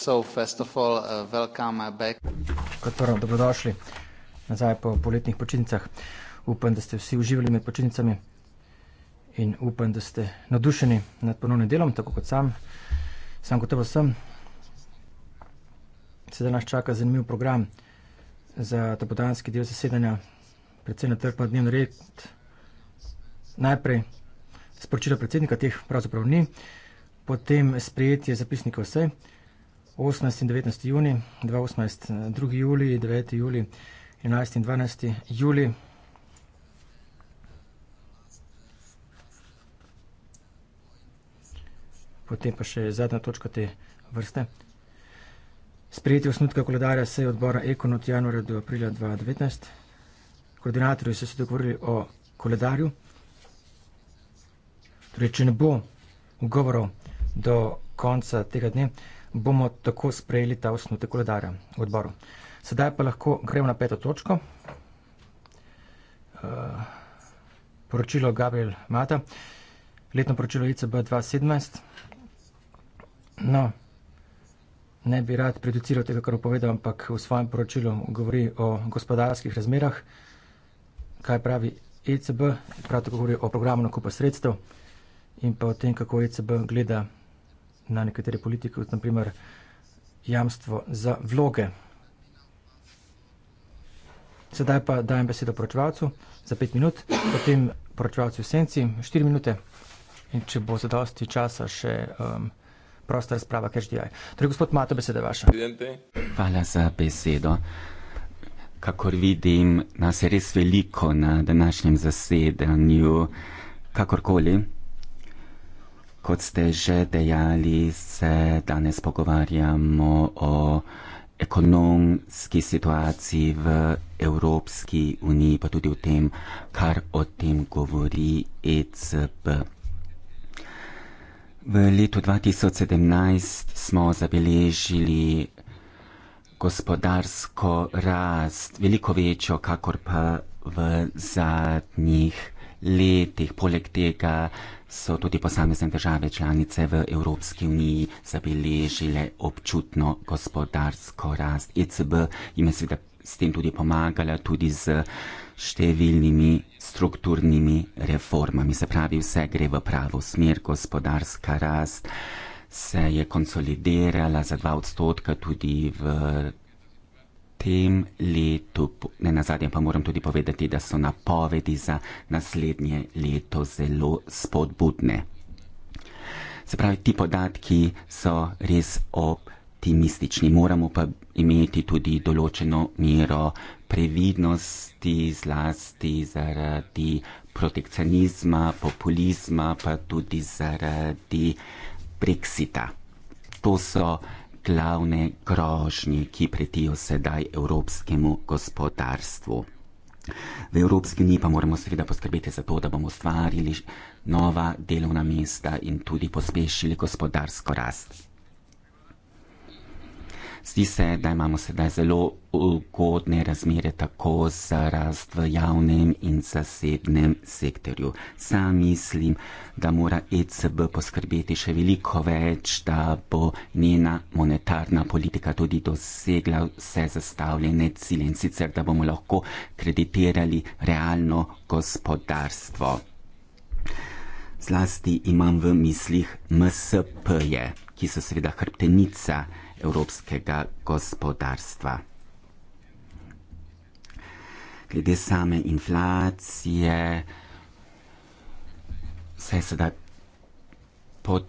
So first of all, uh, welcome uh, back. Kot prvo, dobrodošli nazaj po poletnih počitnicah. Upam, da ste vsi uživali med počitnicami in upam, da ste nadušeni nad ponovnim delom, tako kot sam. Sam gotovo sem. Sedaj nas čaka zanimiv program za ta podanski del zasedanja, predvsem na trg dnevni red. Najprej sporočilo predsednika, teh pravzaprav ni, potem sprejetje zapisnika vsej. 18 in 19 juni, 2018, 2 juli, 9 juli, 11 in 12 juli. Potem pa še zadnja točka te vrste. Sprejeti osnutka koledarja seje odbora Ekon od januarja do aprila 2019. Koordinatorji so se dogovorili o koledarju. Torej, če ne bo ugovorov do konca tega dne, bomo tako sprejeli ta osnutek vladarja v odboru. Sedaj pa lahko gremo na peto točko. Uh, poročilo Gabriel Mata, letno poročilo ICB 2017. No, ne bi rad preduciral tega, kar opovedal, ampak v svojem poročilu govori o gospodarskih razmerah, kaj pravi ECB, prav tako govori o programu nakupa sredstev in pa o tem, kako ECB gleda na nekatere politike, kot naprimer jamstvo za vloge. Sedaj pa dajem besedo poročevalcu za pet minut, potem poročevalcu v senci štiri minute in če bo zadosti časa še um, prosta razprava, ker ždijaj. Torej, gospod Mato, beseda vaša. Hvala za besedo. Kakor vidim, nas je res veliko na današnjem zasedanju, kakorkoli. Kot ste že dejali, se danes pogovarjamo o ekonomski situaciji v Evropski uniji, pa tudi o tem, kar o tem govori ECB. V letu 2017 smo zabeležili gospodarsko rast, veliko večjo, kakor pa v zadnjih letih. Poleg tega so tudi posamezne države članice v Evropski uniji zabeležile občutno gospodarsko rast. ECB jim je seveda s tem tudi pomagala, tudi z številnimi strukturnimi reformami. Se pravi, vse gre v pravo smer, gospodarska rast se je konsolidirala za dva odstotka tudi v tem letu, ne nazadnje pa moram tudi povedati, da so napovedi za naslednje leto zelo spodbudne. Se pravi, ti podatki so res optimistični, moramo pa imeti tudi določeno mero previdnosti, zlasti zaradi protekcionizma, populizma, pa tudi zaradi Brexita. To so glavne grožnje, ki pretijo sedaj evropskemu gospodarstvu. V Evropski uniji pa moramo seveda poskrbeti za to, da bomo ustvarili nova delovna mesta in tudi pospešili gospodarsko rast. Zdi se, da imamo sedaj zelo ugodne razmere tako za rast v javnem in zasebnem sektorju. Sam mislim, da mora ECB poskrbeti še veliko več, da bo njena monetarna politika tudi dosegla vse zastavljene cilje in sicer, da bomo lahko kreditirali realno gospodarstvo. Zlasti imam v mislih MSP-je, ki so seveda hrbtenica evropskega gospodarstva. Glede same inflacije, vse sedaj pod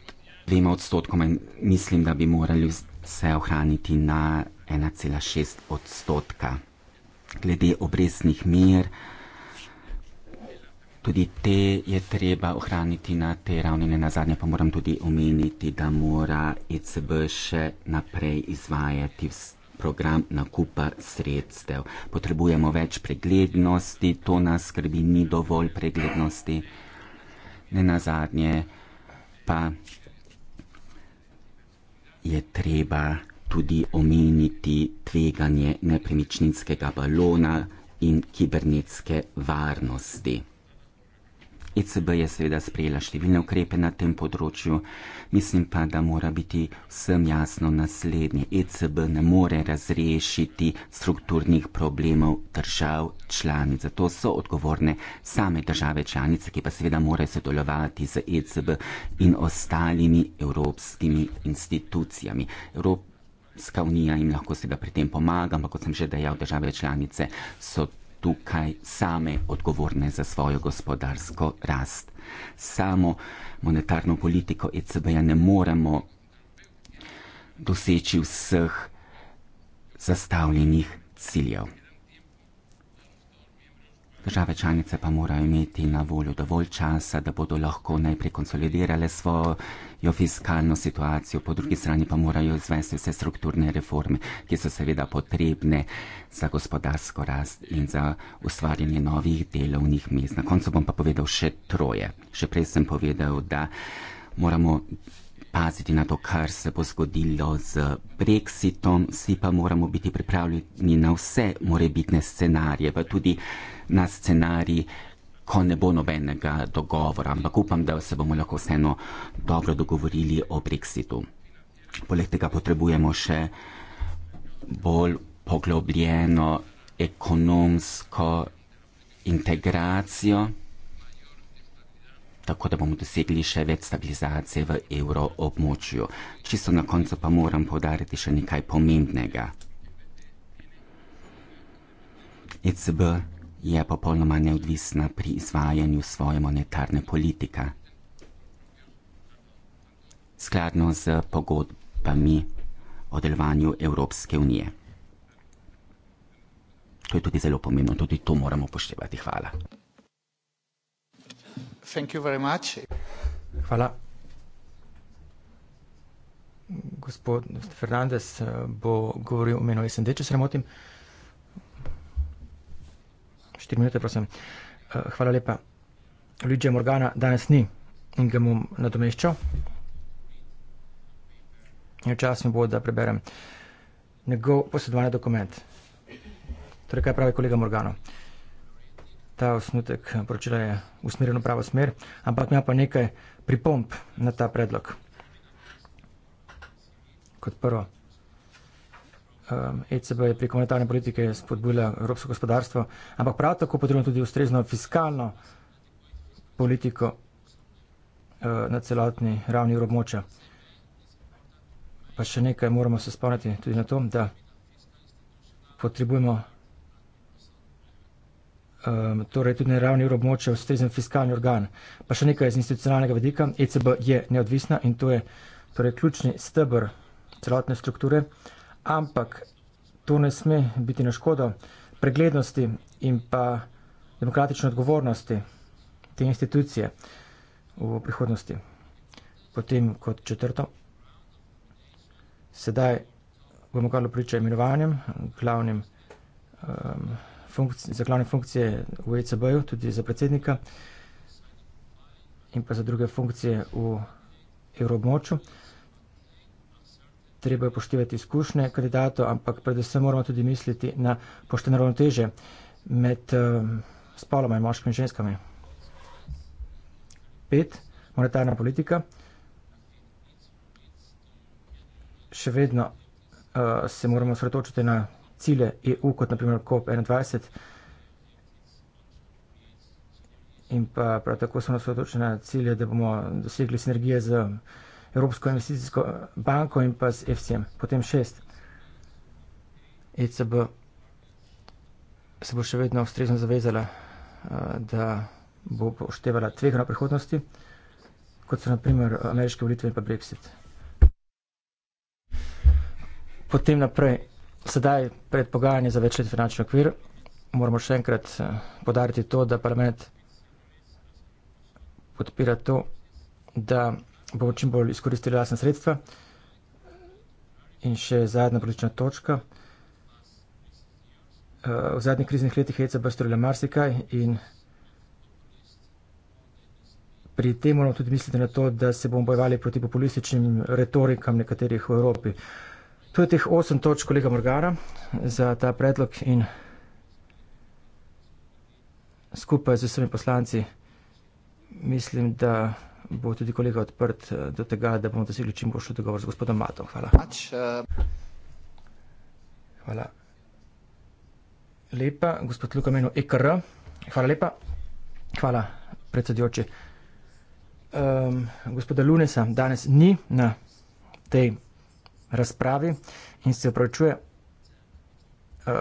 dvema odstotkoma in mislim, da bi morali se ohraniti na 1,6 odstotka. Glede obrestnih mer, Tudi te je treba ohraniti na tej ravni, ne na zadnje pa moram tudi omeniti, da mora ECB še naprej izvajati program nakupa sredstev. Potrebujemo več preglednosti, to nas skrbi, ni dovolj preglednosti. Ne na zadnje pa je treba tudi omeniti tveganje nepremičninskega balona in kibernetske varnosti. ECB je seveda sprejela številne ukrepe na tem področju, mislim pa, da mora biti vsem jasno naslednje. ECB ne more razrešiti strukturnih problemov držav članic. Zato so odgovorne same države članice, ki pa seveda morajo sodelovati z ECB in ostalimi evropskimi institucijami. Evropska unija jim lahko seveda pri tem pomaga, ampak kot sem že dejal, države članice so tukaj same odgovorne za svojo gospodarsko rast. Samo monetarno politiko ECB-ja ne moremo doseči vseh zastavljenih ciljev. Države članice pa morajo imeti na voljo dovolj časa, da bodo lahko najprej konsolidirale svojo fiskalno situacijo, po drugi strani pa morajo izvesti vse strukturne reforme, ki so seveda potrebne za gospodarsko rast in za ustvarjanje novih delovnih mest. Na koncu bom pa povedal še troje. Še prej sem povedal, da moramo. Paziti na to, kar se bo zgodilo z Brexitom, vsi pa moramo biti pripravljeni na vse morebitne scenarije, pa tudi na scenarij, ko ne bo nobenega dogovora, ampak upam, da se bomo lahko vseeno dobro dogovorili o Brexitu. Poleg tega potrebujemo še bolj poglobljeno ekonomsko integracijo, tako da bomo dosegli še več stabilizacije v evroobmočju. Čisto na koncu pa moram povdariti še nekaj pomembnega. ECB je popolnoma neodvisna pri izvajanju svoje monetarne politike. Skladno z pogodbami o delovanju Evropske unije. To je tudi zelo pomembno, tudi to moramo upoštevati. Hvala. Hvala. Gospod Fernandez eh, bo govoril o imenu SND, če se ne motim. 4 minute, prosim. Eh, hvala lepa. Luigi Morgana danes ni in ga bom nadomeščal. Čas mi bo, da preberem njegov posedovan dokument. Torej, kaj pravi kolega Morgano? Ta osnutek poročila je usmerjen v pravo smer, ampak ima pa nekaj pripomp na ta predlog. Kot prvo. ECB ehm, e je preko monetarne politike spodbujala evropsko gospodarstvo, ampak prav tako potrebno tudi ustrezno fiskalno politiko eh, na celotni ravni evromoča. Pa še nekaj moramo se spomniti tudi na tom, da potrebujemo ehm, torej tudi na ravni evromoča ustrezen fiskalni organ. Pa še nekaj iz institucionalnega vedika. ECB je neodvisna in to je torej ključni stebr celotne strukture evromoča ampak to ne sme biti na škodo preglednosti in pa demokratične odgovornosti te institucije v prihodnosti. Potem kot četrto, sedaj bomo kar pričali imenovanjem glavnim, um, funkci, za glavne funkcije v ECB-ju, tudi za predsednika in pa za druge funkcije v evroobmočju treba je poštevati izkušnje kandidatov, ampak predvsem moramo tudi misliti na pošteno ravnoteže med uh, spoloma in moškimi ženskami. Pet, monetarna politika. Še vedno uh, se moramo sredočiti na cilje EU, kot naprimer COP21. In pa prav tako smo nas odločili na cilje, da bomo dosegli sinergije z Evropsko investicijsko banko in pa s FCM. Potem šest. ECB se bo še vedno ustrezno zavezala, eh, da bo poštevala tvegano prihodnosti, kot so naprimer eh, ameriške volitve in pa Brexit. Potem naprej, sedaj pred pogajanje za večlet finančni okvir, moramo še enkrat eh, podariti to, da parlament podpira to, da bomo čim bolj izkoristili lasne sredstva. In še zadnja politična točka. Eh, v zadnjih kriznih letih je ECB storila marsikaj in pri tem moramo tudi misliti na to, da se bomo bojevali proti populističnim retorikam nekaterih v Evropi. To je teh osem točk kolega Morgara za ta predlog in skupaj z vsemi poslanci mislim, da bo tudi kolega odprt eh, do tega, da bomo dosegli čim boljši dogovor z gospodom Matom. Hvala. Pač, eh, Hvala. Lepa, gospod Luka, menu EKR. Hvala lepa. Hvala, predsedujoči. Um, gospoda Lunesa danes ni na tej razpravi in se opravičuje uh,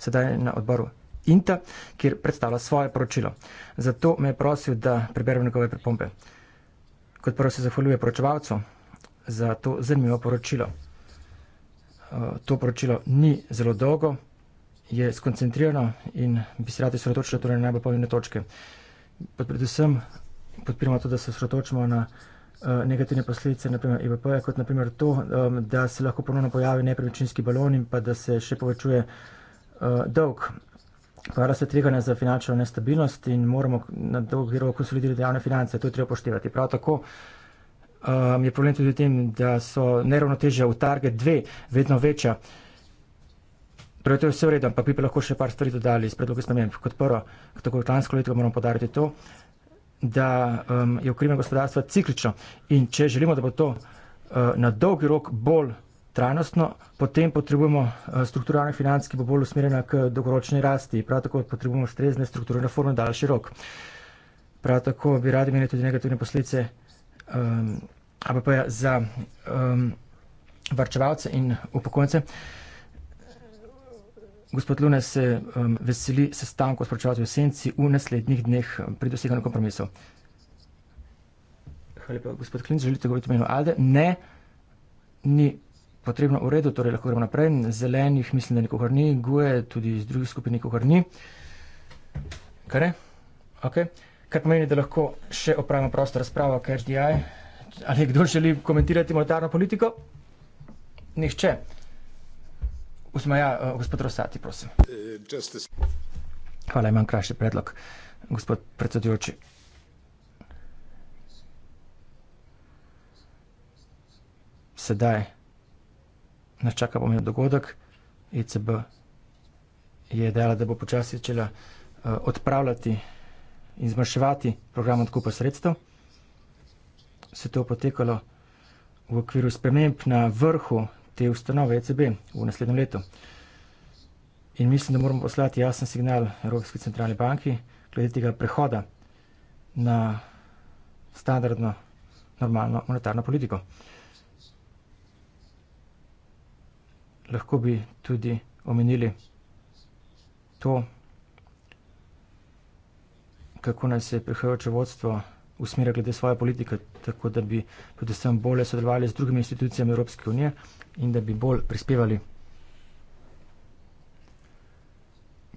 sedaj na odboru INTA, kjer predstavlja svoje poročilo. Zato me je prosil, da preberem njegove pripombe. Uh, Kot prvo se zahvaljujem poročevalcu za to zanimivo poročilo. Eh, to poročilo ni zelo dolgo, je skoncentrirano in bi se rad osredotočili torej na najbolj pomembne točke. Pod predvsem podpiramo to, da se osredotočimo na eh, negativne posledice, naprimer IBP, e kot naprimer to, eh, da se lahko ponovno pojavi nepremičninski balon in pa da se še povečuje dolg kar se tveganja za finančno nestabilnost in moramo na dolgi rok konsolidirati javne finance, to je treba poštevati. Prav tako um, je problem tudi v tem, da so neravnotežja v target 2 vedno večja. Torej, to je vse v redu, ampak bi lahko še par stvari dodali iz predloga spremenb. Kot prvo, tako kot lansko leto, moramo podariti to, da um, je ukrivljeno gospodarstvo ciklično in če želimo, da bo to uh, na dolgi rok bolj trajnostno, potem potrebujemo eh, strukturalne finance, ki bo bolj usmerjena k dolgoročni rasti. Prav tako potrebujemo strezne strukturne reforme na daljši rok. Prav tako bi radi imeli tudi negativne posledice um, ehm, ABP za um, varčevalce in upokojence. Gospod Lunes se um, veseli sestanku s pročevalci v senci v naslednjih dneh eh, pri doseganju kompromisov. Hvala lepa, gospod Klinc, želite govoriti o imenu Alde? Ne, ni potrebno urediti, torej lahko gremo naprej. Zelenih mislim, da nikogar ni, guje tudi iz drugih skupin nikogar ni. Kar je? Ok. Kar pomeni, da lahko še opravimo prosto razpravo, ker DI, ali kdo želi komentirati monetarno politiko? Nihče. Usmaja, uh, eh, gospod Rosati, prosim. Hvala, imam krajši predlog, gospod predsedujoči. Sedaj nas čaka pomemben dogodek. ECB je dejala, da bo počasi začela eh, odpravljati in zmanjševati program odkupa sredstev. Se to potekalo v okviru sprememb na vrhu te ustanove ECB v naslednjem letu. In mislim, da moramo poslati jasen signal Evropski centralni banki glede tega prehoda na standardno, normalno monetarno politiko. lahko bi tudi omenili to, kako naj se prihajajoče vodstvo usmerja glede svoje politike, tako da bi predvsem bolje sodelovali z drugimi institucijami Evropske unije in da bi bolj prispevali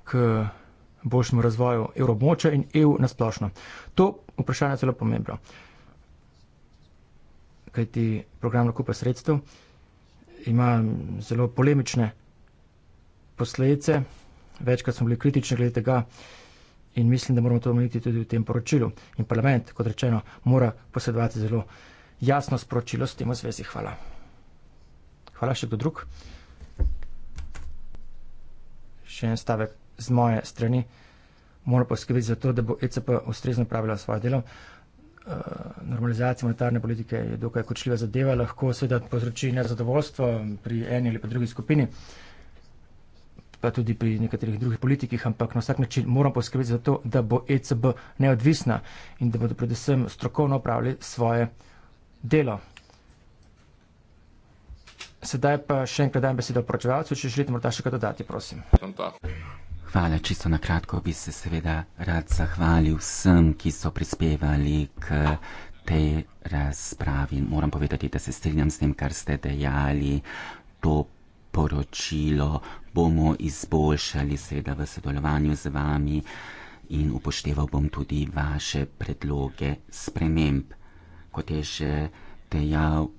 k boljšemu razvoju evroobmoča in EU nasplošno. To vprašanje je zelo pomembno, kajti program nakupa sredstev ima zelo polemične posledice, večkrat smo bili kritični glede tega in mislim, da moramo to omeniti tudi v tem poročilu. In parlament, kot rečeno, mora posedovati zelo jasno sporočilo s tem v zvezi. Hvala. Hvala še kdo drug. Še en stavek z moje strani. Moramo poskrbeti za to, da bo ECP ustrezno pravila svoje delo normalizacija monetarne politike je dokaj kočljiva zadeva, lahko seveda povzroči nezadovoljstvo pri eni ali pa drugi skupini, pa tudi pri nekaterih drugih politikih, ampak na vsak način moramo poskrbeti za to, da bo ECB neodvisna in da bodo predvsem strokovno upravili svoje delo. Sedaj pa še enkrat dajem besedo poročevalcu, če želite morda še kaj dodati, prosim. Tam ta. Hvala, čisto na kratko bi se seveda rad zahvalil vsem, ki so prispevali k tej razpravi. Moram povedati, da se strinjam s tem, kar ste dejali. To poročilo bomo izboljšali, seveda v sodelovanju z vami in upošteval bom tudi vaše predloge sprememb. Kot je že dejal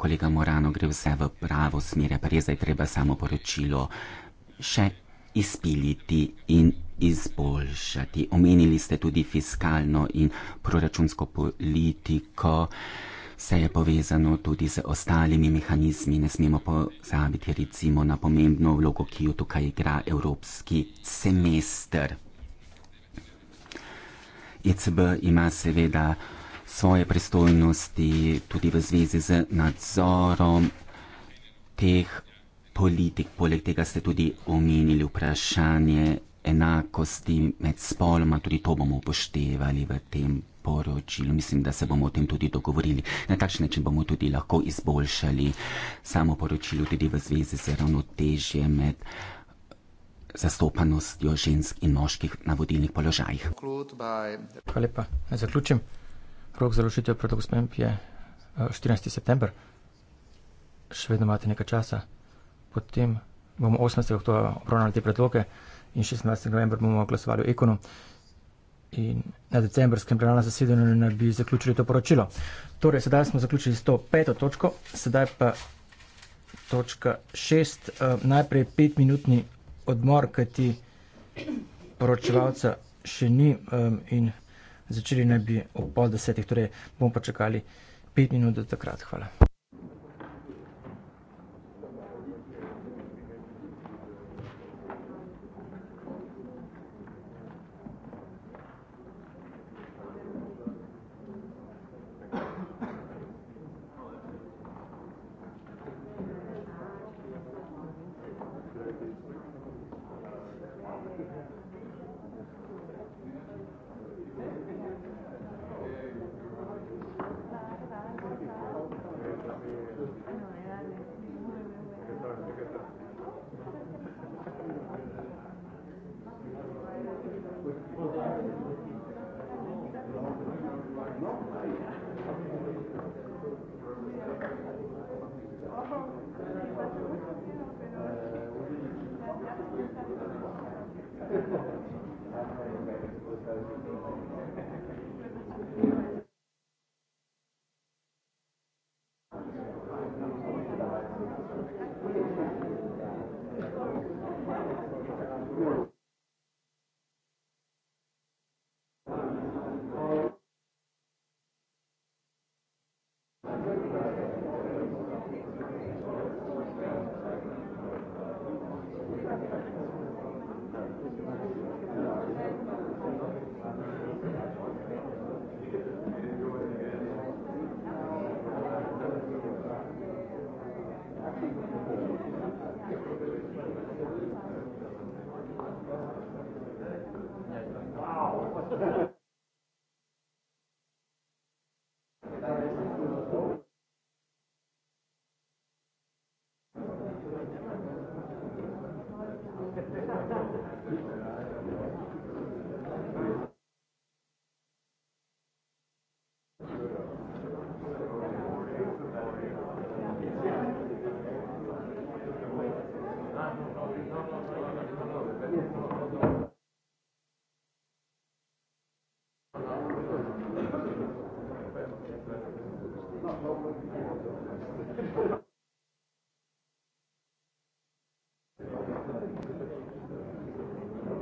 kolega Morano, gre vse v pravo smer, pa je zdaj treba samo poročilo še izpiliti in izboljšati. Omenili ste tudi fiskalno in proračunsko politiko. Vse je povezano tudi z ostalimi mehanizmi, ne smemo pozabiti recimo na pomembno vlogo, ki jo tukaj igra Evropski semester. ECB ima seveda svoje pristojnosti tudi v zvezi z nadzorom teh politik, poleg tega ste tudi omenili vprašanje enakosti med spoloma, tudi to bomo upoštevali v tem poročilu. Mislim, da se bomo o tem tudi dogovorili. Na takšen način bomo tudi lahko izboljšali samo poročilo tudi v zvezi z ravnotežje med zastopanostjo žensk in moških na vodilnih položajih. Hvala lepa. Naj zaključim. Rok za rušitev predlog sprememb je 14. Eh, september. Še vedno imate nekaj časa potem bomo 18. oktobra obravnali te predloge in 16. novembra bomo glasovali o ekonu. In na decembrskem plenarnem zasedanju ne bi zaključili to poročilo. Torej, sedaj smo zaključili s to peto točko, sedaj pa točka šest. Uh, najprej petminutni odmor, kaj ti poročevalca še ni um, in začeli naj bi ob pol desetih, torej bomo pa čakali pet minut do takrat. Hvala.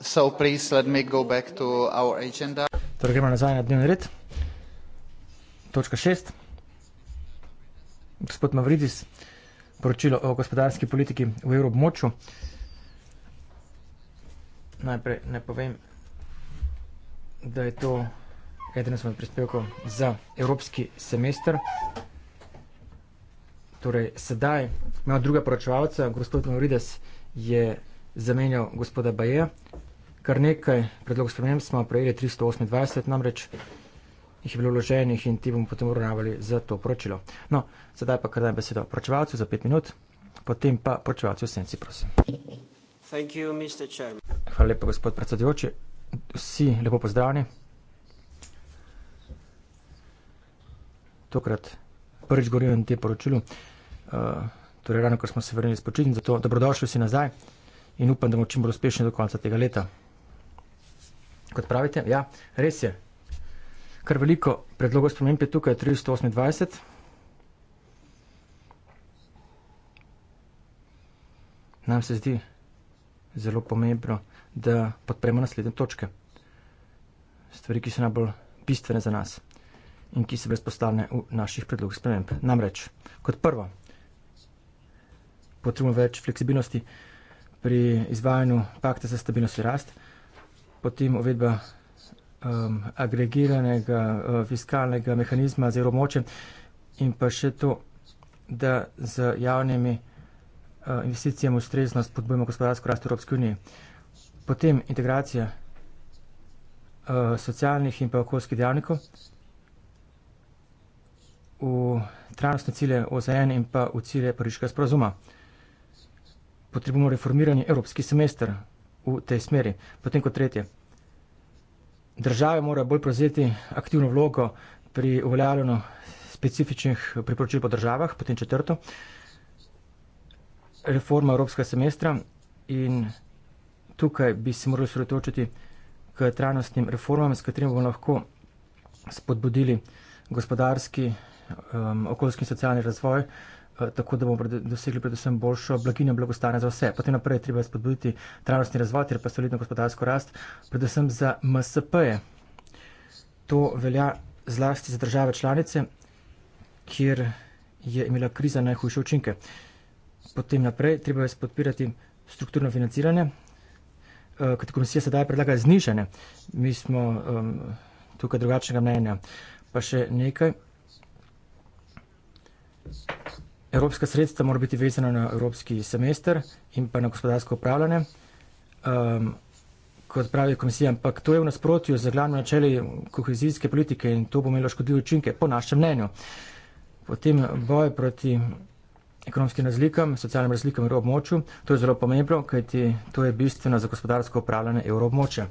So please let me go back to our agenda. Torej gremo nazaj na dnevni red. Točka šest. Gospod Mavridis, poročilo o gospodarski politiki v evroobmočju. Najprej ne povem, da je to eden smo prispevkov za evropski semester. Torej, sedaj imamo druga poročevalca, gospod Mavrides je zamenjal gospoda Baje. Kar nekaj predlogov sprememb smo prejeli, 328 namreč jih je bilo vloženih in ti bomo potem uravnavali za to poročilo. No, sedaj pa kar naj besedo poročevalcu za pet minut, potem pa poročevalcu v senci, prosim. Thank you, Mr. Chairman. Hvala lepa, gospod predsedujoči. Vsi lepo pozdravljeni. Tokrat prvič govorim o tem poročilu, uh, torej ravno, ko smo se vrnili s počitnic, zato dobrodošli vsi nazaj in upam, da bomo čim bolj uspešni do konca tega leta. Kot pravite, ja, res je. Kar veliko predlogov spremembe je tukaj 328. Nam se zdi zelo pomembno, da podpremo naslednje točke. Stvari, ki so najbolj bistvene za nas in ki se brezpostavljene v naših predlogih sprememb. Namreč, kot prvo, potrebujemo več fleksibilnosti, pri izvajanju pakta za stabilnost in rast, potem uvedba um, agregiranega uh, fiskalnega mehanizma z evromočem in pa še to, da z javnimi uh, investicijami ustrezno spodbujemo gospodarsko rast Evropske unije. Potem integracija uh, socialnih in pa okoljskih dejavnikov v trajnostne cilje OZN in pa v cilje Pariška sporozuma potrebujemo reformiranje evropski semester v tej smeri. Potem kot tretje, države morajo bolj prevzeti aktivno vlogo pri uveljavljanju specifičnih priporočil po državah, potem četrto, reforma evropskega semestra in tukaj bi se morali sredotočiti k trajnostnim reformam, s katerimi bomo lahko spodbudili gospodarski, um, okoljski in socialni razvoj. Eh, tako da bomo dosegli predvsem boljšo blaginjo blagostanja za vse. Potem naprej je treba spodbuditi trajnostni razvoj, ter pa solidno gospodarsko rast, predvsem za MSP-je. To velja zlasti za države članice, kjer je imela kriza najhujše učinke. Potem naprej treba je spodpirati strukturno financiranje, eh, kot komisija sedaj predlaga znižanje. Mi smo um, tukaj drugačnega mnenja. Pa še nekaj. Evropska sredstva mora biti vezana na evropski semester in pa na gospodarsko upravljanje. Um, kot pravi komisija, ampak to je v nasprotju z glavno načeli kohezijske politike in to bo imelo škodljive učinke, po našem mnenju. Potem boj proti ekonomskim razlikam, socialnim razlikam v evroobmočju, to je zelo pomembno, kajti to je bistveno za gospodarsko upravljanje evroobmočja.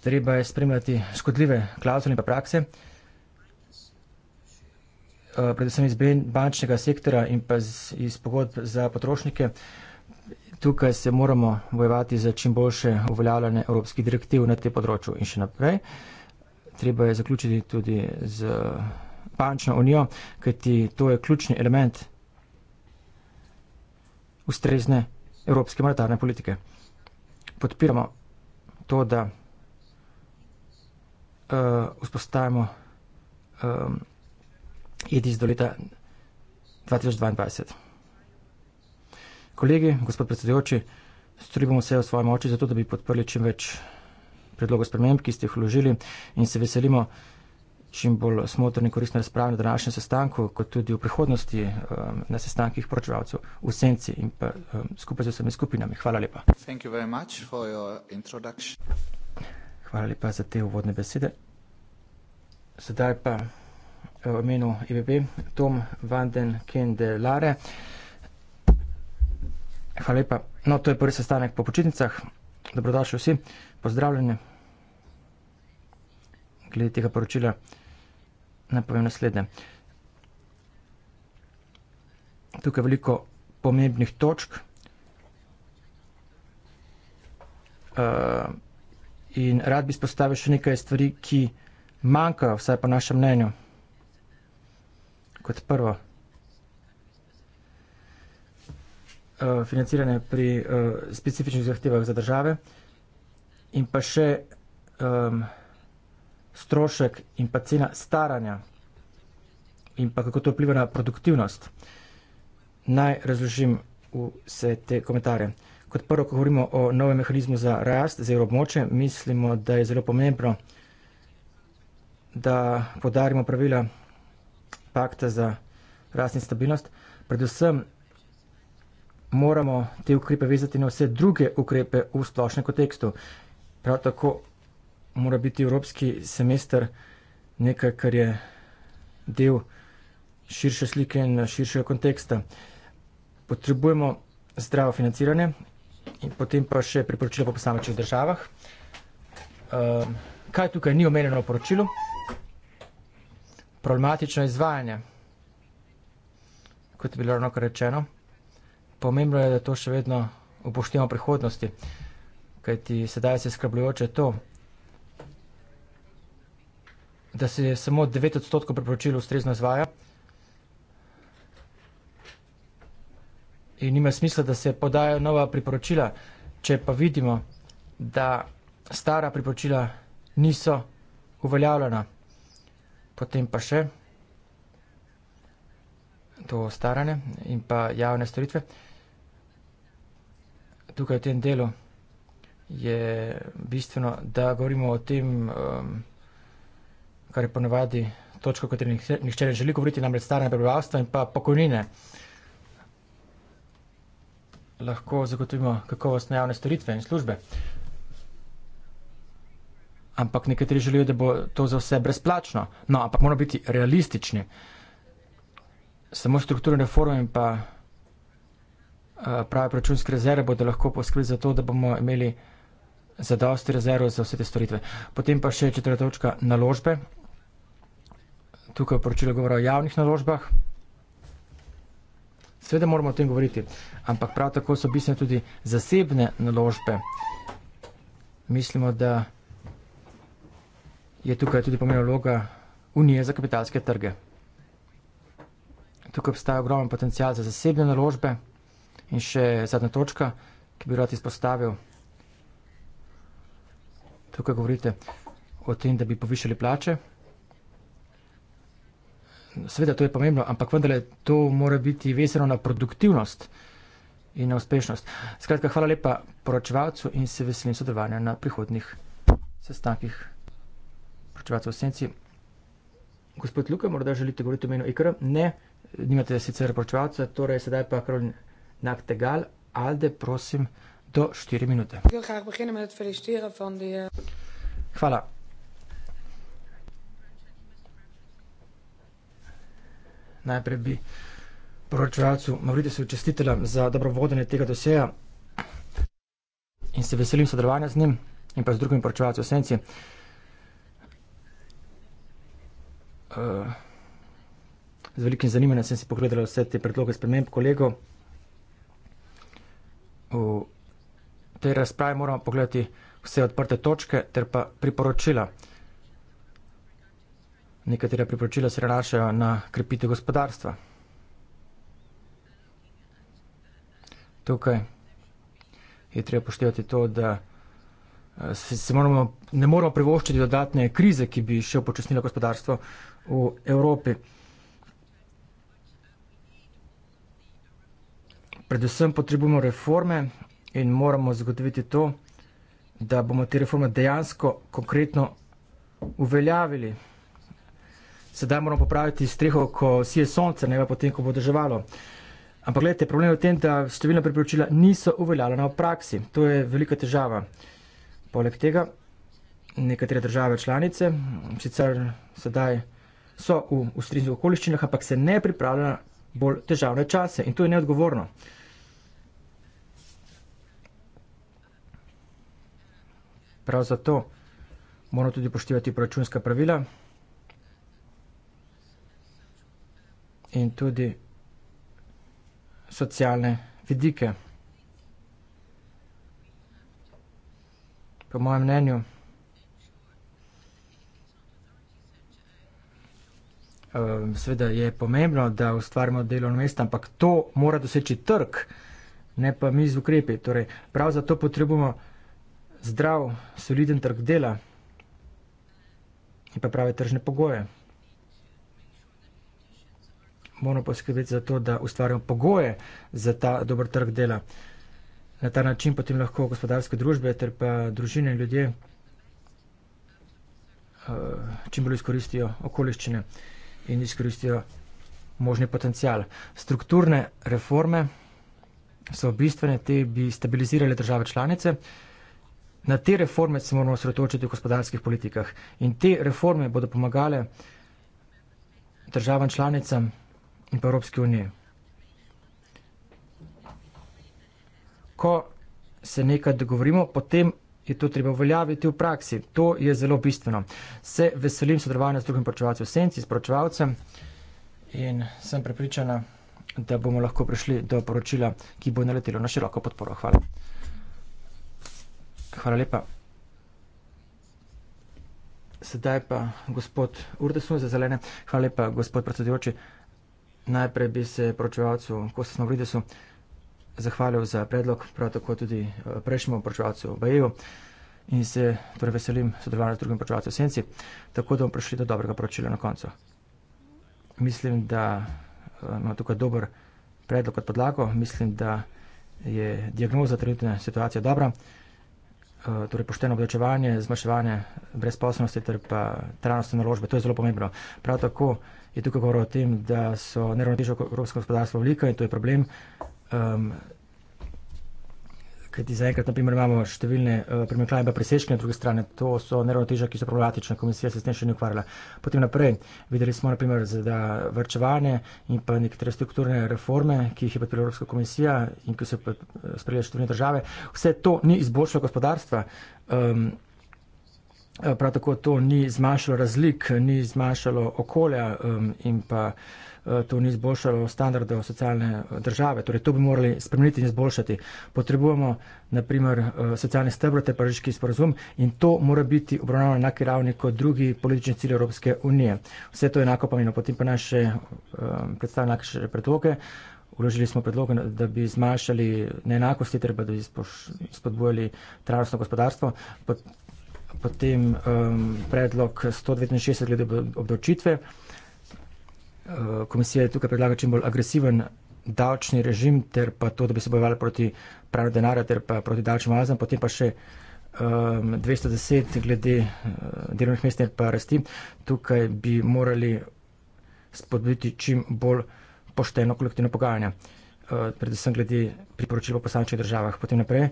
Treba je spremljati škodljive klauzule in pa prakse. Uh, Eh, predvsem iz bančnega sektora in pa iz, iz pogodb za potrošnike. Tukaj se moramo bojevati za čim boljše uveljavljanje evropskih direktiv na tem področju in še naprej. Treba je zaključiti tudi z bančno unijo, kajti to je ključni element ustrezne evropske monetarne politike. Podpiramo to, da uh, vzpostavimo um, Edis do leta 2022. Kolegi, gospod predsedujoči, strujimo vse v svoje moči, zato da bi podprli čim več predlogov sprememb, ki ste jih vložili in se veselimo čim bolj smotrni in koristni razpravi na današnjem sestanku, kot tudi v prihodnosti um, na sestankih poročevalcev v Senci in pa um, skupaj z vsemi skupinami. Hvala lepa. Hvala lepa za te uvodne besede. Sedaj pa v imenu EBB, Tom van den Kendelare. Hvala lepa. No, to je prvi sestanek po počitnicah. Dobrodošli vsi, pozdravljeni. Glede tega poročila naj povem naslednje. Tukaj je veliko pomembnih točk uh, in rad bi spostavil še nekaj stvari, ki manjkajo, vsaj po našem mnenju kot prvo. Eh, financiranje pri uh, specifičnih zahtevah za države, in pa še um, strošek in pa cena staranja, in pa kako to vpliva na produktivnost. Naj razložim vse te komentarje. Kot prvo, ko govorimo o novem mehanizmu za rast za evroobmoče, mislimo, da je zelo pomembno, da podarimo pravila pakta za rast in stabilnost. Predvsem moramo te ukrepe vezati na vse druge ukrepe v splošnem kontekstu. Prav tako mora biti evropski semester nekaj, kar je del širše slike in širšega konteksta. Potrebujemo zdravo financiranje in potem pa še priporočila po posamečnih državah. Ehm, kaj tukaj ni omenjeno v poročilu? problematično izvajanje. Kot je bilo ravno kar rečeno, pomembno je, da to še vedno upoštevamo v prihodnosti, kajti sedaj se skrbljujoče to, da se je samo 9 odstotkov priporočil ustrezno izvaja in nima smisla, da se podajo nova priporočila, če pa vidimo, da stara priporočila niso uveljavljena. Potem pa še to staranje in pa javne storitve. Tukaj v tem delu je bistveno, da govorimo o tem, um, kar je ponovadi točka, o kateri nihče ne želi govoriti, namreč staranje prebivalstva in pa pokojnine. Lahko zagotovimo kakovostne javne storitve in službe ampak nekateri želijo, da bo to za vse brezplačno. No, ampak moramo biti realistični. Samo strukturne reforme in pa eh, prave računske rezerve bodo lahko poskrbeli za to, da bomo imeli zadosti rezerv za vse te storitve. Potem pa še četrta točka naložbe. Tukaj v poročilu govora o javnih naložbah. Sveda moramo o tem govoriti, ampak prav tako so bistvene tudi zasebne naložbe. Mislimo, da je tukaj tudi pomembna vloga Unije za kapitalske trge. Tukaj obstaja ogromen potencial za zasebne naložbe in še zadnja točka, ki bi rad izpostavil. Tukaj govorite o tem, da bi povišali plače. Sveda to je pomembno, ampak vendarle to mora biti vezano na produktivnost in na uspešnost. Skratka, hvala lepa poročevalcu in se veselim sodelovanja na prihodnih sestankih počivati v senci. Gospod Luka, morda želite govoriti o imenu IKR? Ne, nimate sicer počivalca, torej sedaj pa kar naktegal. Alde, prosim, do 4 minute. Hvala. Najprej bi poročevalcu Mauritiusu čestitela za dobro vodenje tega doseja in se veselim sodelovanja z njim in pa z drugim poročevalcem v senci. Eh, z velikim zanimanjem sem si pogledala vse te predloge sprememb kolego. V tej razpravi moramo pogledati vse odprte točke ter pa priporočila. Nekatera priporočila se nanašajo na krepitev gospodarstva. Tukaj je treba poštevati to, da Eh, se, se moramo, ne moramo privoščiti dodatne krize, ki bi še upočasnila gospodarstvo v Evropi. Predvsem potrebujemo reforme in moramo zagotoviti to, da bomo te reforme dejansko konkretno uveljavili. Sedaj moramo popraviti streho, ko si je sonce, ne pa potem, ko bo drževalo. Ampak gledajte, problem je v tem, da številna priporočila niso uveljavljena v praksi. To je velika težava. Poleg tega nekatere države članice sicer sedaj so v ustreznih okoliščinah, ampak se ne pripravlja na bolj težavne čase in to je neodgovorno. Prav zato moramo tudi poštivati proračunska pravila in tudi socialne vidike. po mojem mnenju. Ehm, Sveda je pomembno, da ustvarimo delovno mesto, ampak to mora doseči trg, ne pa mi z ukrepi. Torej, prav zato potrebujemo zdrav, soliden trg dela in pa prave tržne pogoje. Moramo poskrbeti za to, da ustvarjamo pogoje za ta dober trg dela. Uh, na ta način potem lahko gospodarske družbe ter pa družine in ljudje eh, čim bolj izkoristijo okoliščine in izkoristijo možni potencial. Strukturne reforme so bistvene, te bi stabilizirale države članice. Na te reforme se moramo osredotočiti v gospodarskih politikah. In te reforme bodo pomagale državam članicam in pa Evropske unije. ko se nekaj dogovorimo, potem je to treba uveljaviti v praksi. To je zelo bistveno. Se veselim sodelovanja s drugim poročevalcem v senci, s poročevalcem in sem prepričana, da bomo lahko prišli do poročila, ki bo naletelo na široko podporo. Hvala. Hvala lepa. Sedaj pa gospod Urdesun za zelene. Hvala lepa, gospod predsedujoči. Najprej bi se poročevalcu Kostasnovridesu zahvalil za predlog, prav tako tudi eh, prejšnjemu poročevalcu v Bajeju in se torej veselim sodelovanja z drugim poročevalcem v Senci, tako da bomo prišli do dobrega poročila na koncu. Mislim, da eh, imamo tukaj dober predlog kot podlago, mislim, da je diagnoza trenutne situacije dobra, eh, torej pošteno obdočevanje, zmaševanje brezposobnosti ter pa trajnostne naložbe, to je zelo pomembno. Prav tako je tukaj govor o tem, da so neravnotežje v evropskem gospodarstvu velika in to je problem, Um, Kajti zaenkrat, naprimer, imamo številne uh, eh, primekljajbe presežke, na druge strani to so neravnotežja, ki so problematične, komisija se s tem še ni ukvarjala. Potem naprej, videli smo, naprimer, da vrčevanje in pa nekatere strukturne reforme, ki jih je podprla Evropska komisija in ki so eh, sprejeli številne države, vse to ni izboljšalo gospodarstva. Um, Eh, prav tako to ni zmanjšalo razlik, ni zmanjšalo okolja in pa eh, to ni izboljšalo standardov socialne eh, države. Torej, to bi morali spremeniti in izboljšati. Potrebujemo, naprimer, socialni stebro ter pariški sporozum in to mora biti obravnavano na enaki ravni kot drugi politični cilj Evropske unije. Vse to je enako pomeno. Potem pa naše predstavljene naše predloge. Uložili smo predloge, da bi zmanjšali neenakosti, treba da bi spodbujali trajnostno gospodarstvo potem um, predlog 169 glede obdavčitve. Uh, komisija je tukaj predlagala čim bolj agresiven davčni režim, ter pa to, da bi se bojevali proti pravi denarja, ter pa proti davčnim oazam, potem pa še um, 210 glede uh, delovnih mest, ter pa rasti. Tukaj bi morali spodbuditi čim bolj pošteno kolektivno pogajanje, uh, predvsem glede priporočil po posamečnih državah. Potem naprej,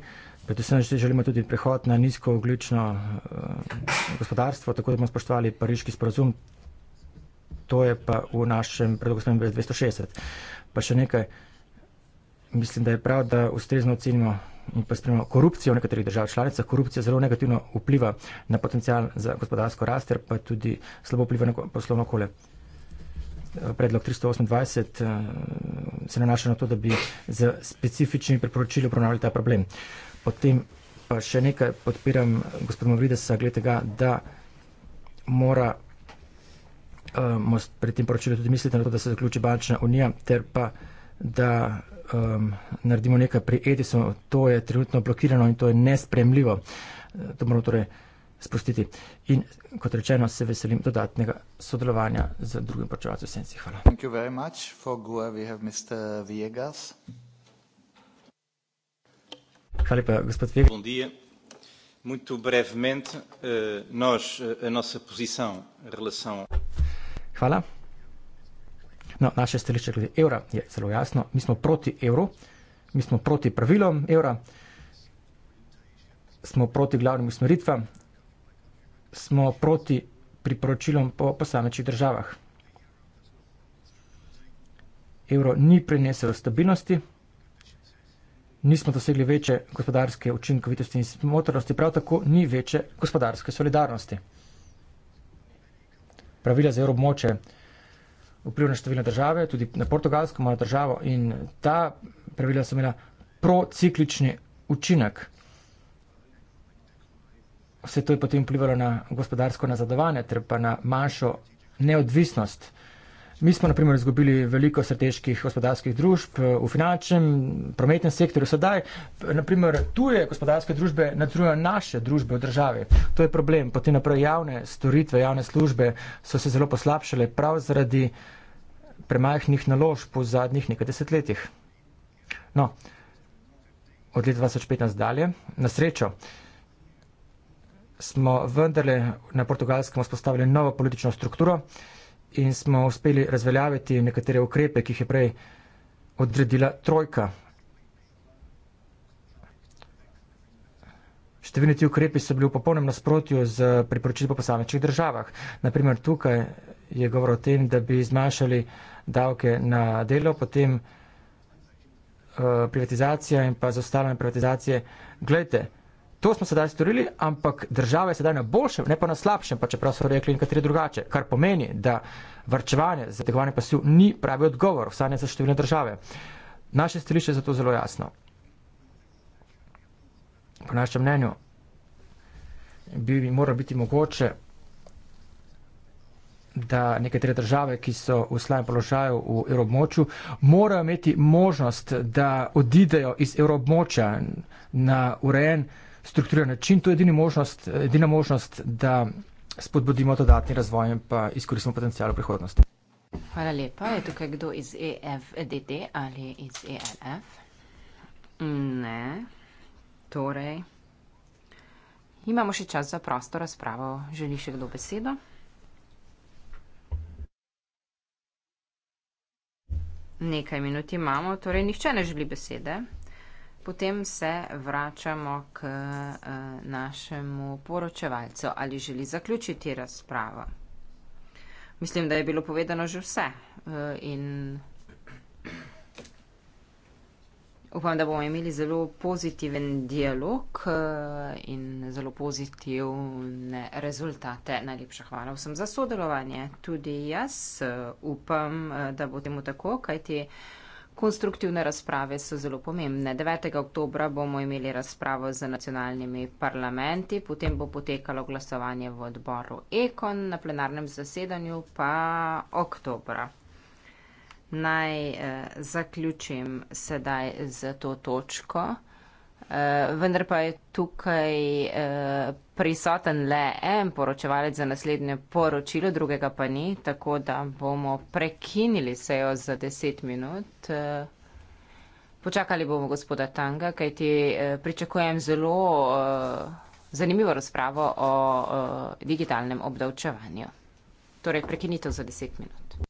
Predvsem želimo tudi prehod na nizko oglično eh, gospodarstvo, tako da bomo spoštovali pariški sporozum. To je pa v našem predlogu spremembe 260. Pa še nekaj, mislim, da je prav, da ustrezno ocenimo in pa spremljamo korupcijo v nekaterih državah članicah. Korupcija zelo negativno vpliva na potencial za gospodarsko rast, pa tudi slabo vpliva na poslovno okolje. Eh, predlog 328 eh, se nanaša na to, da bi z specifičnimi priporočili obravnavali ta problem. Potem pa še nekaj podpiram gospoda Mavridesa, glede ga, da mora um, pri tem poročilu tudi misliti na to, da se zaključi bančna unija, ter pa, da um, naredimo nekaj pri Edisonu. To je trenutno blokirano in to je nespremljivo. Eh, to moramo torej spustiti. In kot rečeno, se veselim dodatnega sodelovanja z drugim počevalcem Senci. Hvala. Thank you very much for Gua. E we have Mr. Viegas. Bom dia. Muito brevemente, eh, nós, eh, a nossa posição em relação. Hvala. No, naše stališče glede evra je zelo jasno. Mi smo proti evru, mi smo proti pravilom evra, smo proti glavnim usmeritvam, smo proti priporočilom po posamečnih državah. Evro ni prinesel stabilnosti nismo dosegli večje gospodarske učinkovitosti in smotrnosti, prav tako ni večje gospodarske solidarnosti. Pravila za evroobmoče vplivajo na številne države, tudi na portugalsko malo državo in ta pravila so imela prociklični učinek. Vse to je potem vplivalo na gospodarsko nazadovanje ter pa na manjšo neodvisnost. Mi smo, na primer, izgubili veliko strateških gospodarskih družb eh, v finančnem, prometnem sektorju. Sedaj, na primer, tuje gospodarske družbe nadzorujejo naše družbe v državi. To je problem. Potem naprej javne storitve, javne službe so se zelo poslabšale prav zaradi premajhnih naložb v zadnjih nekaj desetletjih. No, od leta 2015 dalje, na srečo, smo vendarle na portugalskem vzpostavili novo politično strukturo, in smo uspeli razveljaviti nekatere ukrepe, ki jih je prej odredila trojka. Številni ti ukrepi so bili v popolnem nasprotju z priporočili po posamečnih državah. Naprimer, tukaj je govor o tem, da bi zmanjšali davke na delo, potem uh, privatizacija in pa z ostalami privatizacije. Glejte, To smo sedaj storili, ampak država je sedaj na boljšem, ne pa na slabšem, pa čeprav so rekli nekateri drugače, kar pomeni, da vrčevanje za tegovanje pasu ni pravi odgovor, vsaj ne za številne države. Naše stališče je zato zelo jasno. Po našem mnenju bi moral biti mogoče, da nekatere države, ki so v slabem položaju v evromočju, morajo imeti možnost, da odidejo iz evromočja na urejen način, strukturirani način. To je edina možnost, edina možnost, da spodbudimo dodatni razvoj in pa izkoristimo potencijal v prihodnosti. Hvala lepa. Je tukaj kdo iz EFDD ali iz ELF? Ne. Torej, imamo še čas za prosto razpravo. Želi še kdo besedo? Nekaj minut imamo, torej nihče ne želi besede. Potem se vračamo k eh, našemu poročevalcu. Ali želi zaključiti razpravo? Mislim, da je bilo povedano že vse. Eh, in upam, da bomo imeli zelo pozitiven dialog eh, in zelo pozitivne rezultate. Najlepša hvala vsem za sodelovanje. Tudi jaz upam, da bo temu tako, kajti. Konstruktivne razprave so zelo pomembne. 9. oktobra bomo imeli razpravo z nacionalnimi parlamenti, potem bo potekalo glasovanje v odboru Ekon, na plenarnem zasedanju pa oktobra. Naj eh, zaključim sedaj z to točko. Eh, vendar pa je tukaj eh, prisoten le en poročevalec za naslednje poročilo, drugega pa ni, tako da bomo prekinili sejo za deset minut. Eh, počakali bomo gospoda Tanga, kajti pričakujem zelo zanimivo razpravo o digitalnem obdavčevanju. Torej, prekinitev za deset minut.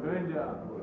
Grande água.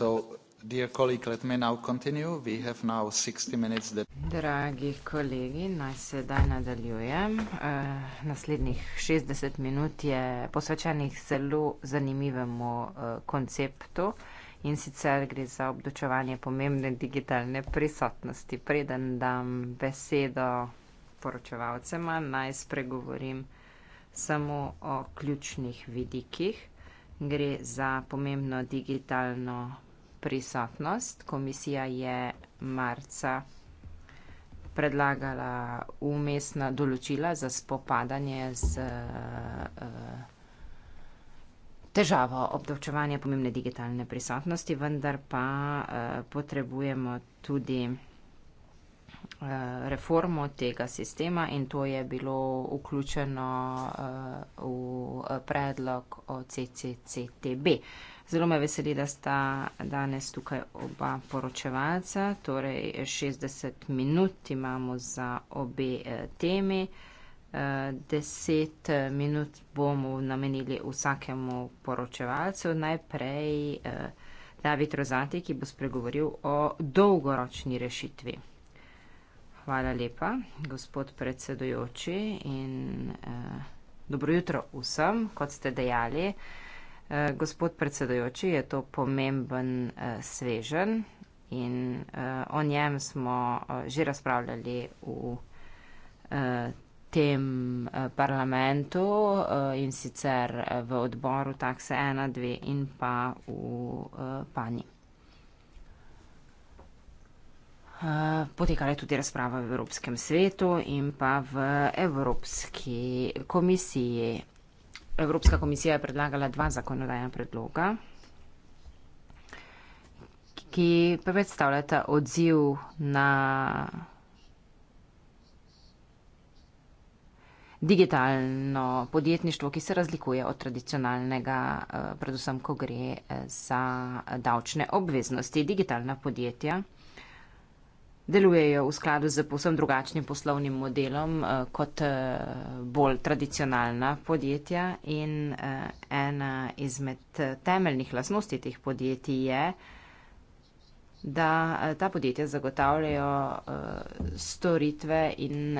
So, dear colleague, let me now continue. We have now 60 minutes. That... Dragi kolegi, naj sedaj nadaljujem. Uh, naslednjih 60 minut je posvečenih zelo zanimivemu uh, konceptu in sicer gre za obdočevanje pomembne digitalne prisotnosti. Preden dam besedo poročevalcema, naj spregovorim samo o ključnih vidikih. Gre za pomembno digitalno prisotnost. Komisija je marca predlagala umestna določila za spopadanje z eh, eh, težavo obdavčevanja pomembne digitalne prisotnosti, vendar pa eh, potrebujemo tudi reformo tega sistema in to je bilo vključeno v predlog o CCCTB. Zelo me veseli, da sta danes tukaj oba poročevalca, torej 60 minut imamo za obe eh, temi. 10 eh, minut bomo namenili vsakemu poročevalcu. Najprej eh, David Rozati, ki bo spregovoril o dolgoročni rešitvi. Hvala lepa, gospod predsedujoči in eh, dobro jutro vsem, kot ste dejali. Eh, Eh, gospod predsedojoči, je to pomemben uh, svežen in uh, o njem smo uh, že razpravljali v uh, tem uh, parlamentu uh, in sicer uh, v odboru takse 1, 2 in pa v uh, pani. Uh, potekala je tudi razprava v Evropskem svetu in pa v Evropski komisiji. Evropska komisija je predlagala dva zakonodajna predloga, ki predstavljata odziv na digitalno podjetništvo, ki se razlikuje od tradicionalnega, eh, predvsem ko gre eh, za eh, davčne obveznosti. Digitalna podjetja delujejo v skladu z povsem drugačnim poslovnim modelom eh, kot eh, bolj tradicionalna podjetja in eh, ena izmed temeljnih lasnosti teh podjetij je, da ta podjetja zagotavljajo storitve in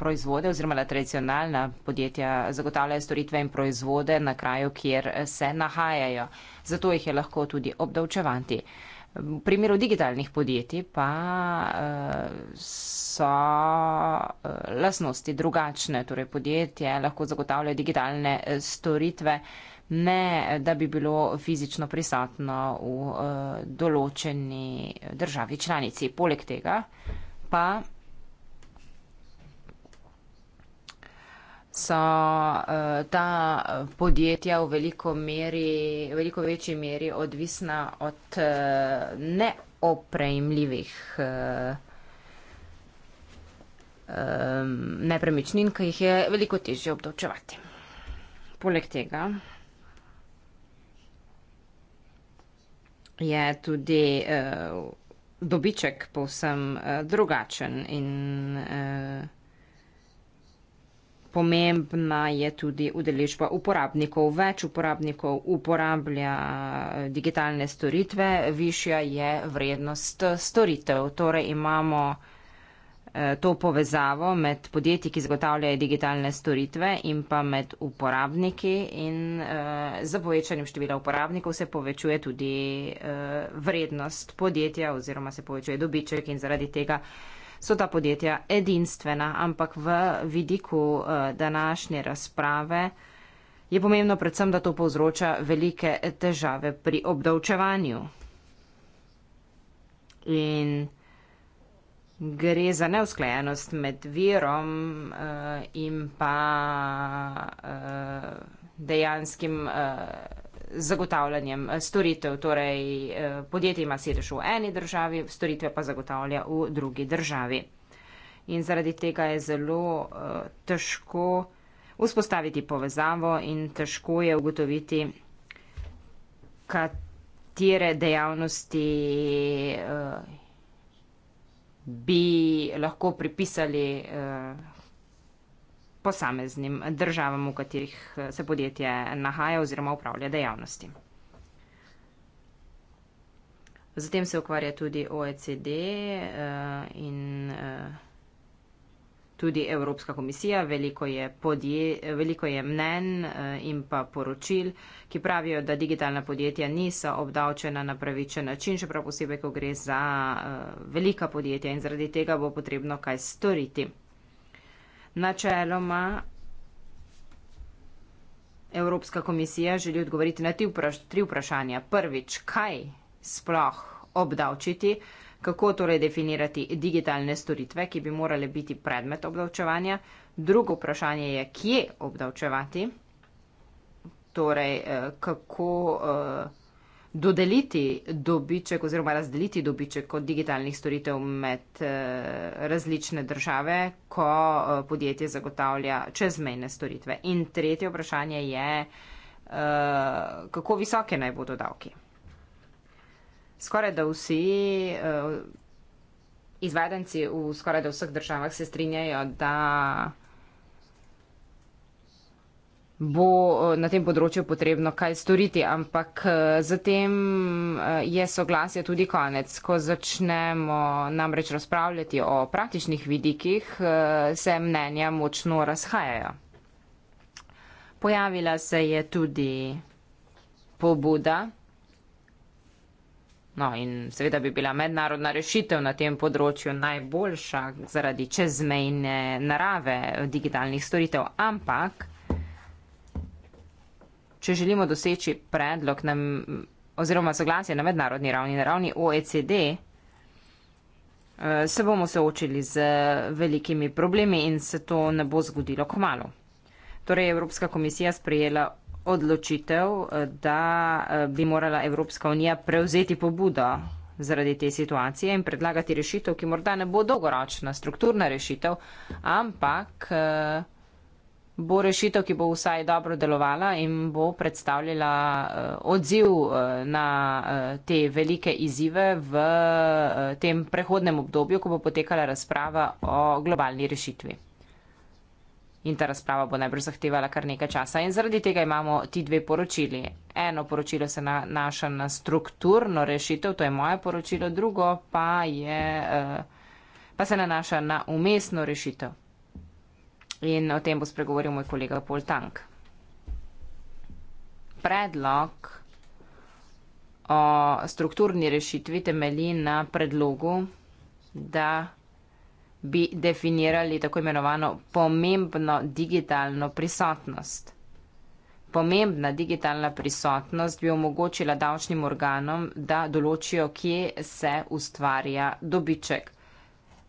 proizvode oziroma da tradicionalna podjetja zagotavljajo storitve in proizvode na kraju, kjer se nahajajo. Zato jih je lahko tudi obdavčevanti. V primeru digitalnih podjetij pa eh, so eh, lasnosti drugačne, torej podjetje lahko zagotavlja digitalne eh, storitve, ne da bi bilo fizično prisotno v določeni državi članici. Poleg tega pa so eh, ta podjetja v veliko, meri, veliko večji meri odvisna od eh, neoprejemljivih eh, nepremičnin, ki jih je veliko težje obdavčevati. Poleg tega je tudi dobiček povsem drugačen in pomembna je tudi udeležba uporabnikov. Več uporabnikov uporablja eh, digitalne storitve, višja je vrednost eh, storitev. Torej imamo eh, to povezavo med podjetji, ki zagotavljajo digitalne storitve in pa med uporabniki in uh, za povečanjem števila uporabnikov se povečuje tudi uh, vrednost podjetja oziroma se povečuje dobiček in zaradi tega uh, so ta podjetja edinstvena, ampak v vidiku eh, današnje razprave je pomembno predvsem, da to povzroča velike težave pri obdavčevanju. In gre za neusklajenost med virom eh, in pa eh, dejanskim zagotavljanjem eh, storitev. Torej, eh, podjetje ima sedež v eni državi, storitve pa zagotavlja v drugi državi. In zaradi tega je zelo eh, težko vzpostaviti povezavo in težko je ugotoviti, katere dejavnosti bi lahko pripisali posameznim državam, v katerih eh, se podjetje nahaja oziroma upravlja dejavnosti. Zatem se ukvarja tudi OECD eh, in eh, tudi Evropska komisija. Veliko je, podje, veliko je mnen in pa poročil, ki pravijo, da digitalna podjetja niso obdavčena na pravičen način, še prav posebej, ko gre za velika podjetja in zaradi tega bo potrebno kaj storiti načeloma Evropska komisija želi odgovoriti na tri, vpraš tri vprašanja. Prvič, kaj sploh obdavčiti, kako torej definirati digitalne storitve, ki bi morale biti predmet obdavčevanja. Drugo vprašanje je, kje obdavčevati, torej eh, kako. Uh, dodeliti dobiček oziroma razdeliti dobiček od digitalnih storitev med eh, različne države, ko eh, podjetje zagotavlja čezmejne storitve. In tretje vprašanje je, eh, kako visoke naj bodo davki. Skoraj da vsi izvedenci v skoraj da vseh državah se strinjajo, da bo eh, na tem področju potrebno kaj storiti, ampak eh, zatem eh, je soglasje tudi konec. Ko začnemo namreč razpravljati o praktičnih vidikih, se mnenja močno razhajajo. Pojavila se je tudi pobuda. No in seveda bi bila mednarodna rešitev na tem področju najboljša zaradi čezmejne narave digitalnih storitev, ampak če želimo doseči predlog nam, oziroma soglasje na mednarodni ravni, na ravni OECD, eh, se bomo soočili z velikimi problemi in se to ne bo zgodilo komalo. Torej je Evropska komisija sprejela odločitev, eh, da eh, bi morala Evropska unija prevzeti pobudo zaradi te situacije in predlagati rešitev, ki morda ne bo dolgoročna strukturna rešitev, ampak bo rešitev, ki bo vsaj dobro delovala in bo predstavljala eh, odziv eh, na eh, te velike izzive v tem prehodnem obdobju, ko bo potekala razprava o globalni rešitvi. In ta razprava bo najbrž zahtevala kar nekaj časa. In zaradi tega imamo ti dve poročili. Eno poročilo se nanaša na strukturno rešitev, to je moje poročilo, drugo pa, je, pa se nanaša na umestno rešitev. In o tem bo spregovoril moj kolega Poltank. Predlog o strukturni rešitvi temelji na predlogu, da bi definirali tako imenovano pomembno digitalno prisotnost. Pomembna digitalna prisotnost bi omogočila davčnim organom, da določijo, kje se ustvarja dobiček.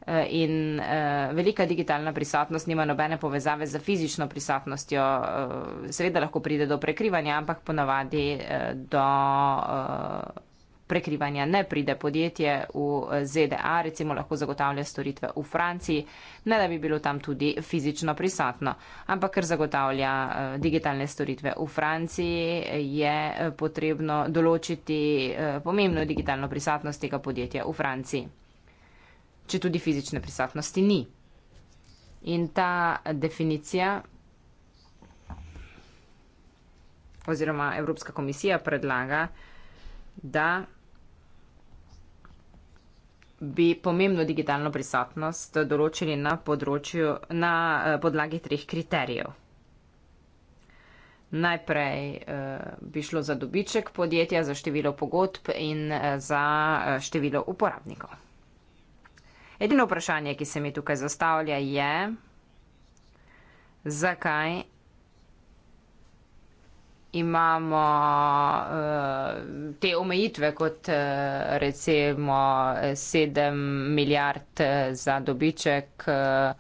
Eh, in eh, velika digitalna prisotnost nima nobene povezave z fizično prisotnostjo. Eh, seveda lahko pride do prekrivanja, ampak ponavadi do prekrivanja ne pride podjetje v ZDA, recimo lahko zagotavlja storitve v Franciji, ne da bi bilo tam tudi fizično prisotno, ampak ker zagotavlja digitalne storitve v Franciji, je potrebno določiti pomembno digitalno prisotnost tega podjetja v Franciji če tudi fizične prisotnosti ni. In ta definicija oziroma Evropska komisija predlaga, da bi pomembno digitalno prisotnost določili na, področju, na eh, podlagi treh kriterijev. Najprej eh, bi šlo za dobiček podjetja, za število pogodb in eh, za eh, število uporabnikov. Edino vprašanje, ki se mi tukaj zastavlja, je, zakaj imamo uh, te omejitve kot uh, recimo 7 milijard eh, za dobiček uh,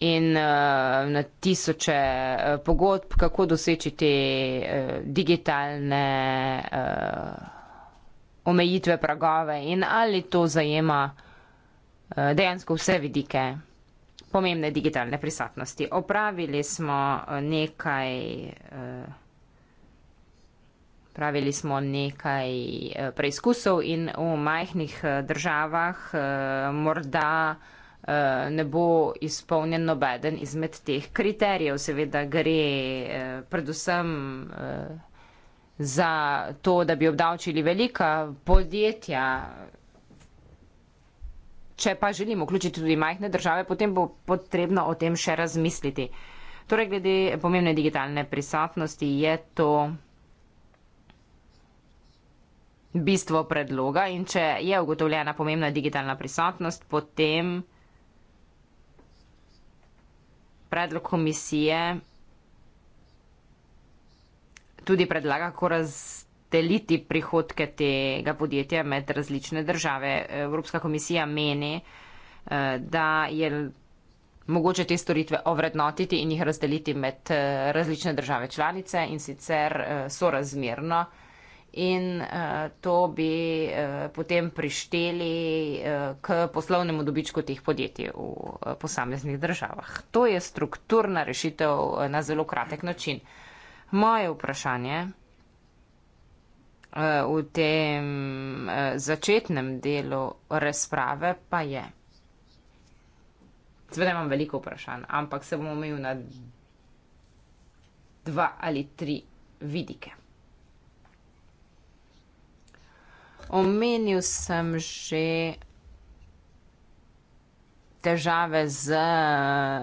in uh, na tisoče uh, pogodb, kako doseči te uh, digitalne. Uh, omejitve pragove in ali to zajema eh, dejansko vse vidike pomembne digitalne prisotnosti. Opravili smo eh, nekaj. Eh, Pravili smo nekaj preizkusov in v majhnih državah morda ne bo izpolnjen nobeden izmed teh kriterijev. Seveda gre predvsem za to, da bi obdavčili velika podjetja. Če pa želimo vključiti tudi majhne države, potem bo potrebno o tem še razmisliti. Torej, glede pomembne digitalne prisotnosti je to bistvo predloga in če je ugotovljena pomembna digitalna prisotnost, potem predlog komisije tudi predlaga, kako razdeliti prihodke tega podjetja med različne države. Evropska komisija meni, eh, da je mogoče te storitve ovrednotiti in jih razdeliti med eh, različne države članice in sicer eh, sorazmerno. In uh, to bi uh, potem prišteli uh, k poslovnemu dobičku teh podjetij v uh, posameznih državah. To je strukturna rešitev uh, na zelo kratek način. Uh, Moje vprašanje eh, v tem eh, začetnem delu razprave pa je. Zvedaj imam veliko vprašanj, ampak se bom omejil na dva ali tri vidike. Omenil sem že težave z uh,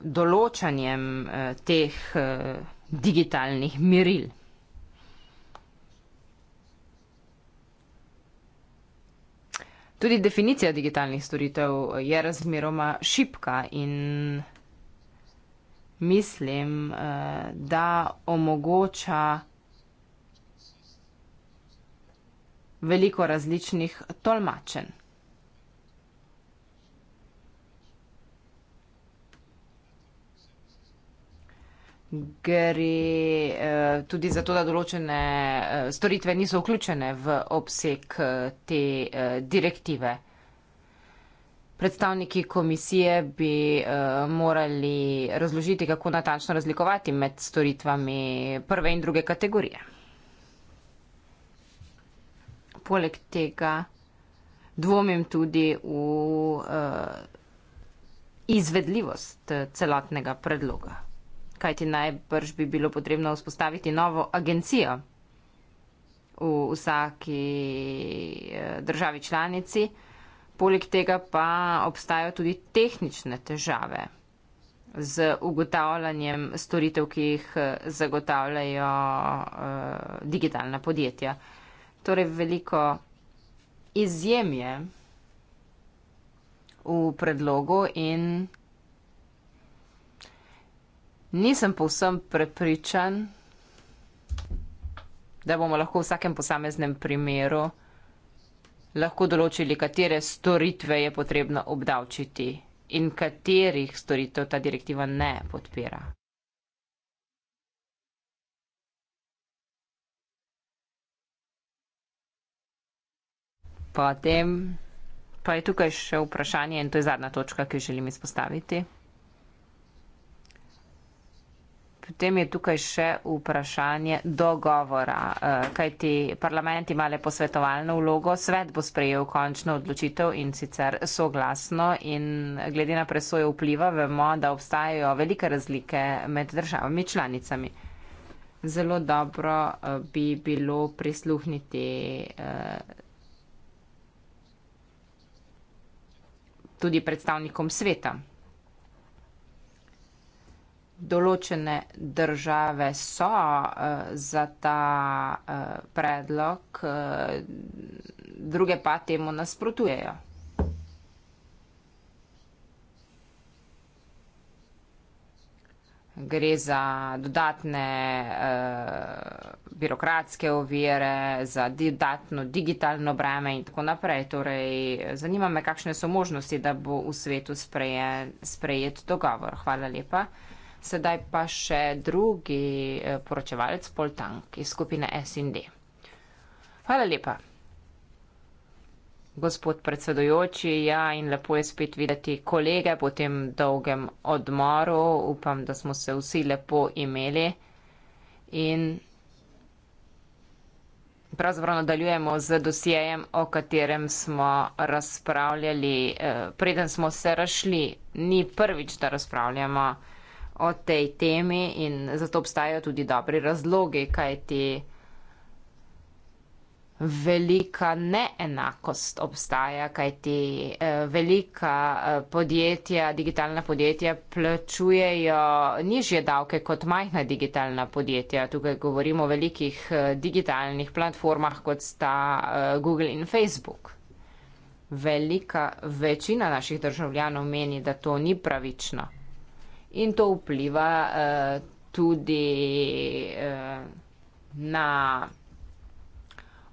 določanjem uh, teh uh, digitalnih miril. Tudi definicija digitalnih storitev je razmeroma šipka in mislim, eh, da omogoča veliko različnih tolmačenj. gre eh, tudi zato, da določene eh, storitve niso vključene v obseg eh, te direktive. Predstavniki komisije bi morali razložiti, kako natančno razlikovati med storitvami prve in druge kategorije. Poleg tega dvomim tudi v uh, izvedljivost celotnega predloga kajti najbrž bi bilo potrebno vzpostaviti novo agencijo v vsaki eh, državi članici. Poleg tega pa obstajajo tudi tehnične težave z ugotavljanjem storitev, ki jih eh, zagotavljajo eh, digitalna podjetja. Torej veliko izjemje v predlogu in Nisem povsem prepričan, da bomo lahko v vsakem posameznem primeru lahko določili, katere storitve je potrebno obdavčiti in katerih storitev ta direktiva ne podpira. Potem pa je tukaj še vprašanje in to je zadnja točka, ki jo želim izpostaviti. Potem je tukaj še vprašanje dogovora, eh, kaj ti parlament ima le posvetovalno vlogo, svet bo sprejel končno odločitev in sicer soglasno in glede na presojo vpliva vemo, da obstajajo velike razlike med državami članicami. Zelo dobro eh, bi bilo prisluhniti eh, tudi predstavnikom sveta določene države so eh, za ta eh, predlog, eh, druge pa temu nasprotujejo. Gre za dodatne eh, birokratske ovire, za dodatno digitalno breme in tako naprej. Torej, zanima me, kakšne so možnosti, da bo v svetu sprejet, sprejet dogovor. Hvala lepa sedaj pa še drugi eh, poročevalec Poltank iz skupine SND. Hvala lepa. Gospod predsedujoči, ja in lepo je spet videti kolege po tem dolgem odmoru. Upam, da smo se vsi lepo imeli in pravzaprav nadaljujemo z dosijejem, o katerem smo razpravljali, eh, preden smo se rašli. Ni prvič, da razpravljamo o tej temi in zato obstajajo tudi dobri razlogi, kaj ti velika neenakost obstaja, kaj ti eh, velika eh, podjetja, digitalna podjetja plačujejo nižje davke kot majhna digitalna podjetja. Tukaj govorimo o velikih eh, digitalnih platformah, kot sta eh, Google in Facebook. Velika večina naših državljanov meni, da to ni pravično in to vpliva uh, tudi uh, na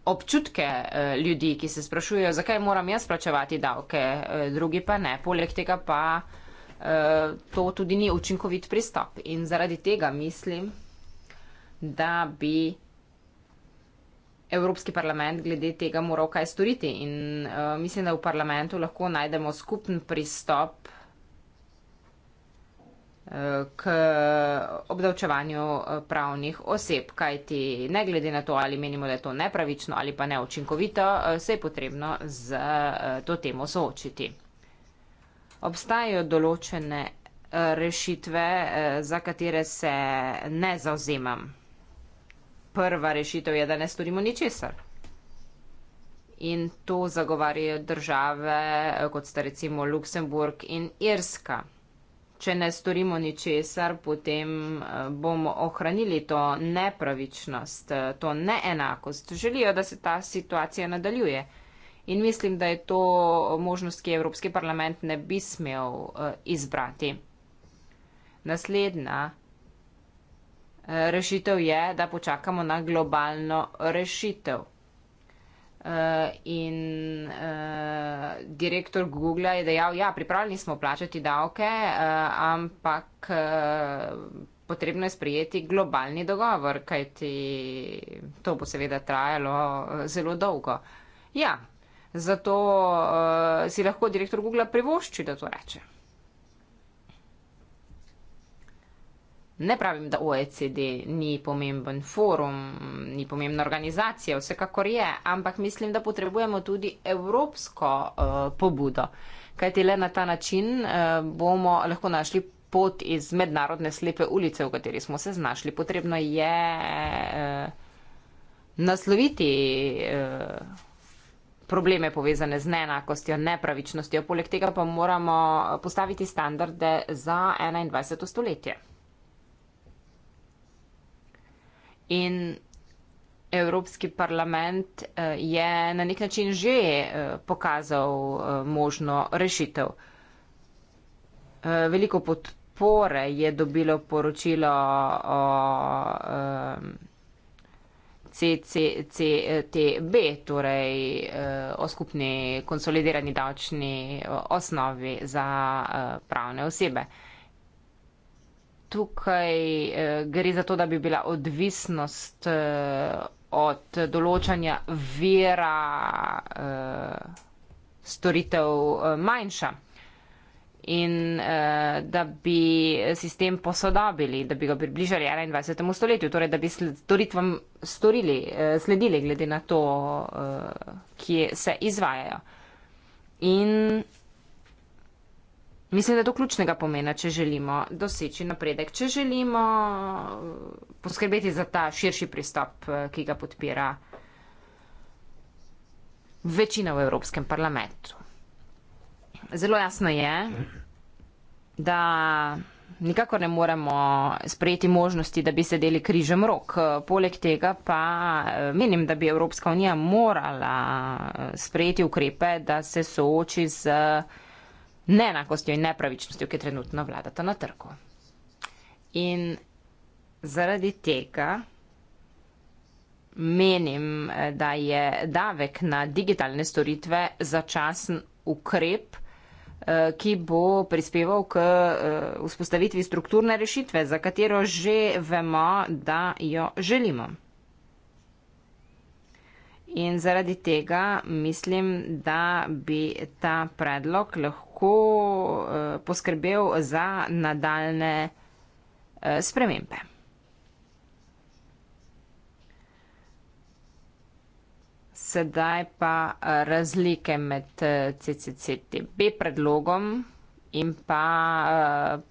občutke uh, ljudi, ki se sprašujejo, zakaj moram jaz plačevati davke, uh, drugi pa ne. Poleg tega pa uh, to tudi ni učinkovit pristop. In zaradi tega mislim, da bi. Evropski parlament glede tega mora kaj storiti in uh, mislim, da v parlamentu lahko najdemo skupen pristop k obdavčevanju eh, pravnih oseb, kajti ne glede na to, ali menimo, da je to nepravično ali pa neučinkovito, eh, se je potrebno z eh, to temo soočiti. Obstajajo določene rešitve, za katere se ne zauzemam. Prva rešitev je, da ne storimo ničesar. In to zagovarjajo države, kot sta recimo Luksemburg in Irska če ne storimo ničesar, potem eh, bomo ohranili to nepravičnost, eh, to neenakost. Želijo, da se ta situacija nadaljuje. In mislim, da je to možnost, ki Evropski parlament ne bi smel eh, izbrati. Naslednja rešitev je, da počakamo na globalno rešitev. Uh, in uh, direktor Google je dejal, ja, pripravljeni smo plačati davke, uh, ampak uh, potrebno je sprejeti globalni dogovor, kajti to bo seveda trajalo zelo dolgo. Ja, zato uh, si lahko direktor Google privošči, da to reče. Ne pravim, da OECD ni pomemben forum, ni pomembna organizacija, vsekakor je, ampak mislim, da potrebujemo tudi evropsko uh, pobudo. Kajti le na ta način uh, bomo lahko našli pot iz mednarodne slepe ulice, v kateri smo se znašli. Potrebno je uh, nasloviti. Uh, probleme povezane z neenakostjo, nepravičnostjo, poleg tega pa moramo postaviti standarde za 21. stoletje. In Evropski parlament eh, je na nek način že eh, pokazal eh, možno rešitev. Veliko podpore je dobilo poročilo o CCTB, torej o skupni konsolidirani davčni osnovi za pravne osebe tukaj eh, gre za to, da bi bila odvisnost eh, od določanja vira eh, storitev manjša in da bi sistem posodobili, da bi ga približali 21. stoletju, torej da bi storitvam storili, sledili glede na to, kje se izvajajo. In Mislim, da je to ključnega pomena, če želimo doseči napredek, če želimo eh, poskrbeti za ta širši pristop, eh, ki ga podpira večina v Evropskem parlamentu. Zelo jasno je, da nikako ne moremo sprejeti možnosti, da bi sedeli križem rok. Poleg tega pa eh, menim, da bi Evropska unija morala sprejeti ukrepe, da se sooči z neenakostjo in nepravičnostjo, ki trenutno vladata na trgu. In zaradi tega menim, da je davek na digitalne storitve začasen ukrep, eh, ki bo prispeval k eh, vzpostavitvi strukturne rešitve, za katero že vemo, da jo želimo. In zaradi tega mislim, da bi ta predlog lahko lahko eh, poskrbel za nadaljne eh, spremembe. Sedaj pa eh, razlike med CCCTB predlogom in pa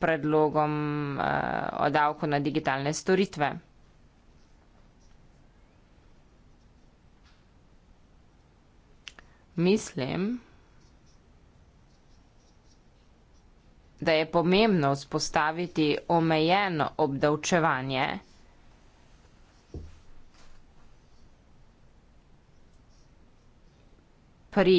predlogom o davku na digitalne storitve. Mislim, da je pomembno vzpostaviti omejeno obdavčevanje, pri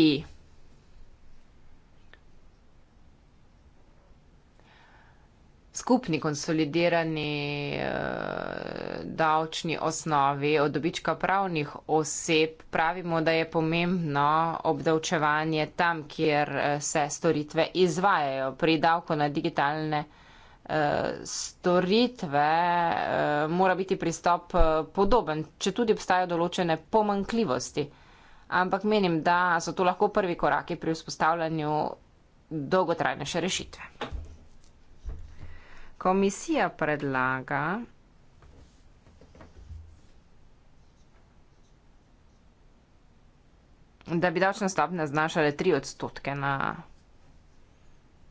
skupni konsolidirani uh, davčni osnovi od dobička pravnih oseb, pravimo, da je pomembno obdavčevanje tam, kjer eh, se storitve izvajajo. Pri davku na digitalne uh, storitve uh, mora biti pristop podoben, če tudi obstajajo določene pomankljivosti. Ampak menim, da so to lahko prvi koraki pri vzpostavljanju dolgotrajnejše rešitve. Komisija predlaga, da bi davčne stopne znašale 3 odstotke na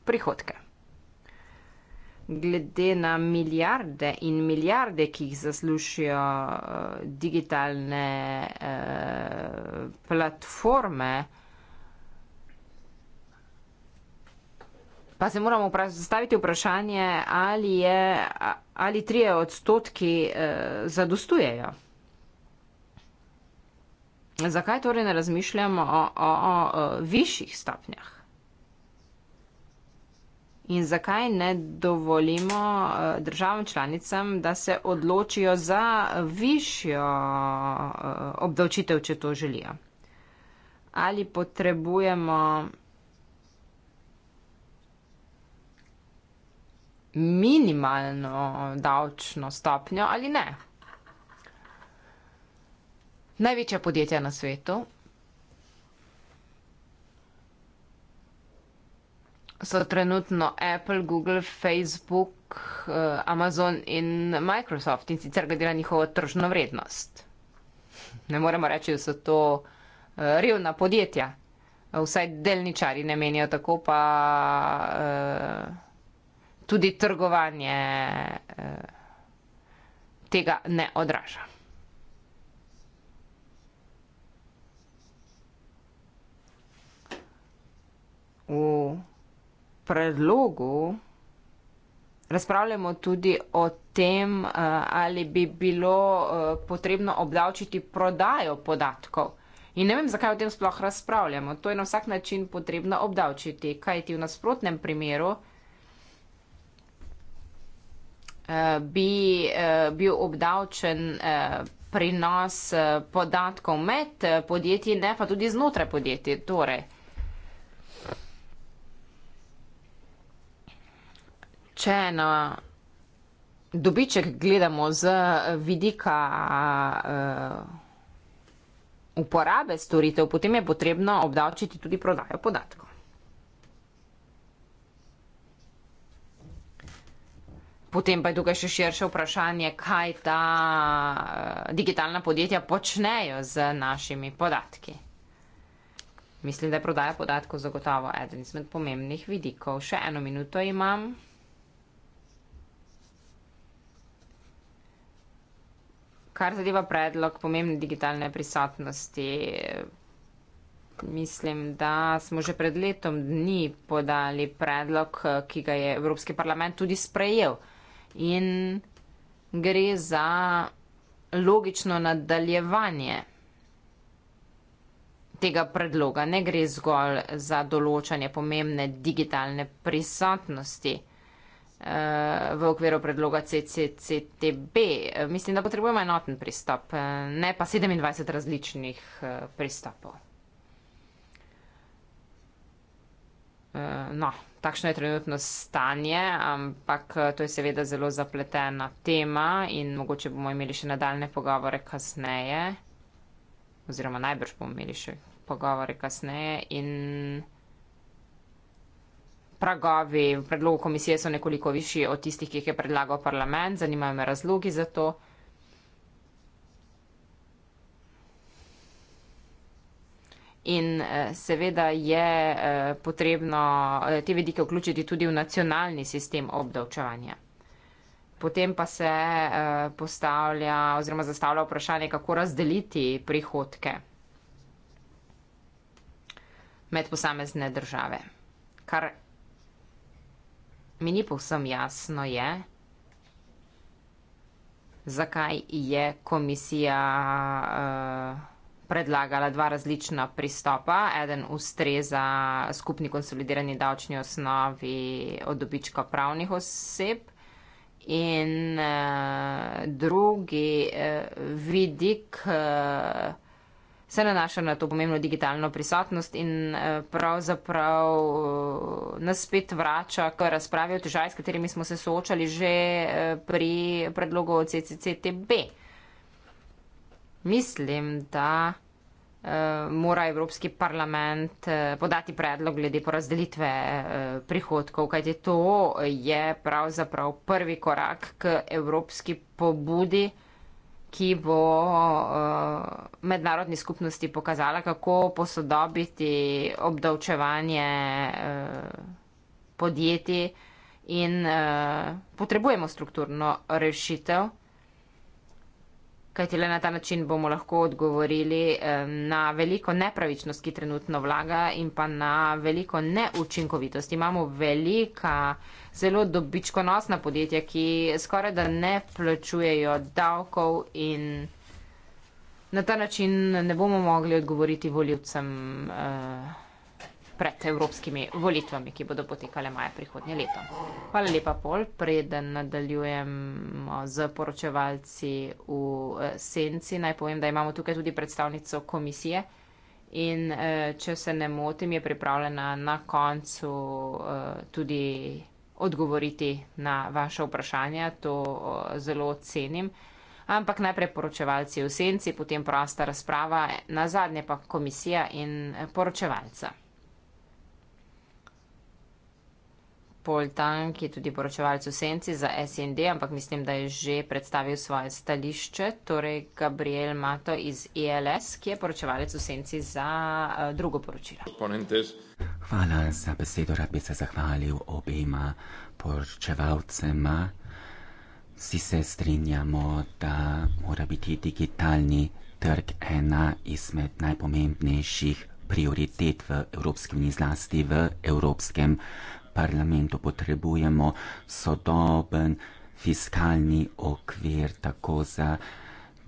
prihodke. Glede na milijarde in milijarde, ki jih zaslušijo eh, digitalne eh, platforme, eh, pa se moramo staviti vprašanje, ali, je, ali trije odstotki eh, zadostujejo. Zakaj torej ne razmišljamo o, o, o višjih stopnjah? In zakaj ne dovolimo eh, državam članicam, da se odločijo za višjo eh, obdavčitev, če to želijo? Ali potrebujemo. minimalno davčno stopnjo ali ne. Največja podjetja na svetu so trenutno Apple, Google, Facebook, eh, Amazon in Microsoft in sicer glede na njihovo tržno vrednost. Ne moremo reči, da so to eh, revna podjetja. Vsaj delničari ne menijo tako, pa. Uh, tudi trgovanje eh, tega ne odraža. V predlogu razpravljamo tudi o tem, eh, ali bi bilo eh, potrebno obdavčiti prodajo podatkov. In ne vem, zakaj o tem sploh razpravljamo. To je na vsak način potrebno obdavčiti, kajti v nasprotnem primeru Eh, bi eh, bil obdavčen eh, prinos podatkov med podjetji, ne pa tudi znotraj podjetji. Torej, če na dobiček gledamo z vidika uporabe storitev, potem je potrebno obdavčiti tudi prodajo podatkov. Potem pa je tukaj še širše vprašanje, kaj ta eh, digitalna podjetja počnejo z našimi podatki. Mislim, da je prodaja podatkov zagotovo eden izmed pomembnih vidikov. Še eno minuto imam. Kar zadeva predlog pomembne digitalne prisotnosti, mislim, da smo že pred letom dni podali predlog, eh, ki ga je Evropski parlament tudi sprejel in gre za logično nadaljevanje tega predloga. Ne gre zgolj za določanje pomembne digitalne prisotnosti eh, v okviru predloga CCCTB. Mislim, da potrebujemo enoten pristop, eh, ne pa 27 različnih eh, pristopov. No, takšno je trenutno stanje, ampak eh, to je seveda zelo zapletena tema in mogoče bomo imeli še nadaljne pogovore kasneje, oziroma najbrž bomo imeli še pogovore kasneje in pragovi v predlogu komisije so nekoliko višji od tistih, ki jih je predlagal parlament, zanimajo me razlogi za to. in eh, seveda je eh, potrebno eh, te vedike vključiti tudi v nacionalni sistem obdavčevanja. Potem pa se postavlja oziroma zastavlja vprašanje, kako razdeliti prihodke med posamezne države. Kar mi ni povsem jasno je, zakaj je komisija. Uh, predlagala dva različna pristopa. Eden ustreza skupni konsolidirani davčni osnovi od dobička pravnih oseb in uh, drugi uh, vidik. Uh, Se nanaša na to pomembno digitalno prisotnost in pravzaprav nas spet vrača k razpravi o težavi, s katerimi smo se soočali že pri predlogu CCCTB. Mislim, da. Eh, mora Evropski parlament eh, podati predlog glede porazdelitve eh, prihodkov, kajti to je pravzaprav prvi korak k evropski pobudi, ki bo mednarodni skupnosti pokazala, kako posodobiti obdavčevanje podjetij in potrebujemo strukturno rešitev kajti le na ta način bomo lahko odgovorili na veliko nepravičnost, ki trenutno vlaga in pa na veliko neučinkovitost. Imamo velika, zelo dobičkonosna podjetja, ki skoraj da ne plačujejo davkov in na ta način ne bomo mogli odgovoriti voljivcem. Uh, eh, pred evropskimi volitvami, ki bodo potekale maja prihodnje leto. Hvala lepa, Pol. Preden nadaljujemo z poročevalci v eh, Senci, naj povem, da imamo tukaj tudi predstavnico komisije. In eh, če se ne motim, je pripravljena na koncu eh, tudi odgovoriti na vaše vprašanja. To zelo cenim. Ampak najprej poročevalci v senci, potem prosta razprava, na zadnje pa komisija in poročevalca. Pol Tang, ki je tudi poročevalec v Senci za SND, ampak mislim, da je že predstavil svoje stališče. Torej, Gabriel Mato iz ILS, e ki je poročevalec v Senci za uh, drugo poročilo. Hvala za besedo, rad bi se zahvalil obima poročevalcema. Vsi se strinjamo, da mora biti digitalni trg ena izmed najpomembnejših prioritet v Evropski uniji, zlasti v Evropskem parlamentu potrebujemo sodoben fiskalni okvir tako za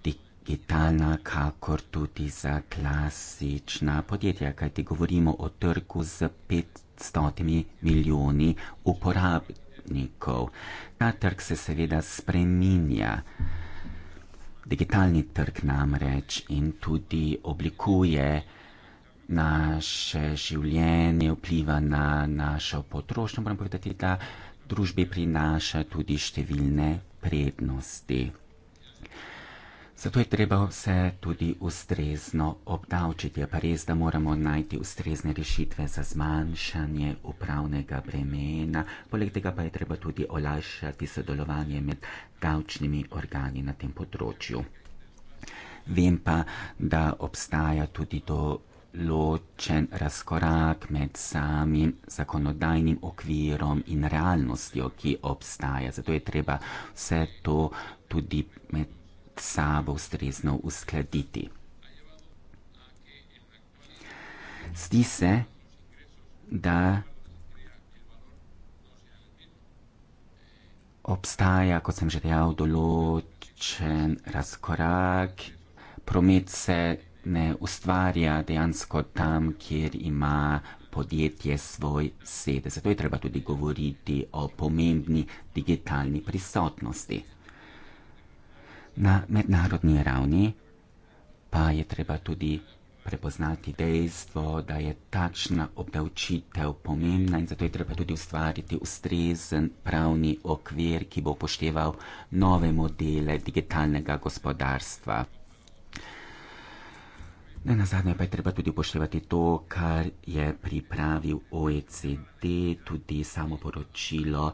digitalna, kakor tudi za klasična podjetja, kajti govorimo o trgu z 500 milijoni uporabnikov. Ta trg se seveda spreminja. Digitalni trg namreč in tudi oblikuje naše življenje, vpliva na našo potrošnjo, moram povedati, da družbi prinaša tudi številne prednosti. Zato je treba vse tudi ustrezno obdavčiti, pa res, da moramo najti ustrezne rešitve za zmanjšanje upravnega bremena, poleg tega pa je treba tudi olajšati sodelovanje med davčnimi organi na tem področju. Vem pa, da obstaja tudi to ločen razkorak med samim zakonodajnim okvirom in realnostjo, ki obstaja. Zato je treba vse to tudi med sabo ustrezno uskladiti. Zdi se, da obstaja, kot sem že dejal, določen razkorak, promet se ne ustvarja dejansko tam, kjer ima podjetje svoj sedež. Zato je treba tudi govoriti o pomembni digitalni prisotnosti. Na mednarodni ravni pa je treba tudi prepoznati dejstvo, da je takšna obdavčitev pomembna in zato je treba tudi ustvariti ustrezen pravni okvir, ki bo upošteval nove modele digitalnega gospodarstva. Ne na zadnje pa je treba tudi upoštevati to, kar je pripravil OECD, tudi samo poročilo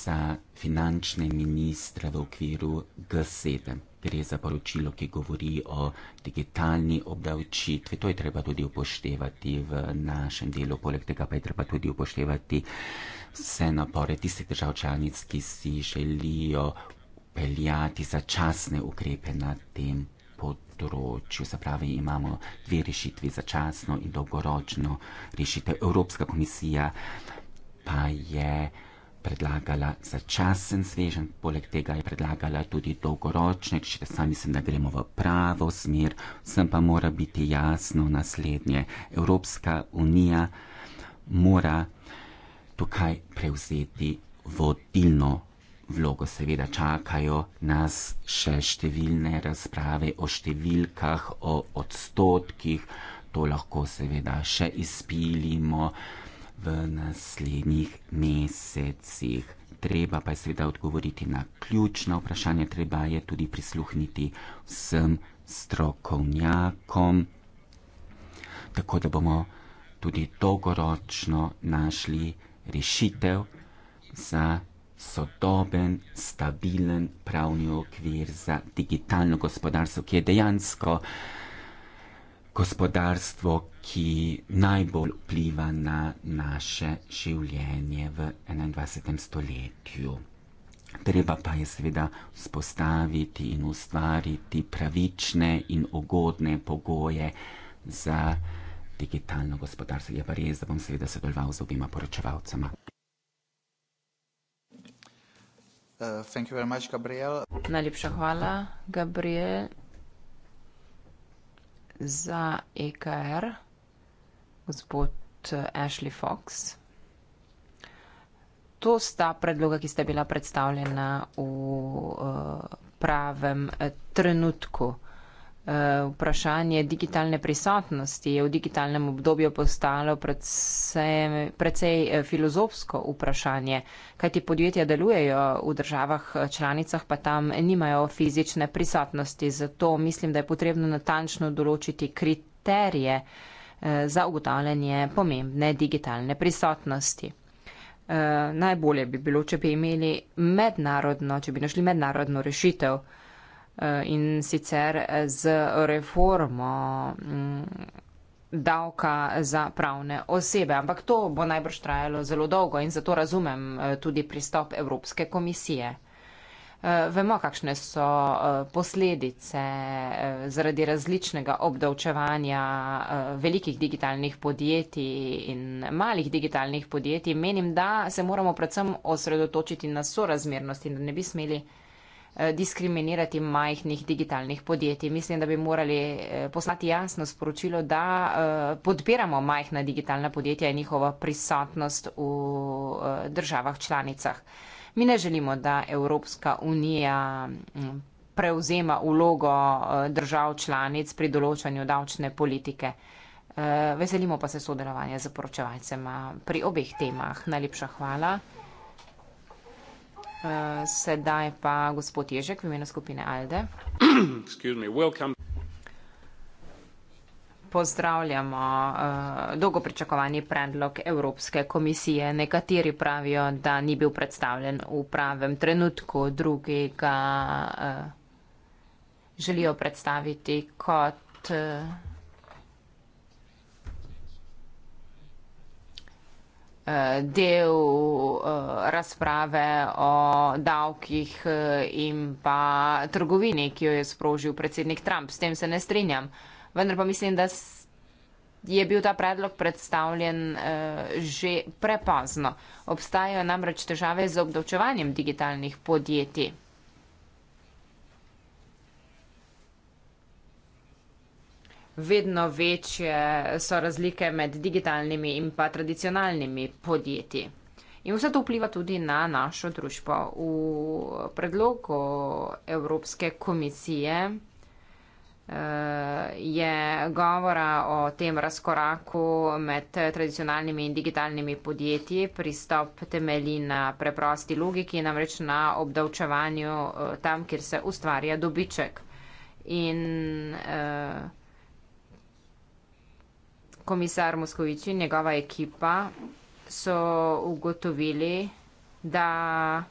za finančne ministre v okviru G7. Gre za poročilo, ki govori o digitalni obdavčitvi. To je treba tudi upoštevati v našem delu. Poleg tega pa je treba tudi upoštevati vse napore tistih držav članic, ki si želijo peljati začasne ukrepe na tem področju področju. Se pravi, imamo dve rešitvi, začasno in dolgoročno rešitev. Evropska komisija pa je predlagala začasen svežen, poleg tega je predlagala tudi dolgoročne, če se sami sem, da gremo v pravo smer, vsem pa mora biti jasno naslednje. Evropska unija mora tukaj prevzeti vodilno vlogo seveda čakajo nas še številne razprave o številkah, o odstotkih, to lahko seveda še izpilimo v naslednjih mesecih. Treba pa je seveda odgovoriti na ključna vprašanja, treba je tudi prisluhniti vsem strokovnjakom, tako da bomo tudi dolgoročno našli rešitev za sodoben, stabilen pravni okvir za digitalno gospodarstvo, ki je dejansko gospodarstvo, ki najbolj vpliva na naše življenje v 21. stoletju. Treba pa je seveda spostaviti in ustvariti pravične in ugodne pogoje za digitalno gospodarstvo. Je pa res, da bom seveda sodeloval z obima poročevalcema. Eh, thank you very much, Gabriel. Najlepša hvala, Gabriel, za EKR, gospod eh, Ashley Fox. To sta predloga, ki sta bila predstavljena v uh, pravem trenutku. Eh, vprašanje digitalne prisotnosti je v digitalnem obdobju postalo predvsej, predvsej eh, filozofsko vprašanje, kajti podjetja delujejo v državah eh, članicah, pa tam nimajo fizične prisotnosti. Zato mislim, da je potrebno natančno določiti kriterije za ugotavljanje pomembne digitalne prisotnosti. Najbolje bi bilo, če bi imeli mednarodno, če bi našli mednarodno rešitev, Eh, in sicer eh, z reformo mm, davka za pravne osebe. Ampak to bo najbrž trajalo zelo dolgo in zato razumem eh, tudi pristop Evropske komisije. Vemo, kakšne so posledice zaradi različnega obdavčevanja velikih digitalnih podjetij in malih digitalnih podjetij. Menim, da se moramo predvsem osredotočiti na sorazmernost in da ne bi smeli Eh, diskriminirati majhnih digitalnih podjetij. Mislim, da bi morali eh, poslati jasno sporočilo, da eh, podpiramo majhna digitalna podjetja in njihova prisotnost v državah članicah. Mi ne želimo, da Evropska unija mm, prevzema ulogo držav članic pri določanju davčne politike. Veselimo pa se sodelovanja z poročevalcema pri obeh temah. Najlepša hvala. Eh, sedaj pa gospod Ježek v imenu skupine ALDE. Pozdravljamo uh, dolgo pričakovani predlog Evropske komisije. Nekateri pravijo, da ni bil predstavljen v pravem trenutku, drugi ga uh, želijo predstaviti kot. Uh, del eh, razprave o davkih eh, in pa trgovini, ki jo je sprožil predsednik Trump. S tem se ne strinjam. Vendar pa mislim, da je bil ta predlog predstavljen eh, že prepozno. Obstajajo namreč težave z obdavčevanjem digitalnih podjetij. vedno večje so razlike med digitalnimi in pa tradicionalnimi podjetji. In vse to vpliva tudi na našo družbo. V predlogu Evropske komisije eh, je govora o tem razkoraku med tradicionalnimi in digitalnimi podjetji. Pristop temelji na preprosti logiki, namreč na obdavčevanju eh, tam, kjer se ustvarja dobiček. In uh, komisar Moskovič in njegova ekipa so ugotovili, da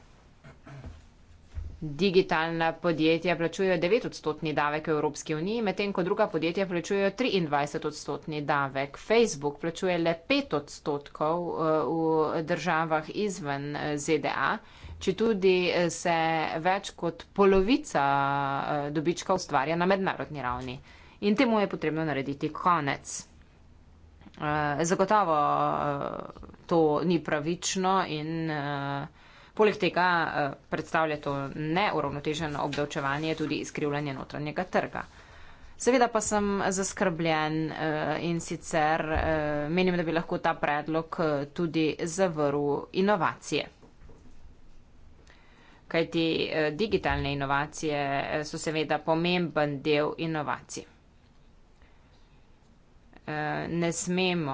digitalna podjetja plačujejo 9 odstotni davek Evropski uniji, medtem ko druga podjetja plačujejo 23 odstotni davek. Facebook plačuje le 5 odstotkov eh, v državah izven eh, ZDA, če tudi eh, se več kot polovica dobička ustvarja na mednarodni ravni. In temu je potrebno narediti konec. Eh, zagotovo eh, to ni pravično in eh, poleg tega predstavlja to neuravnoteženo obdavčevanje tudi izkrivljanje notranjega trga. Seveda pa sem zaskrbljen in sicer menim, da bi lahko ta predlog tudi zavrl inovacije. Kajti digitalne inovacije so seveda pomemben del inovacij. Eh, ne smemo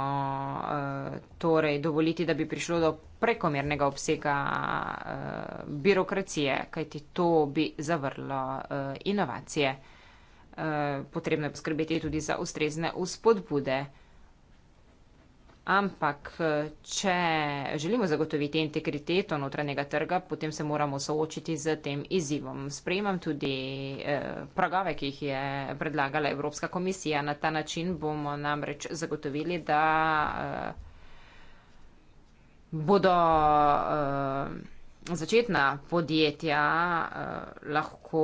eh, torej dovoliti, da bi prišlo do prekomernega obsega eh, birokracije, kajti to bi zavrlo inovacije. Potrebno je poskrbeti tudi za ustrezne vzpodbude. Ampak, eh, če želimo zagotoviti integriteto notranjega trga, potem se moramo soočiti z tem izzivom. Sprejemam tudi eh, pragave, ki jih je predlagala Evropska komisija. Na ta način bomo namreč zagotovili, da eh, bodo eh, začetna podjetja eh, lahko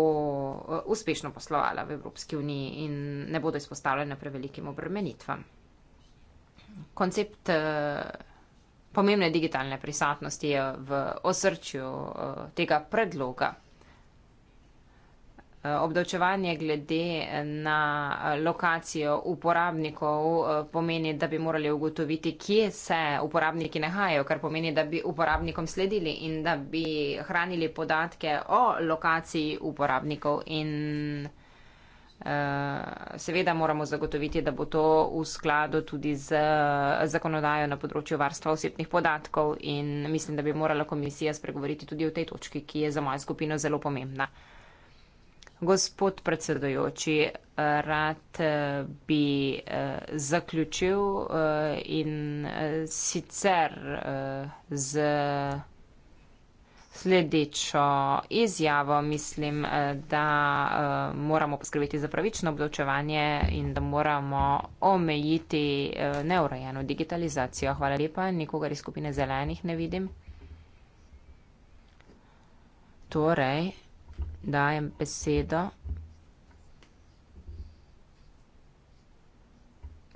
eh, uspešno poslovala v Evropski uniji in ne bodo izpostavljena prevelikim obremenitvam koncept eh, pomembne digitalne prisotnosti je v osrčju eh, tega predloga. Eh, obdavčevanje glede na lokacijo uporabnikov pomeni, da bi morali ugotoviti, kje se uporabniki nahajajo, kar pomeni, da bi uporabnikom sledili in da bi hranili podatke o lokaciji uporabnikov in podatke. Seveda moramo zagotoviti, da bo to v skladu tudi z zakonodajo na področju varstva osebnih podatkov in mislim, da bi morala komisija spregovoriti tudi o tej točki, ki je za mojo skupino zelo pomembna. Gospod predsedojoči, rad bi zaključil in sicer z sledečo izjavo, mislim, eh, da eh, moramo poskrbeti za pravično obdavčevanje in da moramo omejiti eh, neurejeno digitalizacijo. Hvala lepa, nikogar iz skupine zelenih ne vidim. Torej, dajem besedo.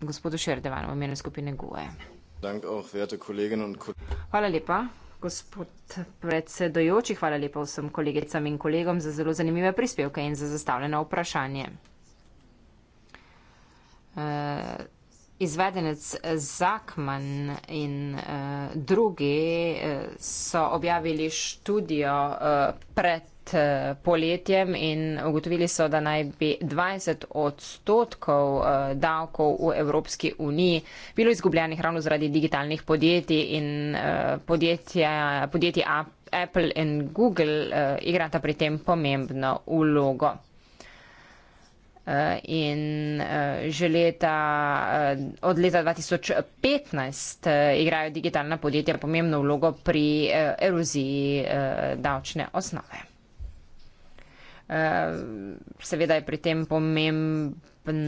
Gospodu Šerdevanu, v imenu skupine GUE. Hvala lepa gospod predsedojoči. Hvala lepa vsem kolegicam in kolegom za zelo zanimive prispevke in za zastavljeno vprašanje. Eh, izvedenec Zakman in eh, drugi eh, so objavili študijo pred Eh, poletjem in ugotovili so, da naj bi 20 odstotkov eh, davkov v Evropski uniji bilo izgubljenih ravno zaradi digitalnih podjetij in eh, podjetja Apple in Google igrata pri tem pomembno ulogo. In že leta, od leta 2015 igrajo digitalna podjetja pomembno vlogo pri eroziji davčne osnove. Eh, seveda je pri tem pomemben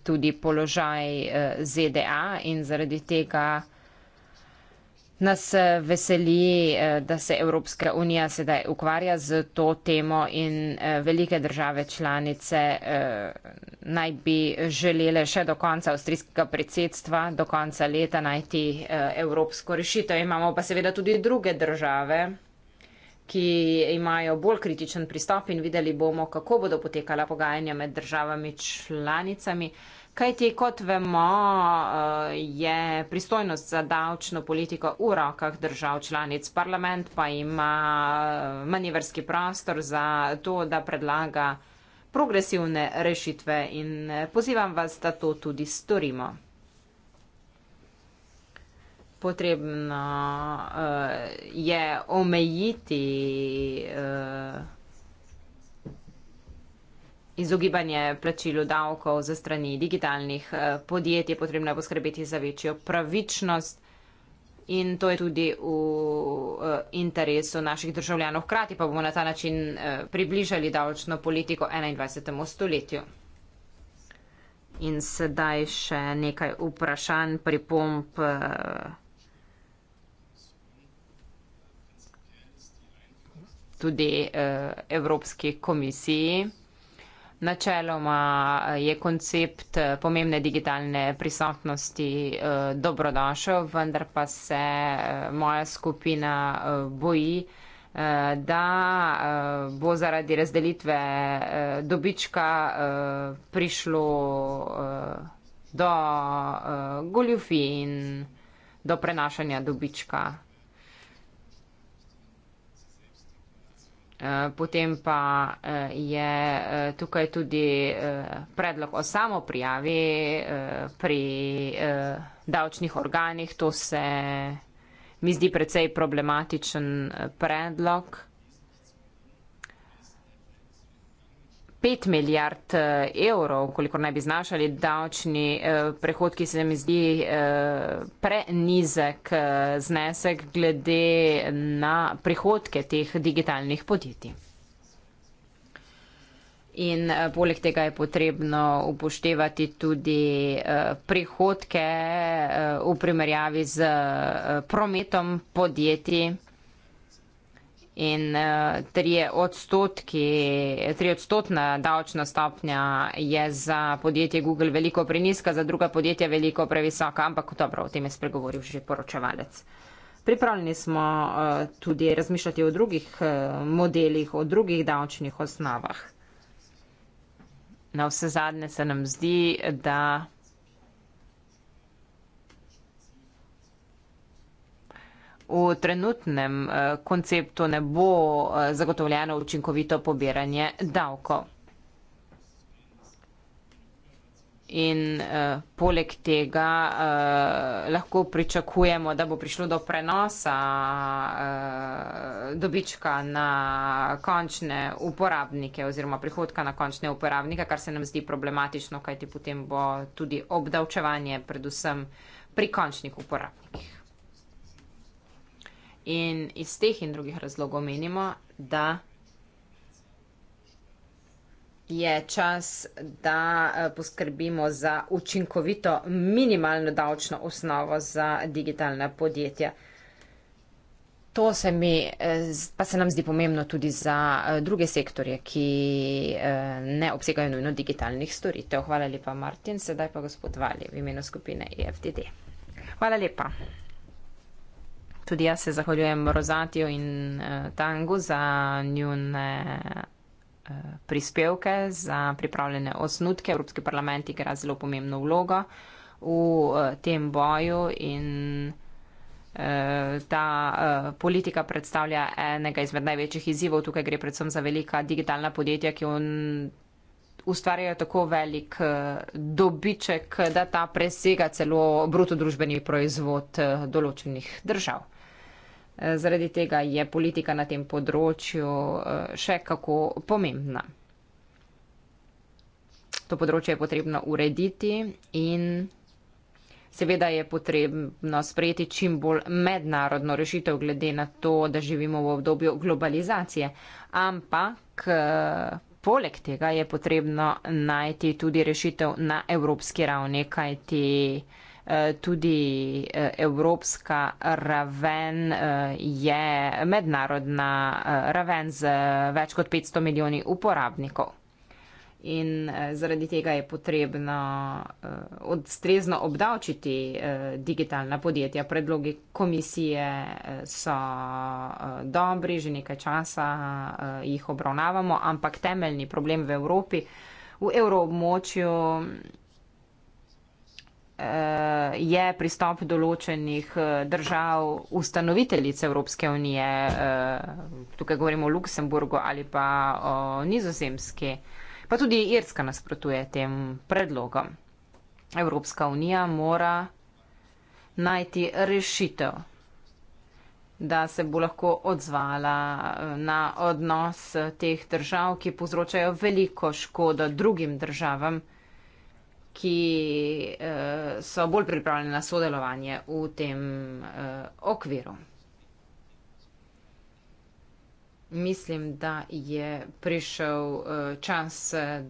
tudi položaj eh, ZDA in zaradi tega nas eh, veseli, da se Evropska unija sedaj ukvarja z to temo in velike države članice naj bi želele še do konca avstrijskega predsedstva, do konca leta najti evropsko rešitev. Imamo pa seveda tudi druge države ki imajo bolj kritičen pristop in videli bomo, kako bodo potekala pogajanja med državami članicami. Kaj ti, kot vemo, eh, je pristojnost za davčno politiko v rokah držav članic. Parlament pa ima eh, manjverski prostor za to, da predlaga progresivne rešitve in eh, pozivam vas, da to tudi storimo potrebno uh, je omejiti uh, izogibanje plačilu davkov za strani digitalnih uh, podjetij, potrebno je poskrbeti za večjo pravičnost in to je tudi v uh, interesu naših državljanov. Hkrati pa bomo na ta način uh, približali davčno politiko 21. stoletju. In sedaj še nekaj vprašanj, pripomp. Uh, tudi uh, Evropski komisiji. Načeloma eh, je koncept eh, pomembne digitalne prisotnosti uh, dobrodošel, vendar pa se uh, moja skupina uh, boji, uh, da uh, bo zaradi razdelitve uh, dobička uh, prišlo uh, do uh, goljufi in do prenašanja dobička. Eh, potem pa eh, je eh, tukaj tudi predlog o samoprijavi pri davčnih organih. To se mi zdi precej problematičen predlog. 5 milijard eh, evrov, koliko naj bi znašali davčni eh, prehodki, se mi zdi eh, prenizek znesek glede na prihodke teh digitalnih podjetij. In poleg tega je potrebno upoštevati tudi prihodke v primerjavi z prometom podjetij in eh, triodstotna davčna stopnja je za podjetje Google veliko preniska, za druga podjetja veliko previsoka, ampak dobro, o tem je spregovoril že poročevalec. Pripravljeni smo eh, tudi razmišljati o drugih eh, modelih, o drugih davčnih osnovah. Na vse zadnje se nam zdi, da. V trenutnem eh, konceptu ne bo eh, zagotovljeno učinkovito pobiranje davkov. In eh, poleg tega eh, lahko pričakujemo, da bo prišlo do prenosa eh, dobička na končne uporabnike oziroma prihodka na končne uporabnike, kar se nam zdi problematično, kajti potem bo tudi obdavčevanje predvsem pri končnih uporabnikih. In iz teh in drugih razlogov menimo, da je čas, da eh, poskrbimo za učinkovito minimalno davčno osnovo za digitalna podjetja. To se mi, eh, pa se nam zdi pomembno tudi za eh, druge sektorje, ki ne obsegajo nujno digitalnih storitev. Hvala lepa, Martin. Sedaj pa gospod Vali v imenu skupine EFDD. Hvala lepa. Tudi jaz se zahvaljujem Rozatiju in uh, Tangu za njune uh, prispevke, za pripravljene osnutke. Evropski parlament igra zelo pomembno vlogo v uh, tem boju in Ta politika predstavlja enega izmed največjih izzivov. Tukaj gre predvsem za velika digitalna podjetja, ki ustvarjajo tako velik dobiček, da ta presega celo brutodružbeni proizvod določenih držav. Eh, zaradi tega je politika na tem področju eh, še kako pomembna. To področje je potrebno urediti in seveda je potrebno sprejeti čim bolj mednarodno rešitev glede na to, da živimo v obdobju globalizacije. Ampak eh, poleg tega je potrebno najti tudi rešitev na evropski ravni, kajti. Eh, tudi eh, evropska raven eh, je mednarodna raven z več kot 500 milijoni uporabnikov. In zaradi tega je potrebno odstrezno obdavčiti digitalna podjetja. Predlogi komisije so dobri, že nekaj časa jih obravnavamo, ampak temeljni problem v Evropi, v evroobmočju Eh, je pristop določenih eh, držav ustanoviteljic Evropske unije, eh, tukaj govorimo o Luksemburgu ali pa o nizozemski, pa tudi Irska nasprotuje tem predlogom. Evropska unija mora najti rešitev, da se bo lahko odzvala na odnos teh držav, ki povzročajo veliko škodo drugim državam ki uh, so bolj pripravljene na sodelovanje v tem uh, okviru. Mislim, da je prišel uh, čas,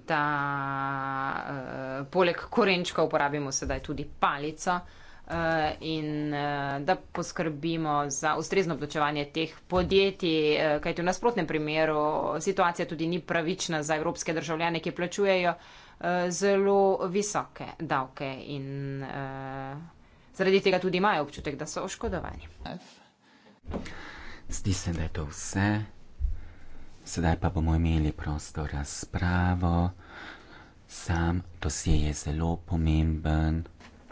da uh, poleg korenčka uporabimo sedaj tudi palico uh, in uh, da poskrbimo za ustrezno obdočevanje teh podjetij, uh, kajti v nasprotnem primeru situacija tudi ni pravična za evropske državljane, ki plačujejo uh, Eh, zelo visoke davke in uh, zaradi tega tudi imajo občutek, da so oškodovani. Zdi se, da je to vse. Sedaj pa bomo imeli prosto razpravo. Sam dosje je zelo pomemben,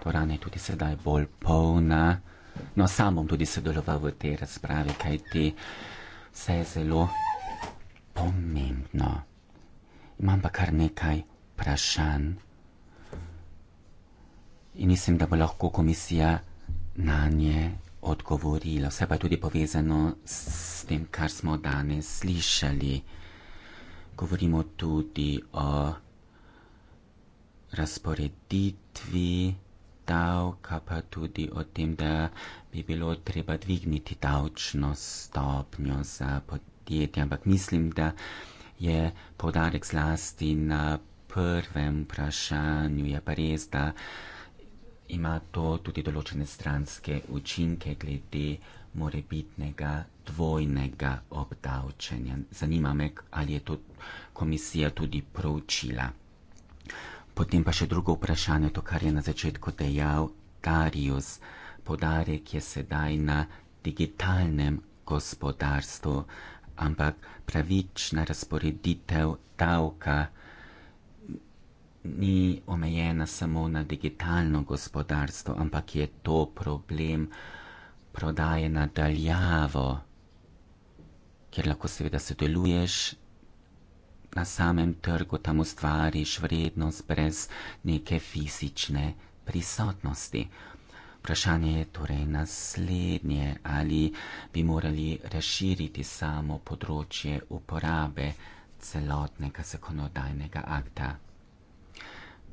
torej je tudi sedaj bolj polna. No, sam bom tudi sodeloval v tej razpravi, kajti vse je zelo pomembno. Imam pa kar nekaj vprašanj. In mislim, da bo lahko komisija na nje odgovorila. Vse pa je tudi povezano s tem, kar smo danes slišali. Govorimo tudi o razporeditvi davka, pa tudi o tem, da bi bilo treba dvigniti davčno stopnjo za podjetje. Ampak mislim, da je povdarek zlasti na prvem vprašanju je pa res, da ima to tudi določene stranske učinke glede morebitnega dvojnega obdavčenja. Zanima me, ali je to komisija tudi proučila. Potem pa še drugo vprašanje, to, kar je na začetku dejal Darius. Podarek je sedaj na digitalnem gospodarstvu, ampak pravična razporeditev davka ni omejena samo na digitalno gospodarstvo, ampak je to problem prodaje nadaljavo, ker lahko seveda sodeluješ na samem trgu, tam ustvariš vrednost brez neke fizične prisotnosti. Vprašanje je torej naslednje, ali bi morali razširiti samo področje uporabe celotnega zakonodajnega akta.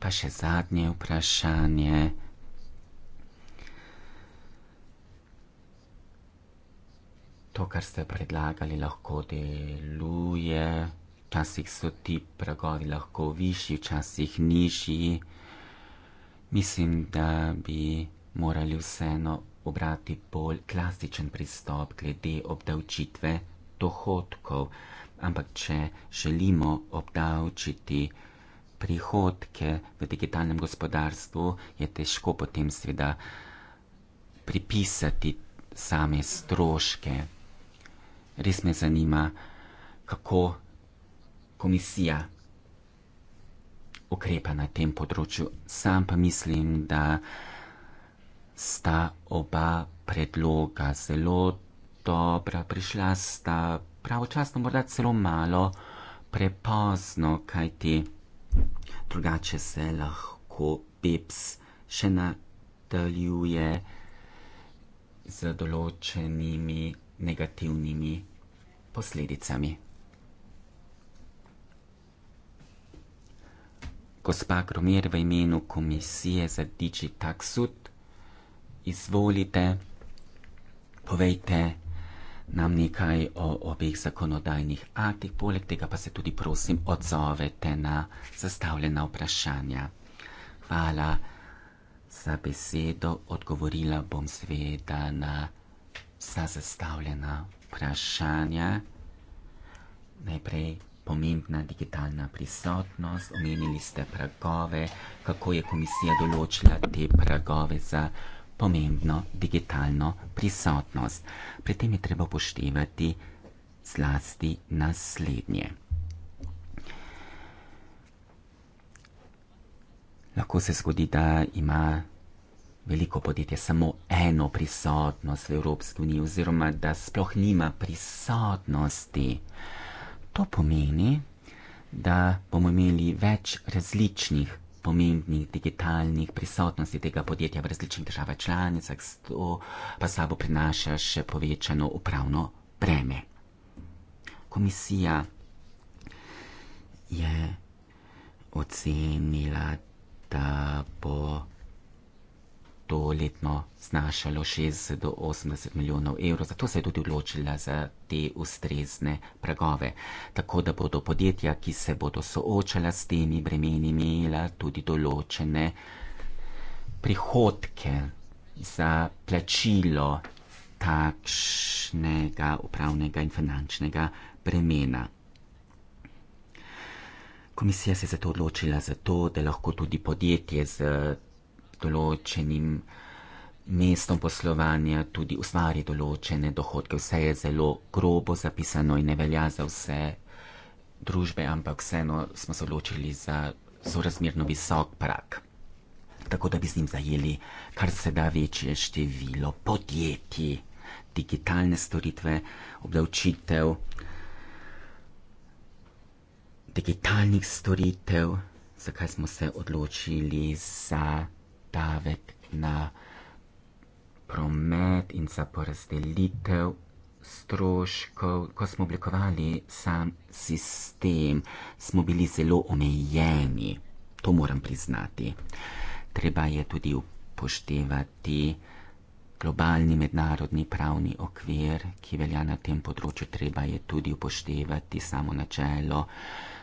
Pa še zadnje vprašanje. To, kar ste predlagali, lahko deluje. Včasih so ti pragovi lahko višji, včasih nižji. Mislim, da bi morali vseeno obrati bolj klasičen pristop glede obdavčitve dohodkov. Ampak, če želimo obdavčiti dohodke, prihodke v digitalnem gospodarstvu, je težko potem seveda pripisati same stroške. Res me zanima, kako komisija ukrepa na tem področju. Sam pa mislim, da sta oba predloga zelo dobra, prišla sta pravočasno, morda celo malo prepozno, kajti drugače se lahko peps še nadaljuje z določenimi negativnimi posledicami. Gospa Gromir v imenu Komisije za Digitaxud, izvolite, povejte, nam nekaj o obeh zakonodajnih aktih, poleg tega pa se tudi prosim odzovete na zastavljena vprašanja. Hvala za besedo, odgovorila bom seveda na vsa zastavljena vprašanja. Najprej pomembna digitalna prisotnost, omenili ste pragove, kako je komisija določila te pragove za pomembno digitalno prisotnost. Pri tem je treba upoštevati zlasti naslednje. Lahko se zgodi, da ima veliko podjetje samo eno prisotnost v Evropski uniji oziroma da sploh nima prisotnosti. To pomeni, da bomo imeli več različnih pomembnih digitalnih prisotnosti tega podjetja v različnih državah članicah, to pa sabo prinaša še povečano upravno breme. Komisija je ocenila, da bo to letno znašalo 60 do 80 milijonov evrov, zato se je tudi odločila za te ustrezne pragove. Tako da bodo podjetja, ki se bodo soočala s temi bremeni, imela tudi določene prihodke za plačilo takšnega upravnega in finančnega bremena. Komisija se je zato odločila, zato, da lahko tudi podjetje z določenim mestom poslovanja tudi ustvari določene dohodke. Vse je zelo grobo zapisano in ne velja za vse družbe, ampak vseeno smo se odločili za sorazmerno visok prak, tako da bi z njim zajeli kar se da večje število podjetij, digitalne storitve, obdavčitev, digitalnih storitev, zakaj smo se odločili za davek na promet in za porazdelitev stroškov. Ko smo oblikovali sam sistem, smo bili zelo omejeni, to moram priznati. Treba je tudi upoštevati globalni mednarodni pravni okvir, ki velja na tem področju. Treba je tudi upoštevati samo načelo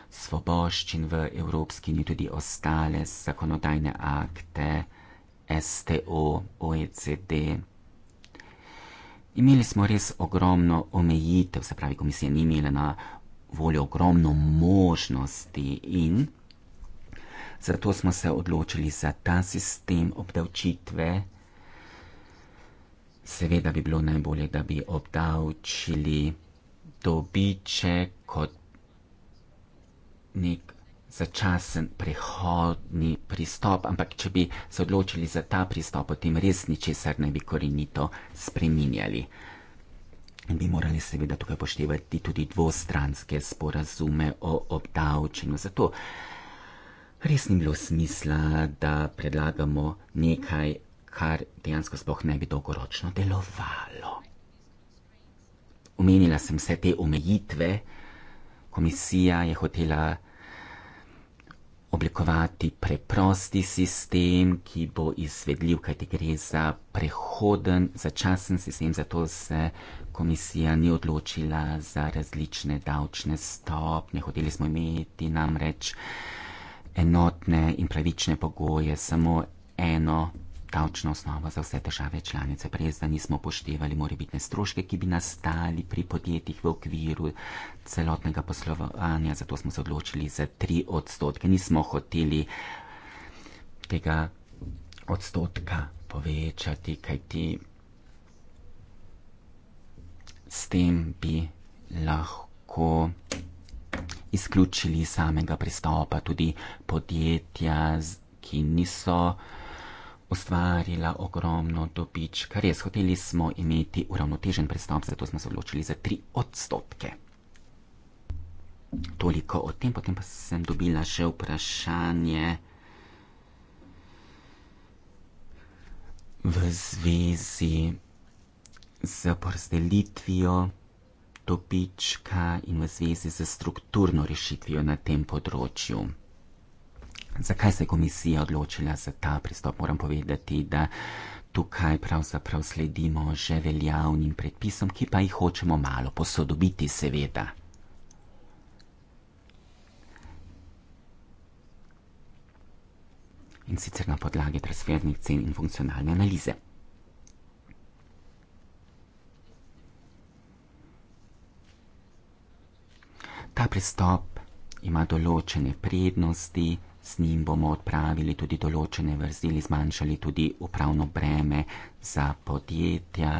svoboščin v Evropski uniji, tudi ostale zakonodajne akte. STO, OECD. Imeli smo res ogromno omejitev, se pravi, komisija ni imela na voljo ogromno možnosti in zato smo se odločili za ta sistem obdavčitve. Seveda bi bilo najbolje, da bi obdavčili dobiček kot nek začasen prehodni pristop, ampak če bi se odločili za ta pristop, potem res ničesar ne bi korenito spreminjali. In bi morali seveda tukaj poštevati tudi dvostranske sporazume o obdavčenju. Zato res ni bilo smisla, da predlagamo nekaj, kar dejansko sploh ne bi dolgoročno delovalo. Omenila sem vse te omejitve, komisija je hotela oblikovati preprosti sistem, ki bo izvedljiv, kajti gre za prehoden, začasen sistem, zato se komisija ni odločila za različne davčne stopnje. Hoteli smo imeti namreč enotne in pravične pogoje, samo eno davčna osnova za vse države članice, prej da nismo poštevali morebitne stroške, ki bi nastali pri podjetjih v okviru celotnega poslovanja, zato smo se odločili za tri odstotke. Nismo hoteli tega odstotka povečati, kajti s tem bi lahko izključili samega pristopa tudi podjetja, ki niso ustvarila ogromno dobička. Res, hoteli smo imeti uravnotežen pristop, zato smo se odločili za tri odstotke. Toliko o tem, potem pa sem dobila še vprašanje v zvezi z porazdelitvijo dobička in v zvezi z strukturno rešitvijo na tem področju. Zakaj se je komisija odločila za ta pristop? Moram povedati, da tukaj pravzaprav sledimo že veljavnim predpisom, ki pa jih hočemo malo posodobiti, seveda. In sicer na podlagi transfernih cen in funkcionalne analize. Ta pristop ima določene prednosti z njim bomo odpravili tudi določene vrzeli, zmanjšali tudi upravno breme za podjetja.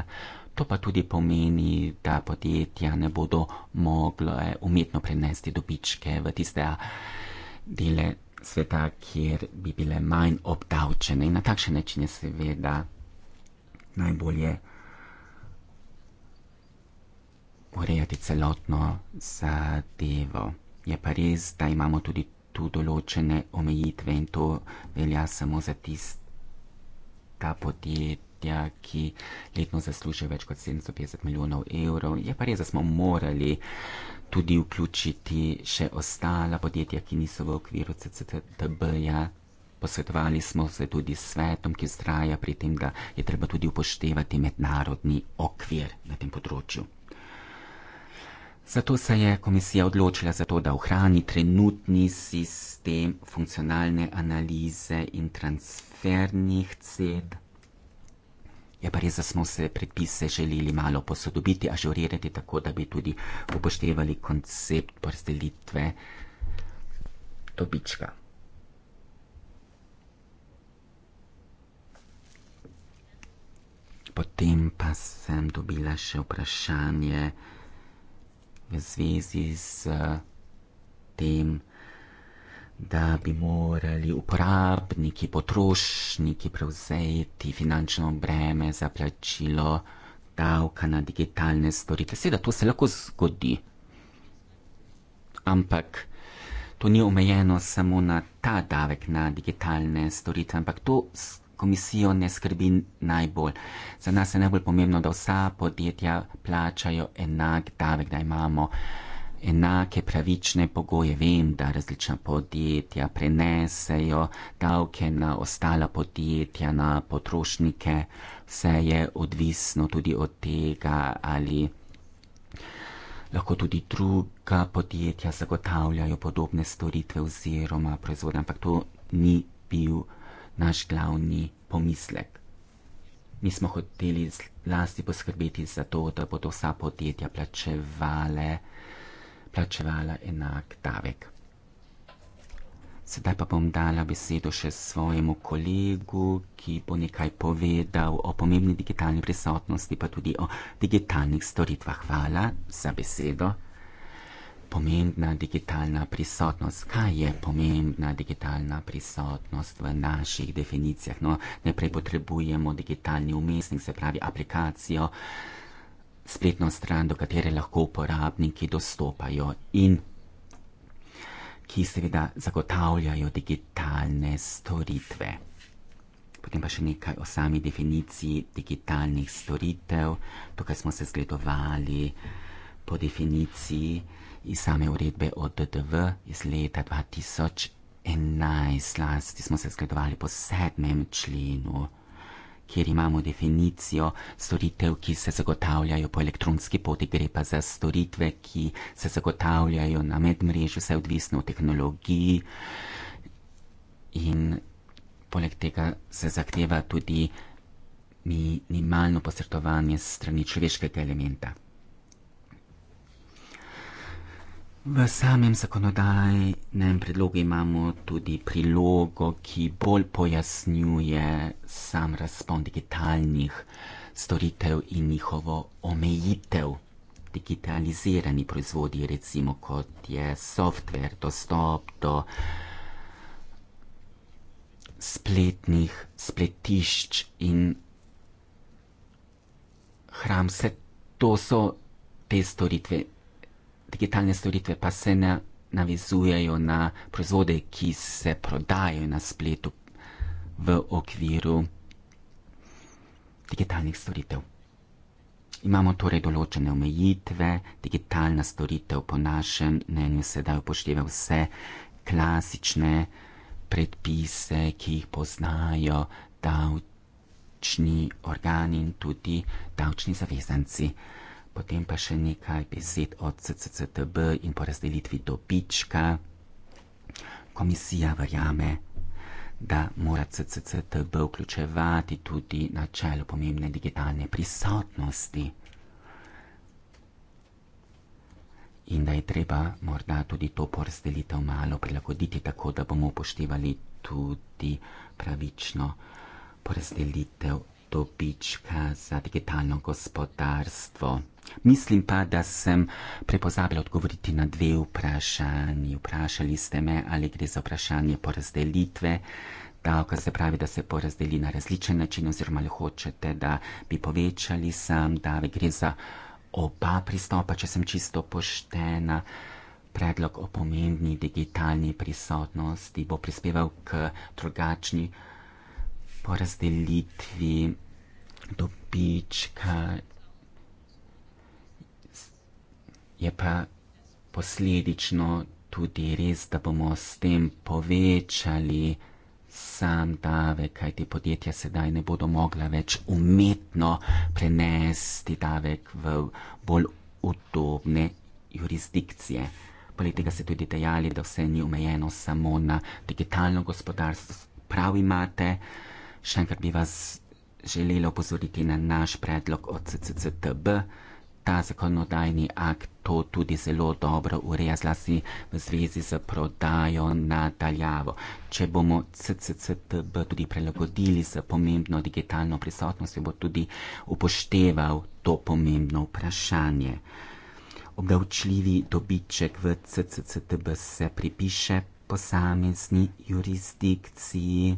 To pa tudi pomeni, da podjetja ne bodo mogla umetno prenesti dobičke v tiste dele sveta, kjer bi bile manj obdavčene. In na takšen način je seveda najbolje urejati celotno zadevo. Je pa res, da imamo tudi tu določene omejitve in to velja samo za tista podjetja, ki letno zaslužijo več kot 750 milijonov evrov. Je pa res, da smo morali tudi vključiti še ostala podjetja, ki niso v okviru CCTB-ja. Posvetovali smo se tudi s svetom, ki zdraja pri tem, da je treba tudi upoštevati mednarodni okvir na tem področju. Zato se je komisija odločila za to, da ohrani trenutni sistem funkcionalne analize in transfernih ced. Je ja, pa res, da smo se predpise želeli malo posodobiti, ažurirati tako, da bi tudi upoštevali koncept porazdelitve dobička. Potem pa sem dobila še vprašanje, v zvezi z tem, da bi morali uporabniki, potrošniki prevzeti finančno breme za plačilo davka na digitalne storitve. Seveda, to se lahko zgodi. Ampak to ni omejeno samo na ta davek na digitalne storitve, ampak to komisijo ne skrbi najbolj. Za nas je najbolj pomembno, da vsa podjetja plačajo enak davek, da imamo enake pravične pogoje. Vem, da različna podjetja prenesejo davke na ostala podjetja, na potrošnike. Vse je odvisno tudi od tega, ali lahko tudi druga podjetja zagotavljajo podobne storitve oziroma proizvode, ampak to ni bil naš glavni pomislek. Mi smo hoteli zlasti poskrbeti za to, da bodo vsa podjetja plačevale, plačevala enak davek. Sedaj pa bom dala besedo še svojemu kolegu, ki bo nekaj povedal o pomembni digitalni prisotnosti, pa tudi o digitalnih storitvah. Hvala za besedo pomembna digitalna prisotnost. Kaj je pomembna digitalna prisotnost v naših definicijah? No, najprej potrebujemo digitalni umestnik, se pravi aplikacijo, spletno stran, do katere lahko uporabniki dostopajo in ki seveda zagotavljajo digitalne storitve. Potem pa še nekaj o sami definiciji digitalnih storitev. Tukaj smo se zgledovali po definiciji iz same uredbe o DDV iz leta 2011. Lasti smo se zgledovali po sedmem členu, kjer imamo definicijo storitev, ki se zagotavljajo po elektronski poti, gre pa za storitve, ki se zagotavljajo na medmrežju, vse odvisno od tehnologiji. In poleg tega se zahteva tudi minimalno posredovanje strani človeškega elementa. V samem zakonodajnem predlogu imamo tudi prilogo, ki bolj pojasnjuje sam razpon digitalnih storitev in njihovo omejitev. Digitalizirani proizvodi, recimo kot je softver, dostop do spletnih spletišč in hram, vse to so te storitve digitalne storitve pa se ne navezujejo na proizvode, ki se prodajo na spletu v okviru digitalnih storitev. Imamo torej določene omejitve, digitalna storitev po našem mnenju sedaj upošteva vse klasične predpise, ki jih poznajo davčni organi in tudi davčni zavezanci potem pa še nekaj besed od CCCTB in po razdelitvi dobička. Komisija verjame, da mora CCCTB vključevati tudi načelo pomembne digitalne prisotnosti in da je treba morda tudi to porazdelitev malo prilagoditi, tako da bomo upoštevali tudi pravično porazdelitev dobička za digitalno gospodarstvo. Mislim pa, da sem prepozabila odgovoriti na dve vprašanji. Vprašali ste me, ali gre za vprašanje porazdelitve davka, se pravi, da se porazdeli na različen način, oziroma ali hočete, da bi povečali sam davek. Gre za oba pristopa, če sem čisto poštena. Predlog o pomembni digitalni prisotnosti bo prispeval k drugačni po razdelitvi dobička je pa posledično tudi res, da bomo s tem povečali sam davek, kaj ti podjetja sedaj ne bodo mogla več umetno prenesti davek v bolj udobne jurisdikcije. Poleg tega ste tudi dejali, da vse ni omejeno samo na digitalno gospodarstvo. Prav imate. Uh, Še enkrat bi vas želela opozoriti na naš predlog od CCCTB. Ta zakonodajni akt to tudi zelo dobro ureja, zlasti v zvezi z prodajo nadaljavo. Če bomo CCCTB tudi prelagodili z pomembno digitalno prisotnostjo, bo tudi upošteval to pomembno vprašanje. Obdavčljivi dobiček v CCCTB se pripiše posamezni jurisdikciji.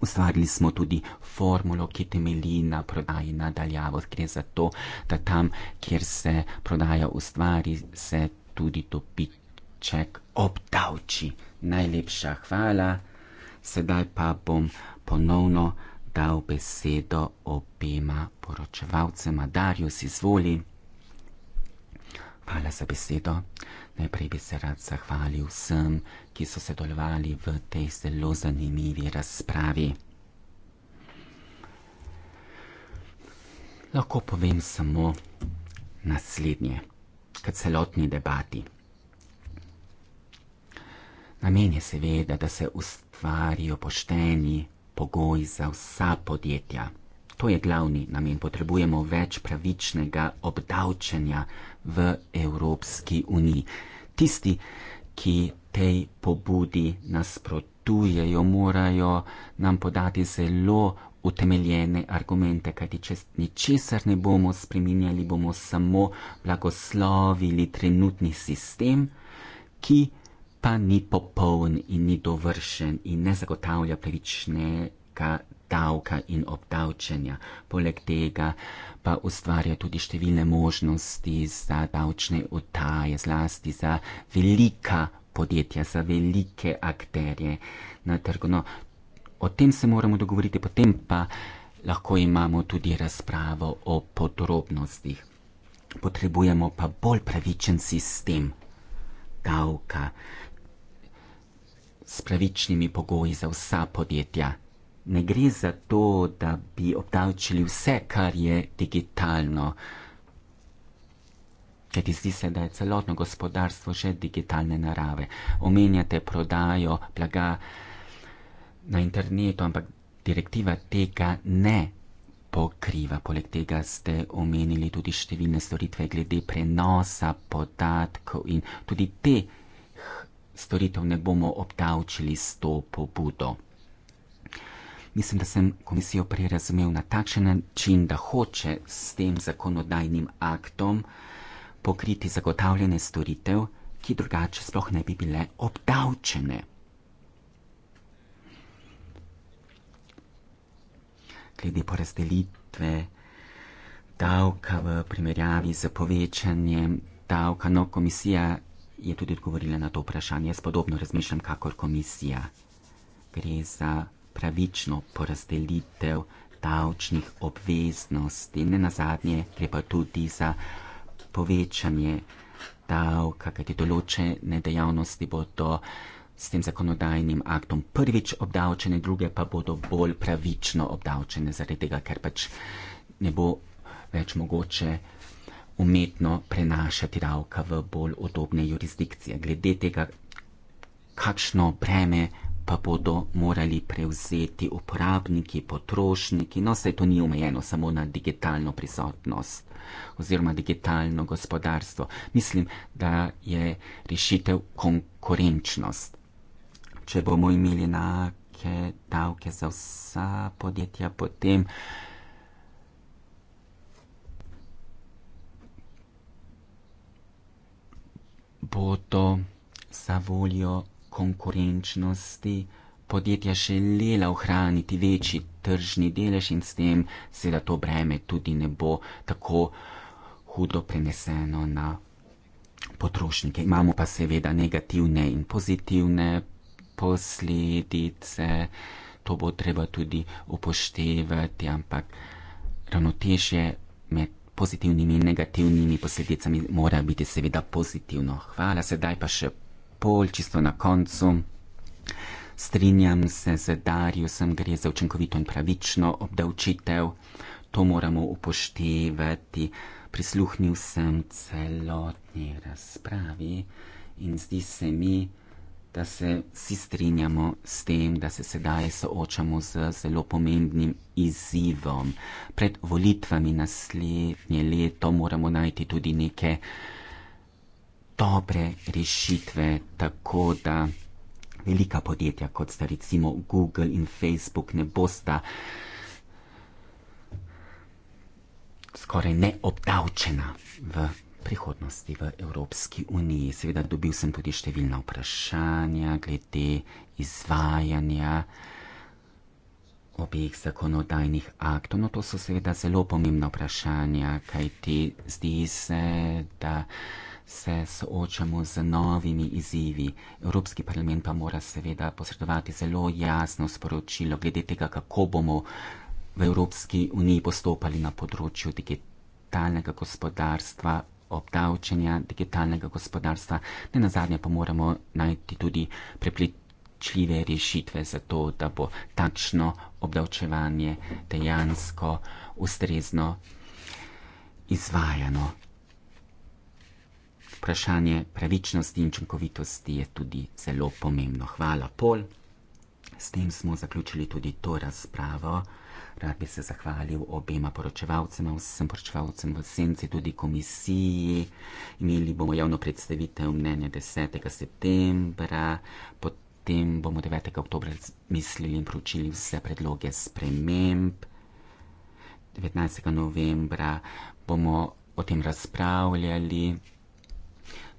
Ustvarili smo tudi formulo, ki temelji na prodaji nadaljavo, gre za to, da tam, kjer se prodaja ustvari, se tudi dobiček obdavči. Najlepša hvala. Sedaj pa bom ponovno dal besedo obema poročevalcema. Darius, izvoli. Hvala za besedo. Najprej bi se rad zahvalil vsem, ki so sodelovali v tej zelo zanimivi razpravi. Lahko povem samo naslednje k celotni debati. Namen je seveda, da se ustvarijo pošteni pogoji za vsa podjetja. To je glavni namen. Potrebujemo več pravičnega obdavčenja v Evropski uniji. Tisti, ki tej pobudi nasprotujejo, morajo nam podati zelo utemeljene argumente, kajti če ničesar ne bomo spreminjali, bomo samo blagoslovili trenutni sistem, ki pa ni popoln in ni dovršen in ne zagotavlja pravične davka in obdavčenja. Poleg tega pa ustvarja tudi številne možnosti za davčne utaje, zlasti za velika podjetja, za velike akterje na trgu. No, o tem se moramo dogovoriti, potem pa lahko imamo tudi razpravo o podrobnostih. Potrebujemo pa bolj pravičen sistem davka s pravičnimi pogoji za vsa podjetja ne gre za to, da bi obdavčili vse, kar je digitalno. Kajti zdi se, da je celotno gospodarstvo že digitalne narave. Omenjate prodajo blaga na internetu, ampak direktiva tega ne pokriva. Poleg tega ste omenili tudi številne storitve glede prenosa podatkov in tudi te storitev ne bomo obdavčili s to pobudo. Mislim, da sem komisijo prej razumel na takšen način, da hoče s tem zakonodajnim aktom pokriti zagotavljene storitev, ki drugače sploh ne bi bile obdavčene. Glede porazdelitve davka v primerjavi z povečanjem davka, no komisija je tudi odgovorila na to vprašanje. Jaz podobno razmišljam, kakor komisija. Gre za pravično porazdelitev davčnih obveznosti. Ne na zadnje gre pa tudi za povečanje davka, kajti določene dejavnosti bodo s tem zakonodajnim aktom prvič obdavčene, druge pa bodo bolj pravično obdavčene, zaradi tega, ker pač ne bo več mogoče umetno prenašati davka v bolj odobne jurisdikcije. Glede tega, kakšno breme pa bodo morali prevzeti uporabniki, potrošniki, no se to ni omejeno samo na digitalno prisotnost oziroma digitalno gospodarstvo. Mislim, da je rešitev konkurenčnost. Če bomo imeli enake davke za vsa podjetja, potem bodo za voljo konkurenčnosti podjetja želela ohraniti večji tržni delež in s tem seveda to breme tudi ne bo tako hudo preneseno na potrošnike. Imamo pa seveda negativne in pozitivne posledice, to bo treba tudi upoštevati, ampak ravnotežje med pozitivnimi in negativnimi posledicami mora biti seveda pozitivno. Hvala, sedaj pa še pol, čisto na koncu. Strinjam se z Darjusom, gre za učinkovito in pravično obdavčitev. To moramo upoštevati. Prisluhnil sem celotni razpravi in zdi se mi, da se vsi strinjamo s tem, da se sedaj soočamo z zelo pomembnim izzivom. Pred volitvami naslednje leto moramo najti tudi neke uh, dobre rešitve, tako da velika podjetja, kot sta recimo Google in Facebook, ne bosta skoraj neobdavčena v prihodnosti v Evropski uniji. Seveda dobil sem tudi številna vprašanja glede izvajanja obeh zakonodajnih aktov. No, to so seveda zelo pomembna vprašanja, kajti zdi se, da se soočamo z novimi izzivi. Evropski parlament pa mora seveda posredovati zelo jasno sporočilo glede tega, kako bomo v Evropski uniji postopali na področju digitalnega gospodarstva, obdavčenja digitalnega gospodarstva. Ne nazadnje pa moramo najti tudi prepličljive rešitve za to, da bo takšno obdavčevanje dejansko ustrezno izvajano vprašanje pravičnosti in učinkovitosti je tudi zelo pomembno. Hvala, Pol. S tem smo zaključili tudi to razpravo. Rad bi se zahvalil obema poročevalcema, vsem poročevalcem v senci, tudi komisiji. Imeli bomo javno predstavitev mnenja 10. septembra, potem bomo 9. oktober mislili in pročili vse predloge sprememb. 19. novembra bomo o tem razpravljali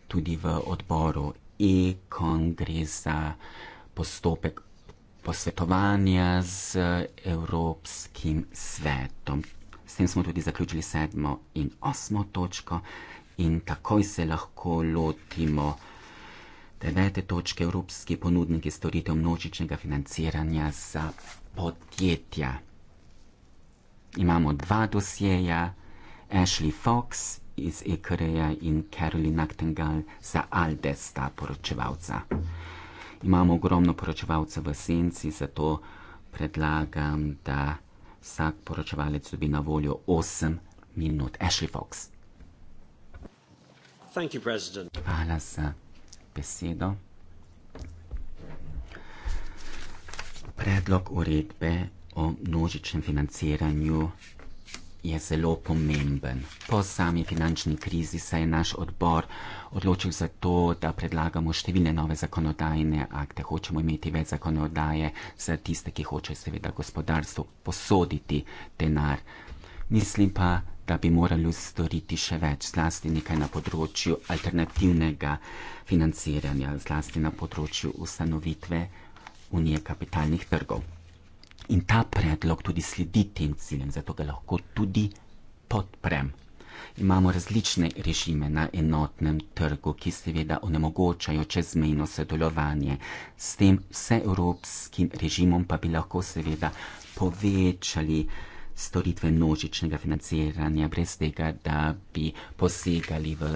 tudi v odboru e-kongresa postopek posvetovanja z Evropskim svetom. S tem smo tudi zaključili sedmo in osmo točko in takoj se lahko lotimo devete točke Evropski ponudniki storitev množičnega financiranja za podjetja. Imamo dva dosjeja, Ashley Fox iz Ekreja in Carolyn Nachtengal za Aldesta poročevalca. Imamo ogromno poročevalcev v senci, zato predlagam, da vsak poročevalec dobi na voljo 8 minut. Ashley Fox. You, Hvala za besedo. Predlog uredbe o množičnem financiranju je zelo pomemben. Po sami finančni krizi se je naš odbor odločil za to, da predlagamo številne nove zakonodajne akte. Hočemo imeti več zakonodaje za tiste, ki hočejo seveda gospodarstvu posoditi denar. Mislim pa, da bi morali storiti še več, zlasti nekaj na področju alternativnega financiranja, zlasti na področju ustanovitve Unije kapitalnih trgov in ta predlog tudi sledi tem ciljem, zato ga lahko tudi podprem. Imamo različne režime na enotnem trgu, ki seveda onemogočajo čezmejno sodelovanje. S tem vseevropskim režimom pa bi lahko seveda povečali uh, storitve množičnega financiranja, brez tega, da bi posegali v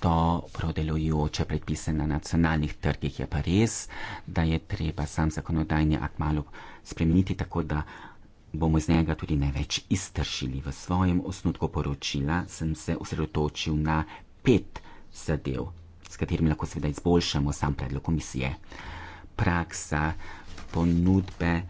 to prodelujoče predpise na nacionalnih trgih. Je pa res, da je treba sam zakonodajni akt malo spremeniti, tako da bomo iz njega tudi največ iztršili. V svojem osnutku poročila sem se osredotočil na pet zadev, s katerimi lahko seveda izboljšamo sam predlog komisije. Praksa ponudbe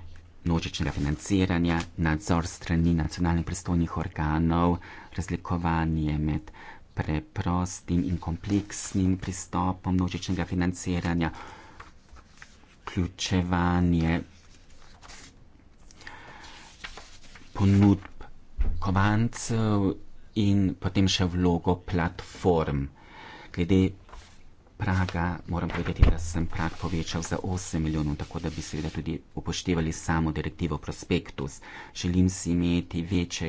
množičnega financiranja, nadzor strani nacionalnih pristojnih organov, razlikovanje med preprostim in kompleksnim pristopom množičnega financiranja, vključevanje ponudb kovancev in potem še vlogo platform. Glede Praga, moram povedati, da sem prak povečal za 8 milijonov, tako da bi seveda tudi upoštevali samo direktivo Prospektus. Želim si imeti večji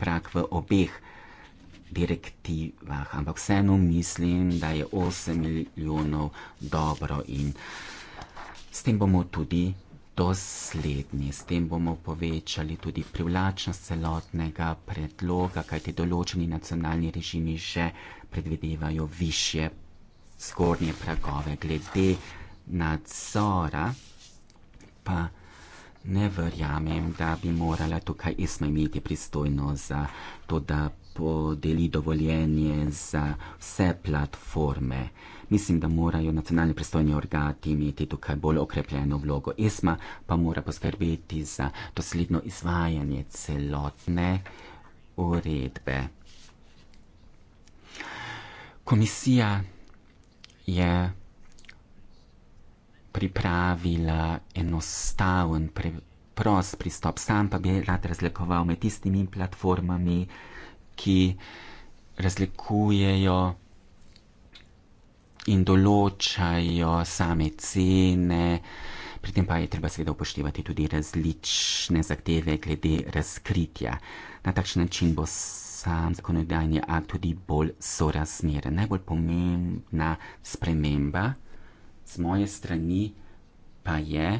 prak v obeh direktivah, ampak vseeno mislim, da je 8 milijonov dobro in s tem bomo tudi dosledni, s tem bomo povečali tudi privlačnost celotnega predloga, kajti določeni nacionalni režimi že predvidevajo više zgornje pragove. Glede nadzora pa ne verjamem, da bi morala tukaj ISMA imeti pristojnost za to, da podeli dovoljenje za vse platforme. Mislim, da morajo nacionalni pristojni organi imeti tukaj bolj okrepljeno vlogo. ISMA pa mora poskrbeti za dosledno izvajanje celotne uredbe. Komisija je pripravila enostaven, prost pristop. Sam pa bi rad razlikoval med tistimi platformami, ki razlikujejo in določajo same cene. Pri tem pa je treba seveda upoštevati tudi različne zahteve glede razkritja. Na takšen način boste sam zakonodajni akt tudi bolj sorazmeren. Najbolj pomembna sprememba z moje strani pa je,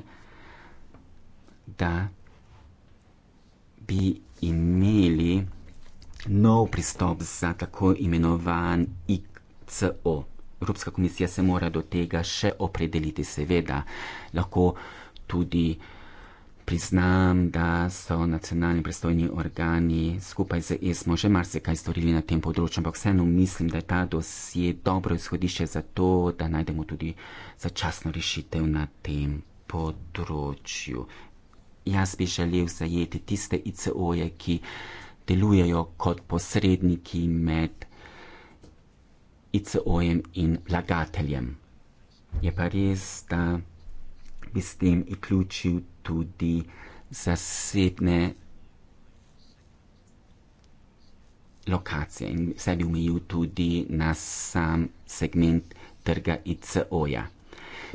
da bi imeli nov pristop za tako imenovan ICO. Evropska komisija se mora do tega še opredeliti, seveda, lahko tudi. Priznam, da so nacionalni predstojni organi skupaj z ESMO že marsikaj storili na tem področju, ampak vseeno mislim, da je ta dosje dobro izhodišče za to, da najdemo tudi začasno rešitev na tem področju. Jaz bi želel zajeti tiste ICO-je, ki delujejo kot posredniki med ICO-jem in lagateljem. Je pa res, da bi s tem izključil tudi zasebne lokacije in se bi omejil tudi na sam segment trga ICO-ja.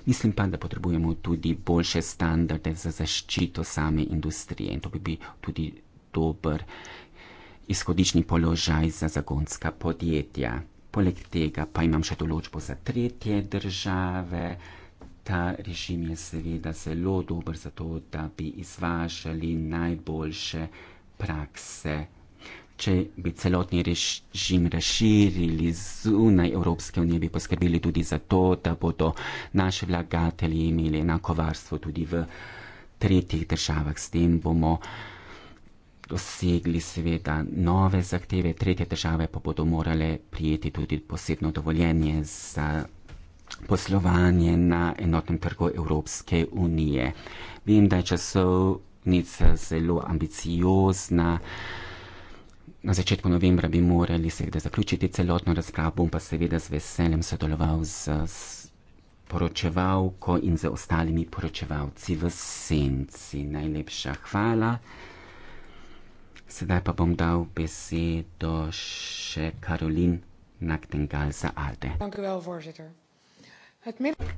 Mislim pa, da potrebujemo tudi boljše standarde za zaščito same industrije in to bi bil tudi dober izhodični položaj za zagonska podjetja. Poleg tega pa imam še določbo za tretje države, ta režim je seveda zelo dober za to, da bi izvažali najboljše prakse. Če bi celotni režim razširili zunaj Evropske unije, bi poskrbeli tudi za to, da bodo naši vlagatelji imeli enako varstvo tudi v tretjih državah. S tem bomo dosegli seveda nove zahteve, tretje države pa bodo morale prijeti tudi posebno dovoljenje za poslovanje na enotnem trgu Evropske unije. Vem, da je časovnica zelo ambiciozna. Na začetku novembra bi morali seveda zaključiti celotno razpravo, bom pa seveda z veseljem sodeloval z, z poročevalko in z ostalimi poročevalci v senci. Najlepša hvala. Sedaj pa bom dal besedo še Karolin Naktengal za Alde. Hvala, predsednik.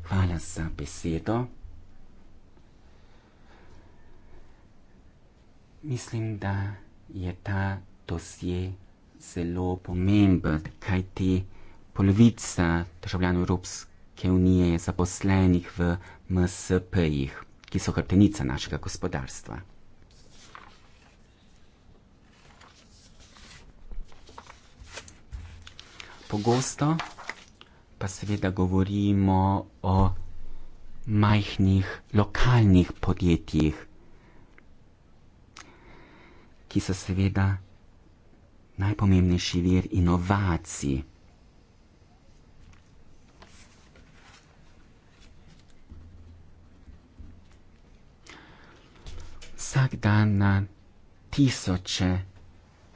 Hvala za besedo. Mislim, da je ta dosje zelo pomemben, kajti polovica državljanov Evropske unije je zaposlenih v MSP-jih, ki so hrbtenica našega gospodarstva. Pogosto pa seveda govorimo o majhnih lokalnih podjetjih, ki so seveda najpomembnejši vir inovacij. Vsak dan na tisoče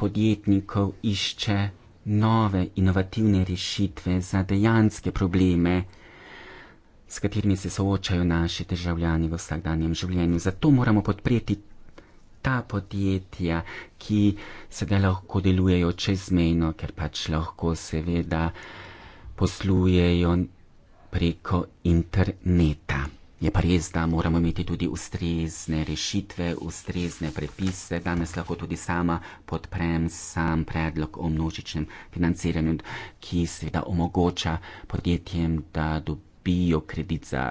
podjetnikov išče nove inovativne rešitve za dejanske probleme, s katerimi se soočajo naši državljani v vsakdanjem življenju. Zato moramo podpreti ta podjetja, ki sedaj lahko delujejo čezmejno, ker pač lahko seveda poslujejo preko interneta. Je pa res, da moramo imeti tudi ustrezne rešitve, ustrezne predpise. Danes lahko tudi sama podprem sam predlog o množičnem financiranju, ki seveda omogoča podjetjem, da dobijo kredit za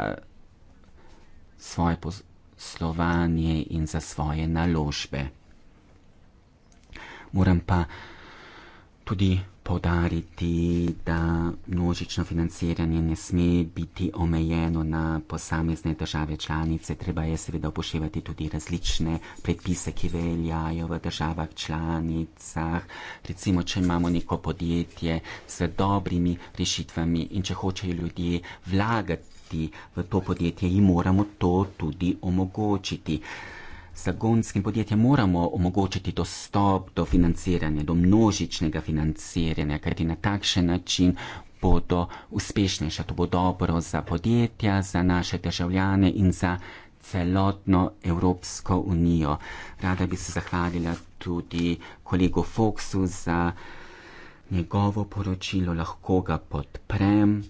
svoje poslovanje in za svoje naložbe. Moram pa tudi podariti, da množično financiranje ne sme biti omejeno na posamezne države članice. Treba je seveda upoštevati tudi različne predpise, ki veljajo v državah članicah. Recimo, če imamo neko podjetje s dobrimi rešitvami in če hočejo ljudje vlagati v to podjetje, jim moramo to tudi omogočiti zagonskim podjetjem moramo omogočiti dostop do financiranja, do množičnega financiranja, kajti na takšen način bodo uspešnejša. To bo dobro za podjetja, za naše državljane in za celotno Evropsko unijo. Rada bi se zahvalila tudi kolegu Foksu za njegovo poročilo, lahko ga podprem.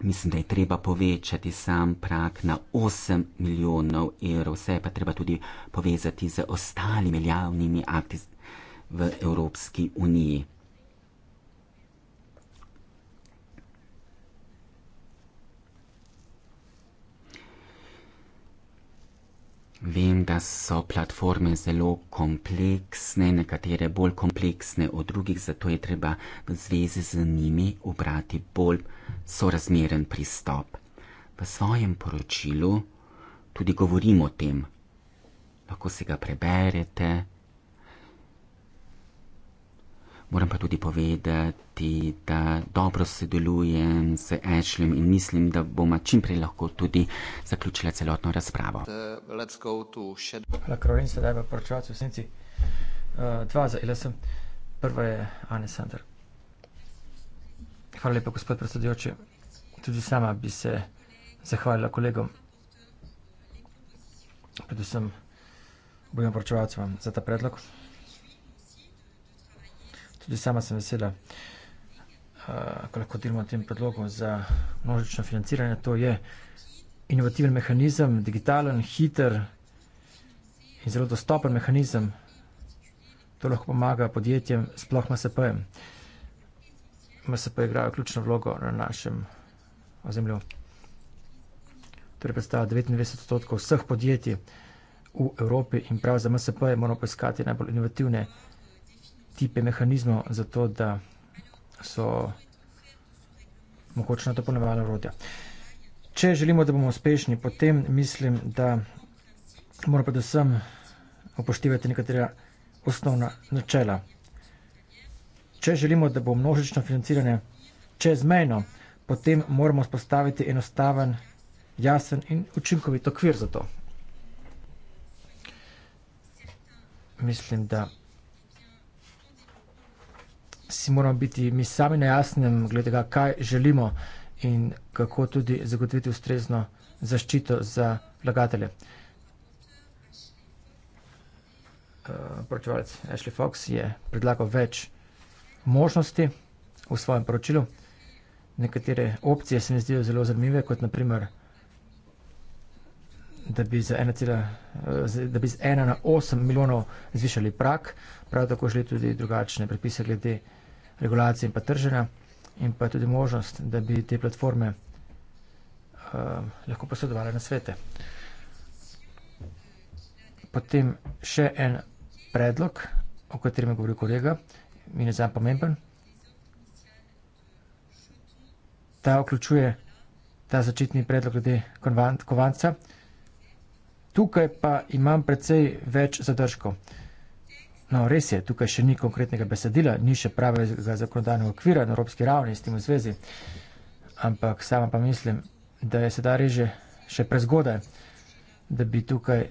Mislim, da je treba povečati sam prak na 8 milijonov evrov. Vse je pa treba tudi povezati z ostalimi javnimi akti v Evropski uniji. Vem, da so platforme zelo kompleksne, nekatere bolj kompleksne od drugih, zato je treba v zvezi z njimi obrati bolj sorazmeren pristop. V svojem poročilu tudi govorim o tem. Lahko si ga preberete, Moram pa tudi povedati, da dobro sodelujem s Ashlem in mislim, da bomo čim prej lahko tudi zaključili celotno razpravo. Uh, uh, Prva je Anne Sander. Hvala lepa, gospod predsedujoči. Tudi sama bi se zahvalila kolegom, predvsem bojim poročevalcem za ta predlog. Tudi sama sem vesela, eh, ko lahko delimo na tem predlogu za množično financiranje. To je inovativen mehanizem, digitalen, hiter in zelo dostopen mehanizem. To lahko pomaga podjetjem, sploh MSP-jem. MSP igrajo ključno vlogo na našem ozemlju. Torej predstavlja 99 odstotkov vseh podjetij v Evropi in prav za MSP-je moramo poiskati najbolj inovativne mehanizme tipe mehanizmov za to, da so mogoče na to ponovala urodja. Če želimo, da bomo uspešni, potem mislim, da moramo predvsem upoštevati nekatera osnovna načela. Če želimo, da bo množično financiranje čezmejno, potem moramo spostaviti enostaven, jasen in učinkovit okvir za to. Mislim, da si moramo biti mi sami na jasnem, glede tega, kaj želimo in kako tudi zagotoviti ustrezno zaščito za vlagatelje. Eh, poročevalec Ashley Fox je predlagal več možnosti v svojem poročilu. Nekatere opcije se mi zdijo zelo zanimive, kot naprimer, da bi, za ena cela, da bi z ena na osem milijonov zvišali prak, prav tako želi tudi drugačne predpise glede regulacije in pa trženja in pa tudi možnost, da bi te platforme uh, lahko posredovali na svete. Potem še en predlog, o katerem je govoril kolega, mi ne znam pomemben. Ta vključuje ta začetni predlog glede kovanca. Tukaj pa imam precej več zadržkov. No, res je, tukaj še ni konkretnega besedila, ni še pravega zakonodajnega okvira na evropski ravni s tem v zvezi, ampak sama pa mislim, da je sedaj reže še prezgodaj, da bi tukaj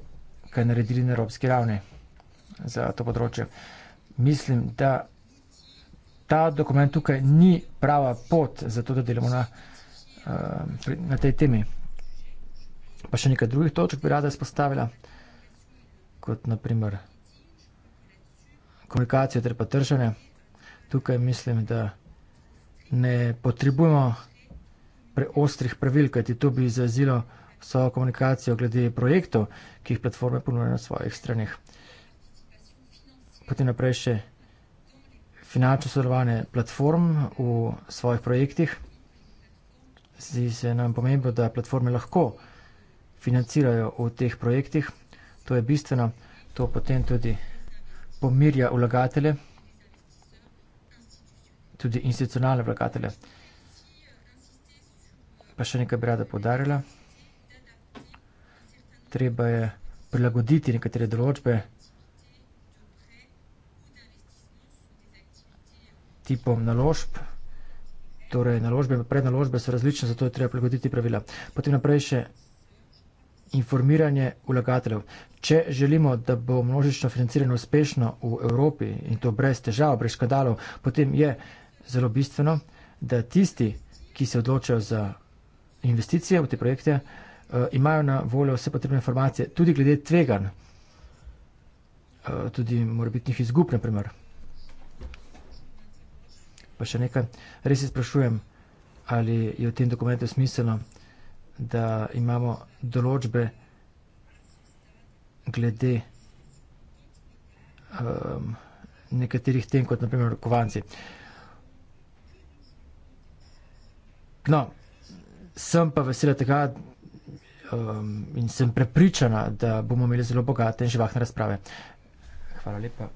kaj naredili na evropski ravni za to področje. Mislim, da ta dokument tukaj ni prava pot za to, da delamo na, eh, na tej temi. Pa še nekaj drugih točk bi rada izpostavila, kot naprimer komunikacijo ter pa trženje. Tukaj mislim, da ne potrebujemo preostrih pravil, kajti to bi zazilo vso komunikacijo glede projektov, ki jih platforme ponujajo na svojih stranih. Potem naprej še finančno sodelovanje platform v svojih projektih. Zdi se nam pomembno, da platforme lahko financirajo v teh projektih. To je bistveno. To potem tudi pomirja vlagatele, tudi institucionalne vlagatele. Pa še nekaj bi rada podarila. Treba je prilagoditi nekatere določbe tipom naložb, torej naložbe in prednaložbe so različne, zato je treba prilagoditi pravila. Potem naprej še informiranje vlagateljev. Če želimo, da bo množično financiranje uspešno v Evropi in to brez težav, brez škandalov, potem je zelo bistveno, da tisti, ki se odločajo za investicije v te projekte, eh, imajo na voljo vse potrebne informacije, tudi glede tvegan, eh, tudi morbitnih izgub, naprimer. Pa še nekaj, res se sprašujem, ali je v tem dokumentu smiselno da imamo določbe glede um, nekaterih tem, kot naprimer kovanci. No, sem pa vesela tega um, in sem prepričana, da bomo imeli zelo bogate in živahne razprave. Hvala lepa.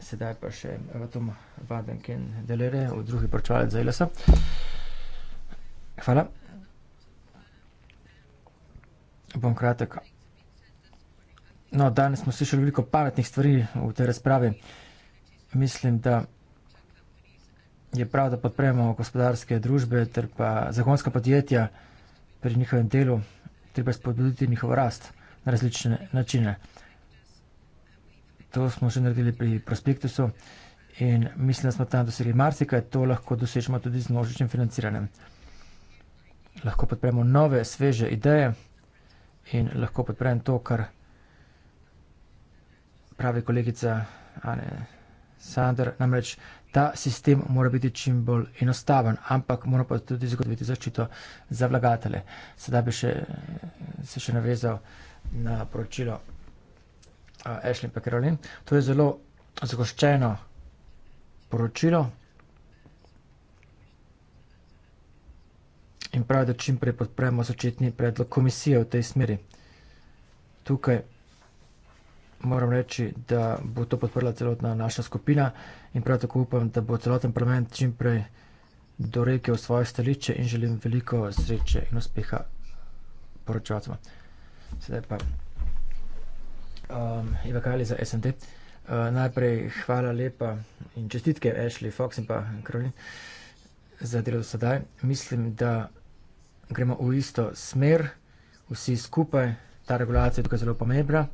Sedaj pa še Evatom Vadenken Delere, v drugi porčvalec za ILS. Hvala. Bom kratek. No, danes smo slišali veliko pametnih stvari v tej razpravi. Mislim, da je prav, da podpremo gospodarske družbe ter pa zagonska podjetja pri njihovem delu. Treba spodbuditi njihovo rast na različne načine. To smo že naredili pri prospektusu in mislim, da smo tam dosegli marsikaj. To lahko dosežemo tudi z množičnim financiranjem. Lahko podpremo nove, sveže ideje in lahko podprem to, kar pravi kolegica Ane Sander. Namreč ta sistem mora biti čim bolj enostaven, ampak mora pa tudi zagotoviti zaščito za vlagatele. Sedaj bi še, se še navezal na poročilo eh, Ashley Pekerolin. To je zelo zagoščeno poročilo. in pravi, da čim prej podpremo začetni predlog komisije v tej smeri. Tukaj moram reči, da bo to podprla celotna naša skupina in prav tako upam, da bo celoten parlament čim prej dorekel svoje stališče in želim veliko sreče in uspeha poročevacima. Sedaj pa um, Iva Kali za SND. Uh, najprej hvala lepa in čestitke Ashley Fox in pa Karolin za delo do sedaj. Mislim, da gremo v isto smer, vsi skupaj, ta regulacija je tukaj zelo pomembna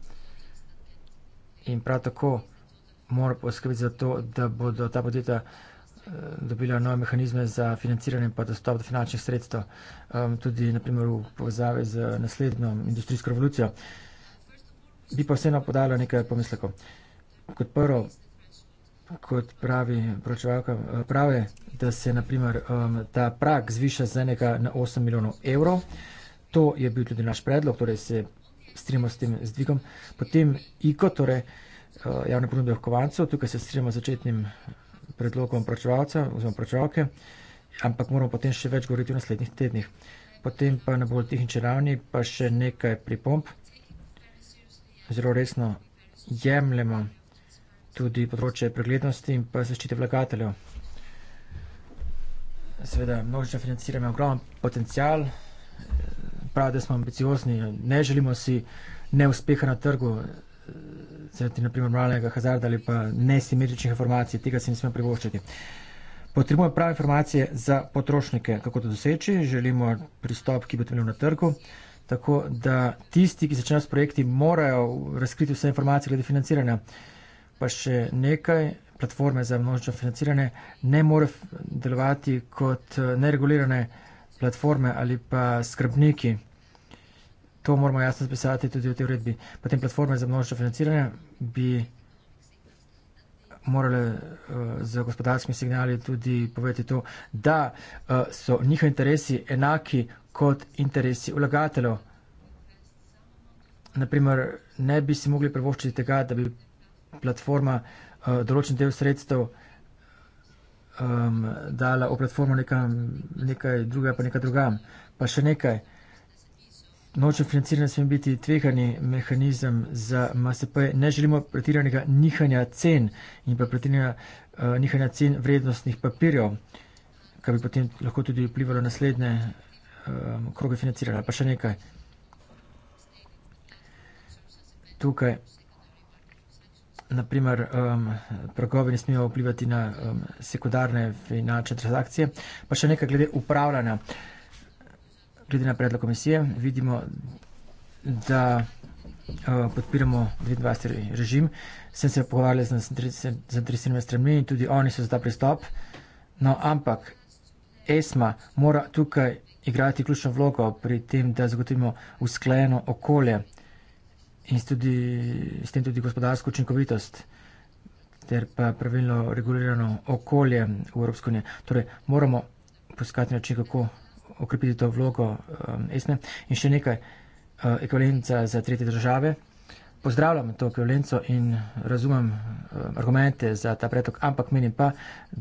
in prav tako mora poskrbiti za to, da bodo ta podjeta eh, dobila nove mehanizme za financiranje pa dostop do finančnih sredstev, ehm, tudi naprimer v povezave z naslednjo industrijsko revolucijo. Bi pa vseeno podala nekaj pomislekov. Kot prvo, kot pravi pročevalka, eh, prave, da se naprimer um, ta prak zviša z enega na 8 milijonov evrov. To je bil tudi naš predlog, torej se strimo s tem zdvigom. Potem IKO, torej eh, javne ponudbe v kovancu, tukaj se strimo z začetnim predlogom pročevalca oziroma pročevalke, ampak moramo potem še več govoriti v naslednjih tednih. Potem pa na bolj tehnični ravni pa še nekaj pripomp. Zelo resno jemljamo vsega, tudi področje preglednosti in pa zaščite vlagateljev. Seveda, množično financiranje ima ogromen potencial, pravi, da smo ambiciozni, ne želimo si neuspeha na trgu, zaradi naprimer moralnega hazarda ali pa nesimetričnih informacij, tega si ne smemo privoščiti. Potrebujemo prave informacije za potrošnike, kako to doseči, želimo pristop, ki bo temeljil na trgu, tako da tisti, ki začnejo s projekti, morajo razkriti vse informacije glede financiranja pa še nekaj, platforme za množično financiranje ne more delovati kot eh, neregulirane platforme ali pa skrbniki. To moramo jasno spisati tudi v tej uredbi. Potem platforme za množično financiranje bi morale uh, z gospodarskimi signali tudi povedati to, da uh, so njihovi interesi enaki kot interesi vlagateljev. Naprimer, ne bi si mogli prevoščiti tega, da bi platforma uh, določen del sredstev um, dala v platformo neka, nekaj druga, pa nekaj drugam. Pa še nekaj. Nočno financiranje sme biti tvehani mehanizem za MSP. Ne želimo pretiranega nihanja cen in pa pretiranega uh, nihanja cen vrednostnih papirjev, kar bi potem lahko tudi vplivalo na naslednje um, kroge financiranja. Pa še nekaj. Tukaj naprimer um, pragovi ne smejo vplivati na um, sekundarne finančne transakcije. Pa še nekaj glede upravljanja. Glede na predlog komisije vidimo, da uh, podpiramo 22. režim. Sem se pogovarjal z zainteresiranimi stranmi in tudi oni so za ta pristop. No, ampak ESMA mora tukaj igrati ključno vlogo pri tem, da zagotovimo usklajeno okolje in tudi, s tem tudi gospodarsko učinkovitost ter pa pravilno regulirano okolje v Evropsko unijo. Torej, moramo poskati način, kako okrepiti to vlogo um, ESME. In še nekaj, uh, ekvivalenca za tretje države. Pozdravljam to ekvivalenco in razumem um, argumente za ta pretok, ampak menim pa,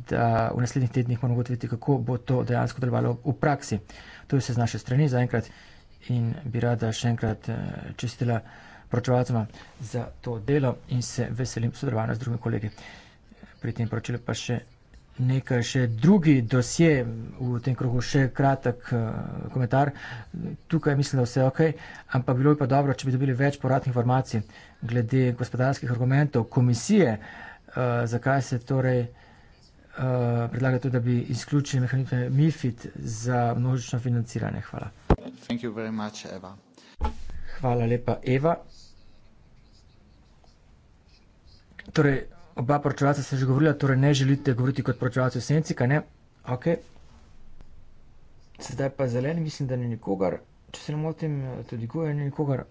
da v naslednjih tednih moramo ugotoviti, kako bo to dejansko delovalo v praksi. To je vse z naše strani zaenkrat in bi rada še enkrat uh, čestila proračunacima za to delo in se veselim sodelovanja z drugimi kolegi. Pri tem poročilu pa še nekaj, še drugi dosje v tem krogu, še kratek uh, komentar. Tukaj mislim, da vse ok, ampak bilo bi pa dobro, če bi dobili več poradnih informacij glede gospodarskih argumentov komisije, uh, zakaj se torej uh, predlaga to, da bi izključili mehanizme MIFID za množično financiranje. Hvala. Hvala lepa, Eva. Torej, oba poročevalca ste že govorila, torej ne želite govoriti kot poročevalce v senci, kaj ne? Ok. Sedaj pa zelen, mislim, da ni nikogar. Če se ne motim, tudi goje ni nikogar.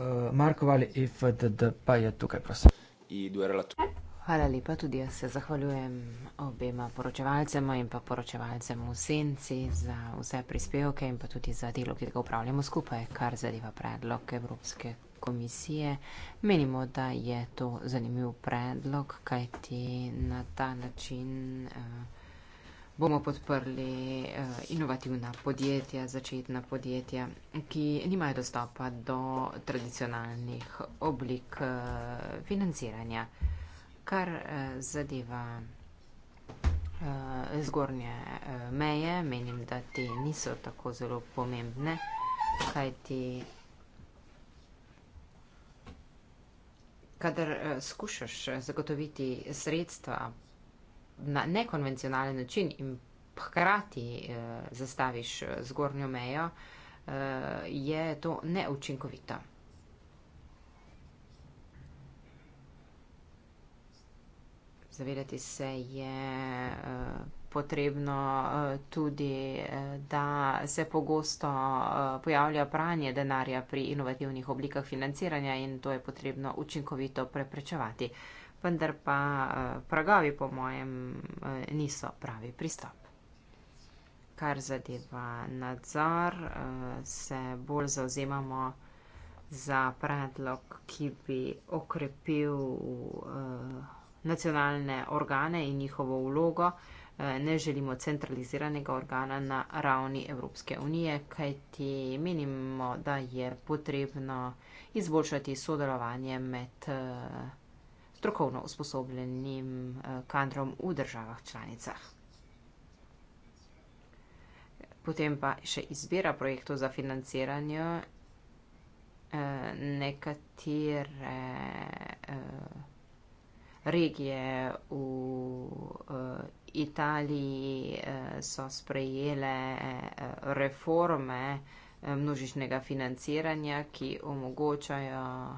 Uh, Marko ali e FDD pa je tukaj, prosim. Hvala lepa, tudi jaz se zahvaljujem obema poročevalcema in pa poročevalcem v senci za vse prispevke in pa tudi za delo, ki ga upravljamo skupaj, kar zadeva predlog Evropske komisije, menimo, da je to zanimiv predlog, kajti na ta način eh, bomo podprli eh, inovativna podjetja, začetna podjetja, ki nimajo dostopa do tradicionalnih oblik eh, financiranja. Kar zadeva zgornje meje, menim, da te niso tako zelo pomembne, kajti kadar eh, skušaš eh, zagotoviti sredstva na nekonvencionalen način in hkrati eh, zastaviš zgornjo mejo, je to neučinkovito. Zavedati se je potrebno eh, tudi, eh, da se pogosto eh, pojavlja pranje denarja pri inovativnih oblikah financiranja in to je potrebno učinkovito preprečevati. Vendar pa pragovi, po mojem, niso pravi pristop. Kar zadeva nadzor, se bolj zauzemamo za predlog, ki bi okrepil nacionalne organe in njihovo vlogo uh, Eh, ne želimo centraliziranega organa na ravni Evropske unije, kajti menimo, da je potrebno izboljšati sodelovanje med eh, strokovno usposobljenim eh, kadrom v državah članicah. Potem pa še izbira projektov za financiranje. Nekatere regije v Italiji eh, so sprejele eh, reforme eh, množičnega financiranja, ki omogočajo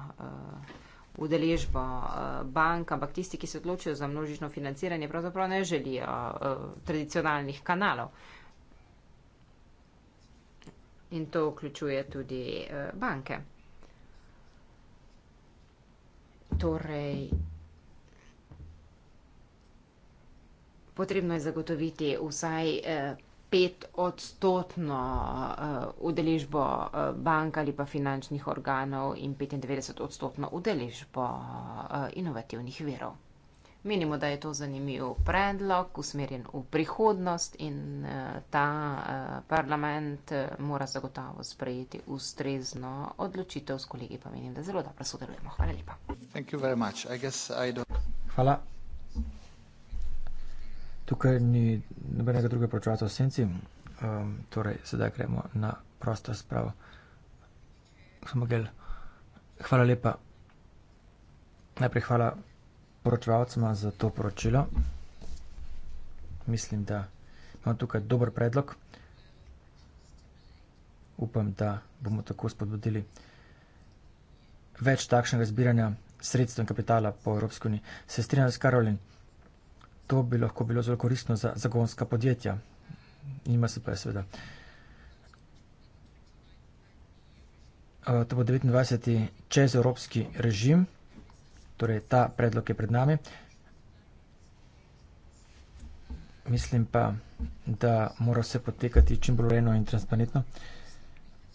udeležbo bank, ampak tisti, ki se odločijo za množično financiranje, pravzaprav ne želijo tradicionalnih kanalov. In to vključuje tudi banke. Torej, potrebno je zagotoviti vsaj eh, pet odstotno eh, udeležbo eh, bank ali pa finančnih organov in 95 odstotno udeležbo inovativnih verov. Menimo, da je to zanimiv predlog, usmerjen v prihodnost in ta parlament mora zagotovo sprejeti ustrezno odločitev s kolegi, pa menim, da zelo dobro sodelujemo. Hvala lepa. Hvala tukaj ni nobenega drugega pročvata v senci, um, torej sedaj gremo na prosto spravo. Samogel, hvala lepa. Najprej hvala poročevalcema za to poročilo. Mislim, da imamo tukaj dober predlog. Upam, da bomo tako spodbudili več takšnega zbiranja sredstev in kapitala po Evropski uniji. Se strinjam s Karolin to bi lahko bilo zelo koristno za zagonska podjetja. Nima se pa je seveda. Eh, to bo 29. čez evropski režim, torej ta predlog je pred nami. Mislim pa, da mora vse potekati čim bolj urejeno in transparentno.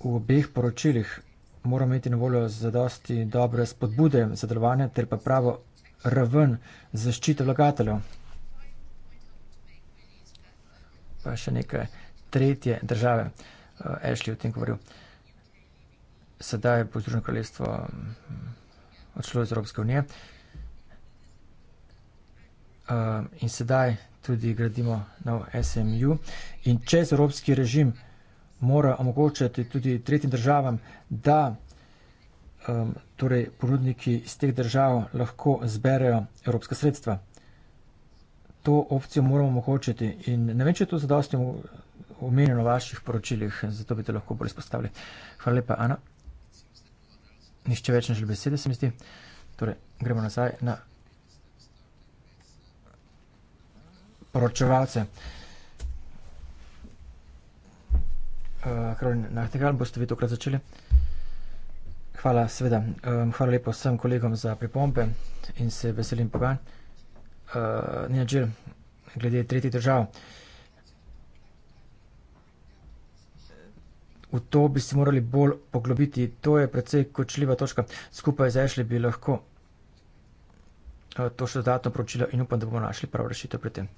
V obeh poročilih moramo imeti na voljo za dosti dobre spodbude za delovanje ter pa pravo raven zaščite vlagateljev pa še neke tretje države, eh, Ashley o tem govoril. Sedaj bo Združeno kraljestvo mm, odšlo iz Evropske unije. Eh, in sedaj tudi gradimo nov SMU. In čez evropski režim mora omogočati tudi tretjim državam, da eh, torej ponudniki iz teh držav lahko zberejo evropska sredstva to opcijo moramo omogočiti. In ne vem, če je to zadosti omenjeno v vaših poročilih, zato bi to lahko bolj izpostavili. Hvala lepa, Ana. Nišče več ne želi besede, se mi zdi. Torej, gremo nazaj na poročevalce. Hrvni eh, Nahtegal, boste vi tokrat začeli. Hvala, seveda. Eh, hvala lepo vsem kolegom za pripombe in se veselim pogajanj uh, eh, Nijadžir, glede tretjih držav. V to bi se morali bolj poglobiti, to je predvsej kočljiva točka. Skupaj z Ešli bi lahko uh, to še dodatno pročilo in upam, da bomo našli prav rešitev pri tem.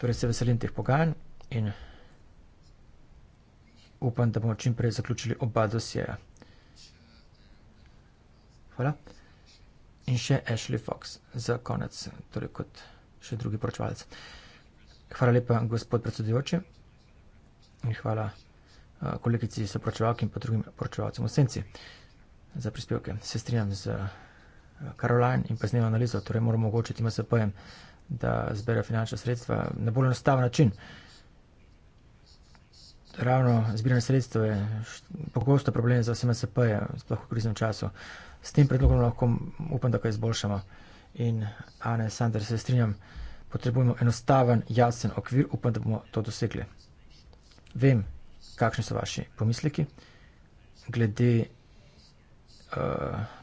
Torej se veselim teh pogajanj in upam, da bomo čim prej zaključili oba dosjeja. Hvala. Voilà in še Ashley Fox za konec, torej kot še drugi poročvalec. Hvala lepa, gospod predsedujoči, in hvala uh, kolegici sopročevalki in pa drugim poročevalcem v senci za prispevke. Se strinjam z Karolajn eh, in pa z njeno analizo, torej moramo omogočiti MSP-jem, da zbere finančna sredstva na bolj enostaven način. Ravno zbiranje sredstva je pogosto problem za vse MSP-je, sploh v kriznem času. Uh, s tem predlogom lahko upam, da kaj izboljšamo. In, Ane, Sandra, se strinjam, potrebujemo enostaven, jasen okvir, upam, da bomo to dosegli. Vem, kakšni so vaši pomisleki glede uh,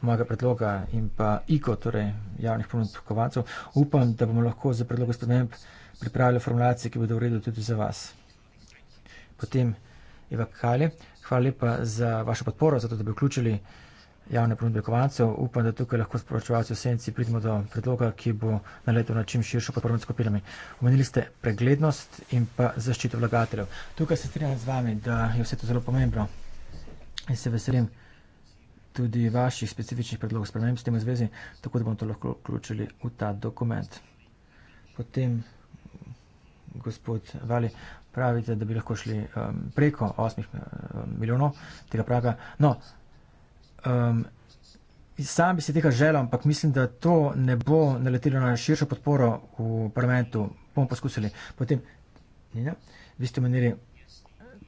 mojega predloga in pa IKO, torej javnih ponud kovancov. Upam, da bomo lahko za predlog sprememb pripravili formulacije, ki bodo uredili tudi za vas. Potem, Eva Kale, hvala lepa za vašo podporo, za to, da bi vključili javne ponudbe kovancev. Upam, da tukaj lahko sporočevalci v senci pridemo do predloga, ki bo naletel na čim širšo podporo med skupinami. Omenili ste preglednost in pa zaščito vlagateljev. Tukaj se strinjam z vami, da je vse to zelo pomembno in se veselim tudi vaših specifičnih predlogov sprememb s tem v zvezi, tako da bomo to lahko vključili v ta dokument. Potem, gospod Vali, pravite, da bi lahko šli um, preko 8 um, milijonov tega praga. No, Um, sam bi si tega želel, ampak mislim, da to ne bo naletelo na širšo podporo v parlamentu. Bomo poskusili. Potem, ne, vi ste omenili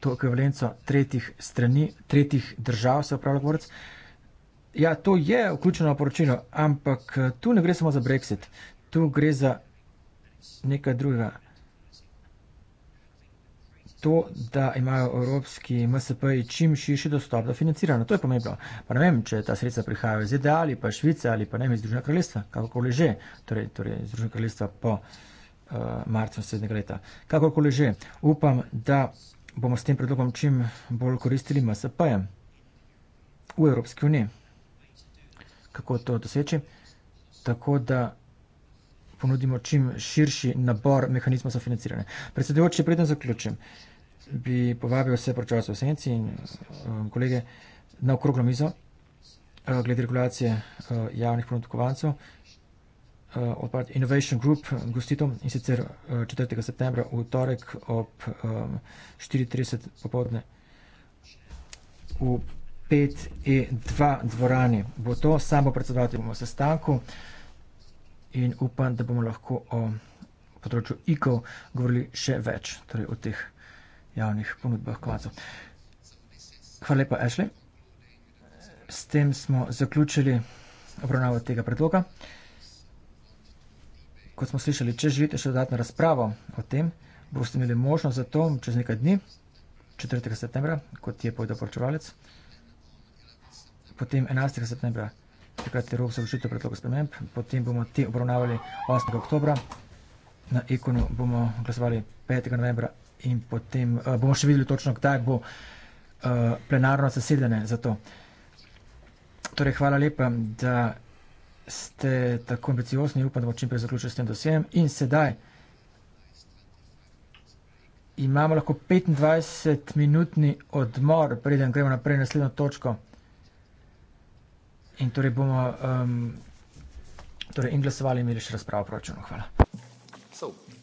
to ekvivalenco tretjih strani, tretjih držav, se upravlja govorec. Ja, to je vključeno v poročilo, ampak eh, tu ne gre samo za Brexit, tu gre za nekaj drugega to, da imajo evropski MSP čim širši dostop do financiranja. To je pomembno. Pa ne vem, če ta sredstva prihajajo iz ZDA ali pa Švice ali pa ne iz Združenega kraljestva, kakorkoli že, torej, torej iz Združenega kraljestva po uh, marcu naslednjega leta. Kakorkoli že, upam, da bomo s tem predlogom čim bolj koristili MSP-je v Evropski uniji. Kako to doseči? Tako da ponudimo čim širši nabor mehanizmov za financiranje. Predsedujoči, predem zaključim. Uh, bi povabil vse pročasov senci in um, kolege na okroglo mizo uh, glede regulacije uh, javnih ponudkovancev. Uh, odpad Innovation Group gostitom in sicer uh, 4. septembra v torek ob um, 4.30 popovdne v 5E2 e dvorani. Bo to samo predsedovati bomo sestanku in upam, da bomo lahko o področju IKO govorili še več, torej o teh javnih ponudbah kvazov. Hvala lepa, Ashley. S tem smo zaključili obravnavo tega predloga. Kot smo slišali, če želite še dodatno razpravo o tem, boste imeli možnost za to čez nekaj dni, 4. septembra, kot je povedal poročevalec, potem 11. septembra, takrat je rok za vložitev predloga sprememb, potem bomo te obravnavali 8. oktobra, na ikonu bomo glasovali 5. novembra in potem uh, bomo še videli točno, kdaj bo uh, plenarno zasedene za to. Torej, hvala lepa, da ste tako ambiciozni, upam, da bomo čimprej zaključili s tem dosjem. In sedaj imamo lahko 25-minutni odmor, preden gremo naprej na naslednjo točko. In torej bomo um, torej in glasovali in imeli še razpravo o proračunu. Hvala. So.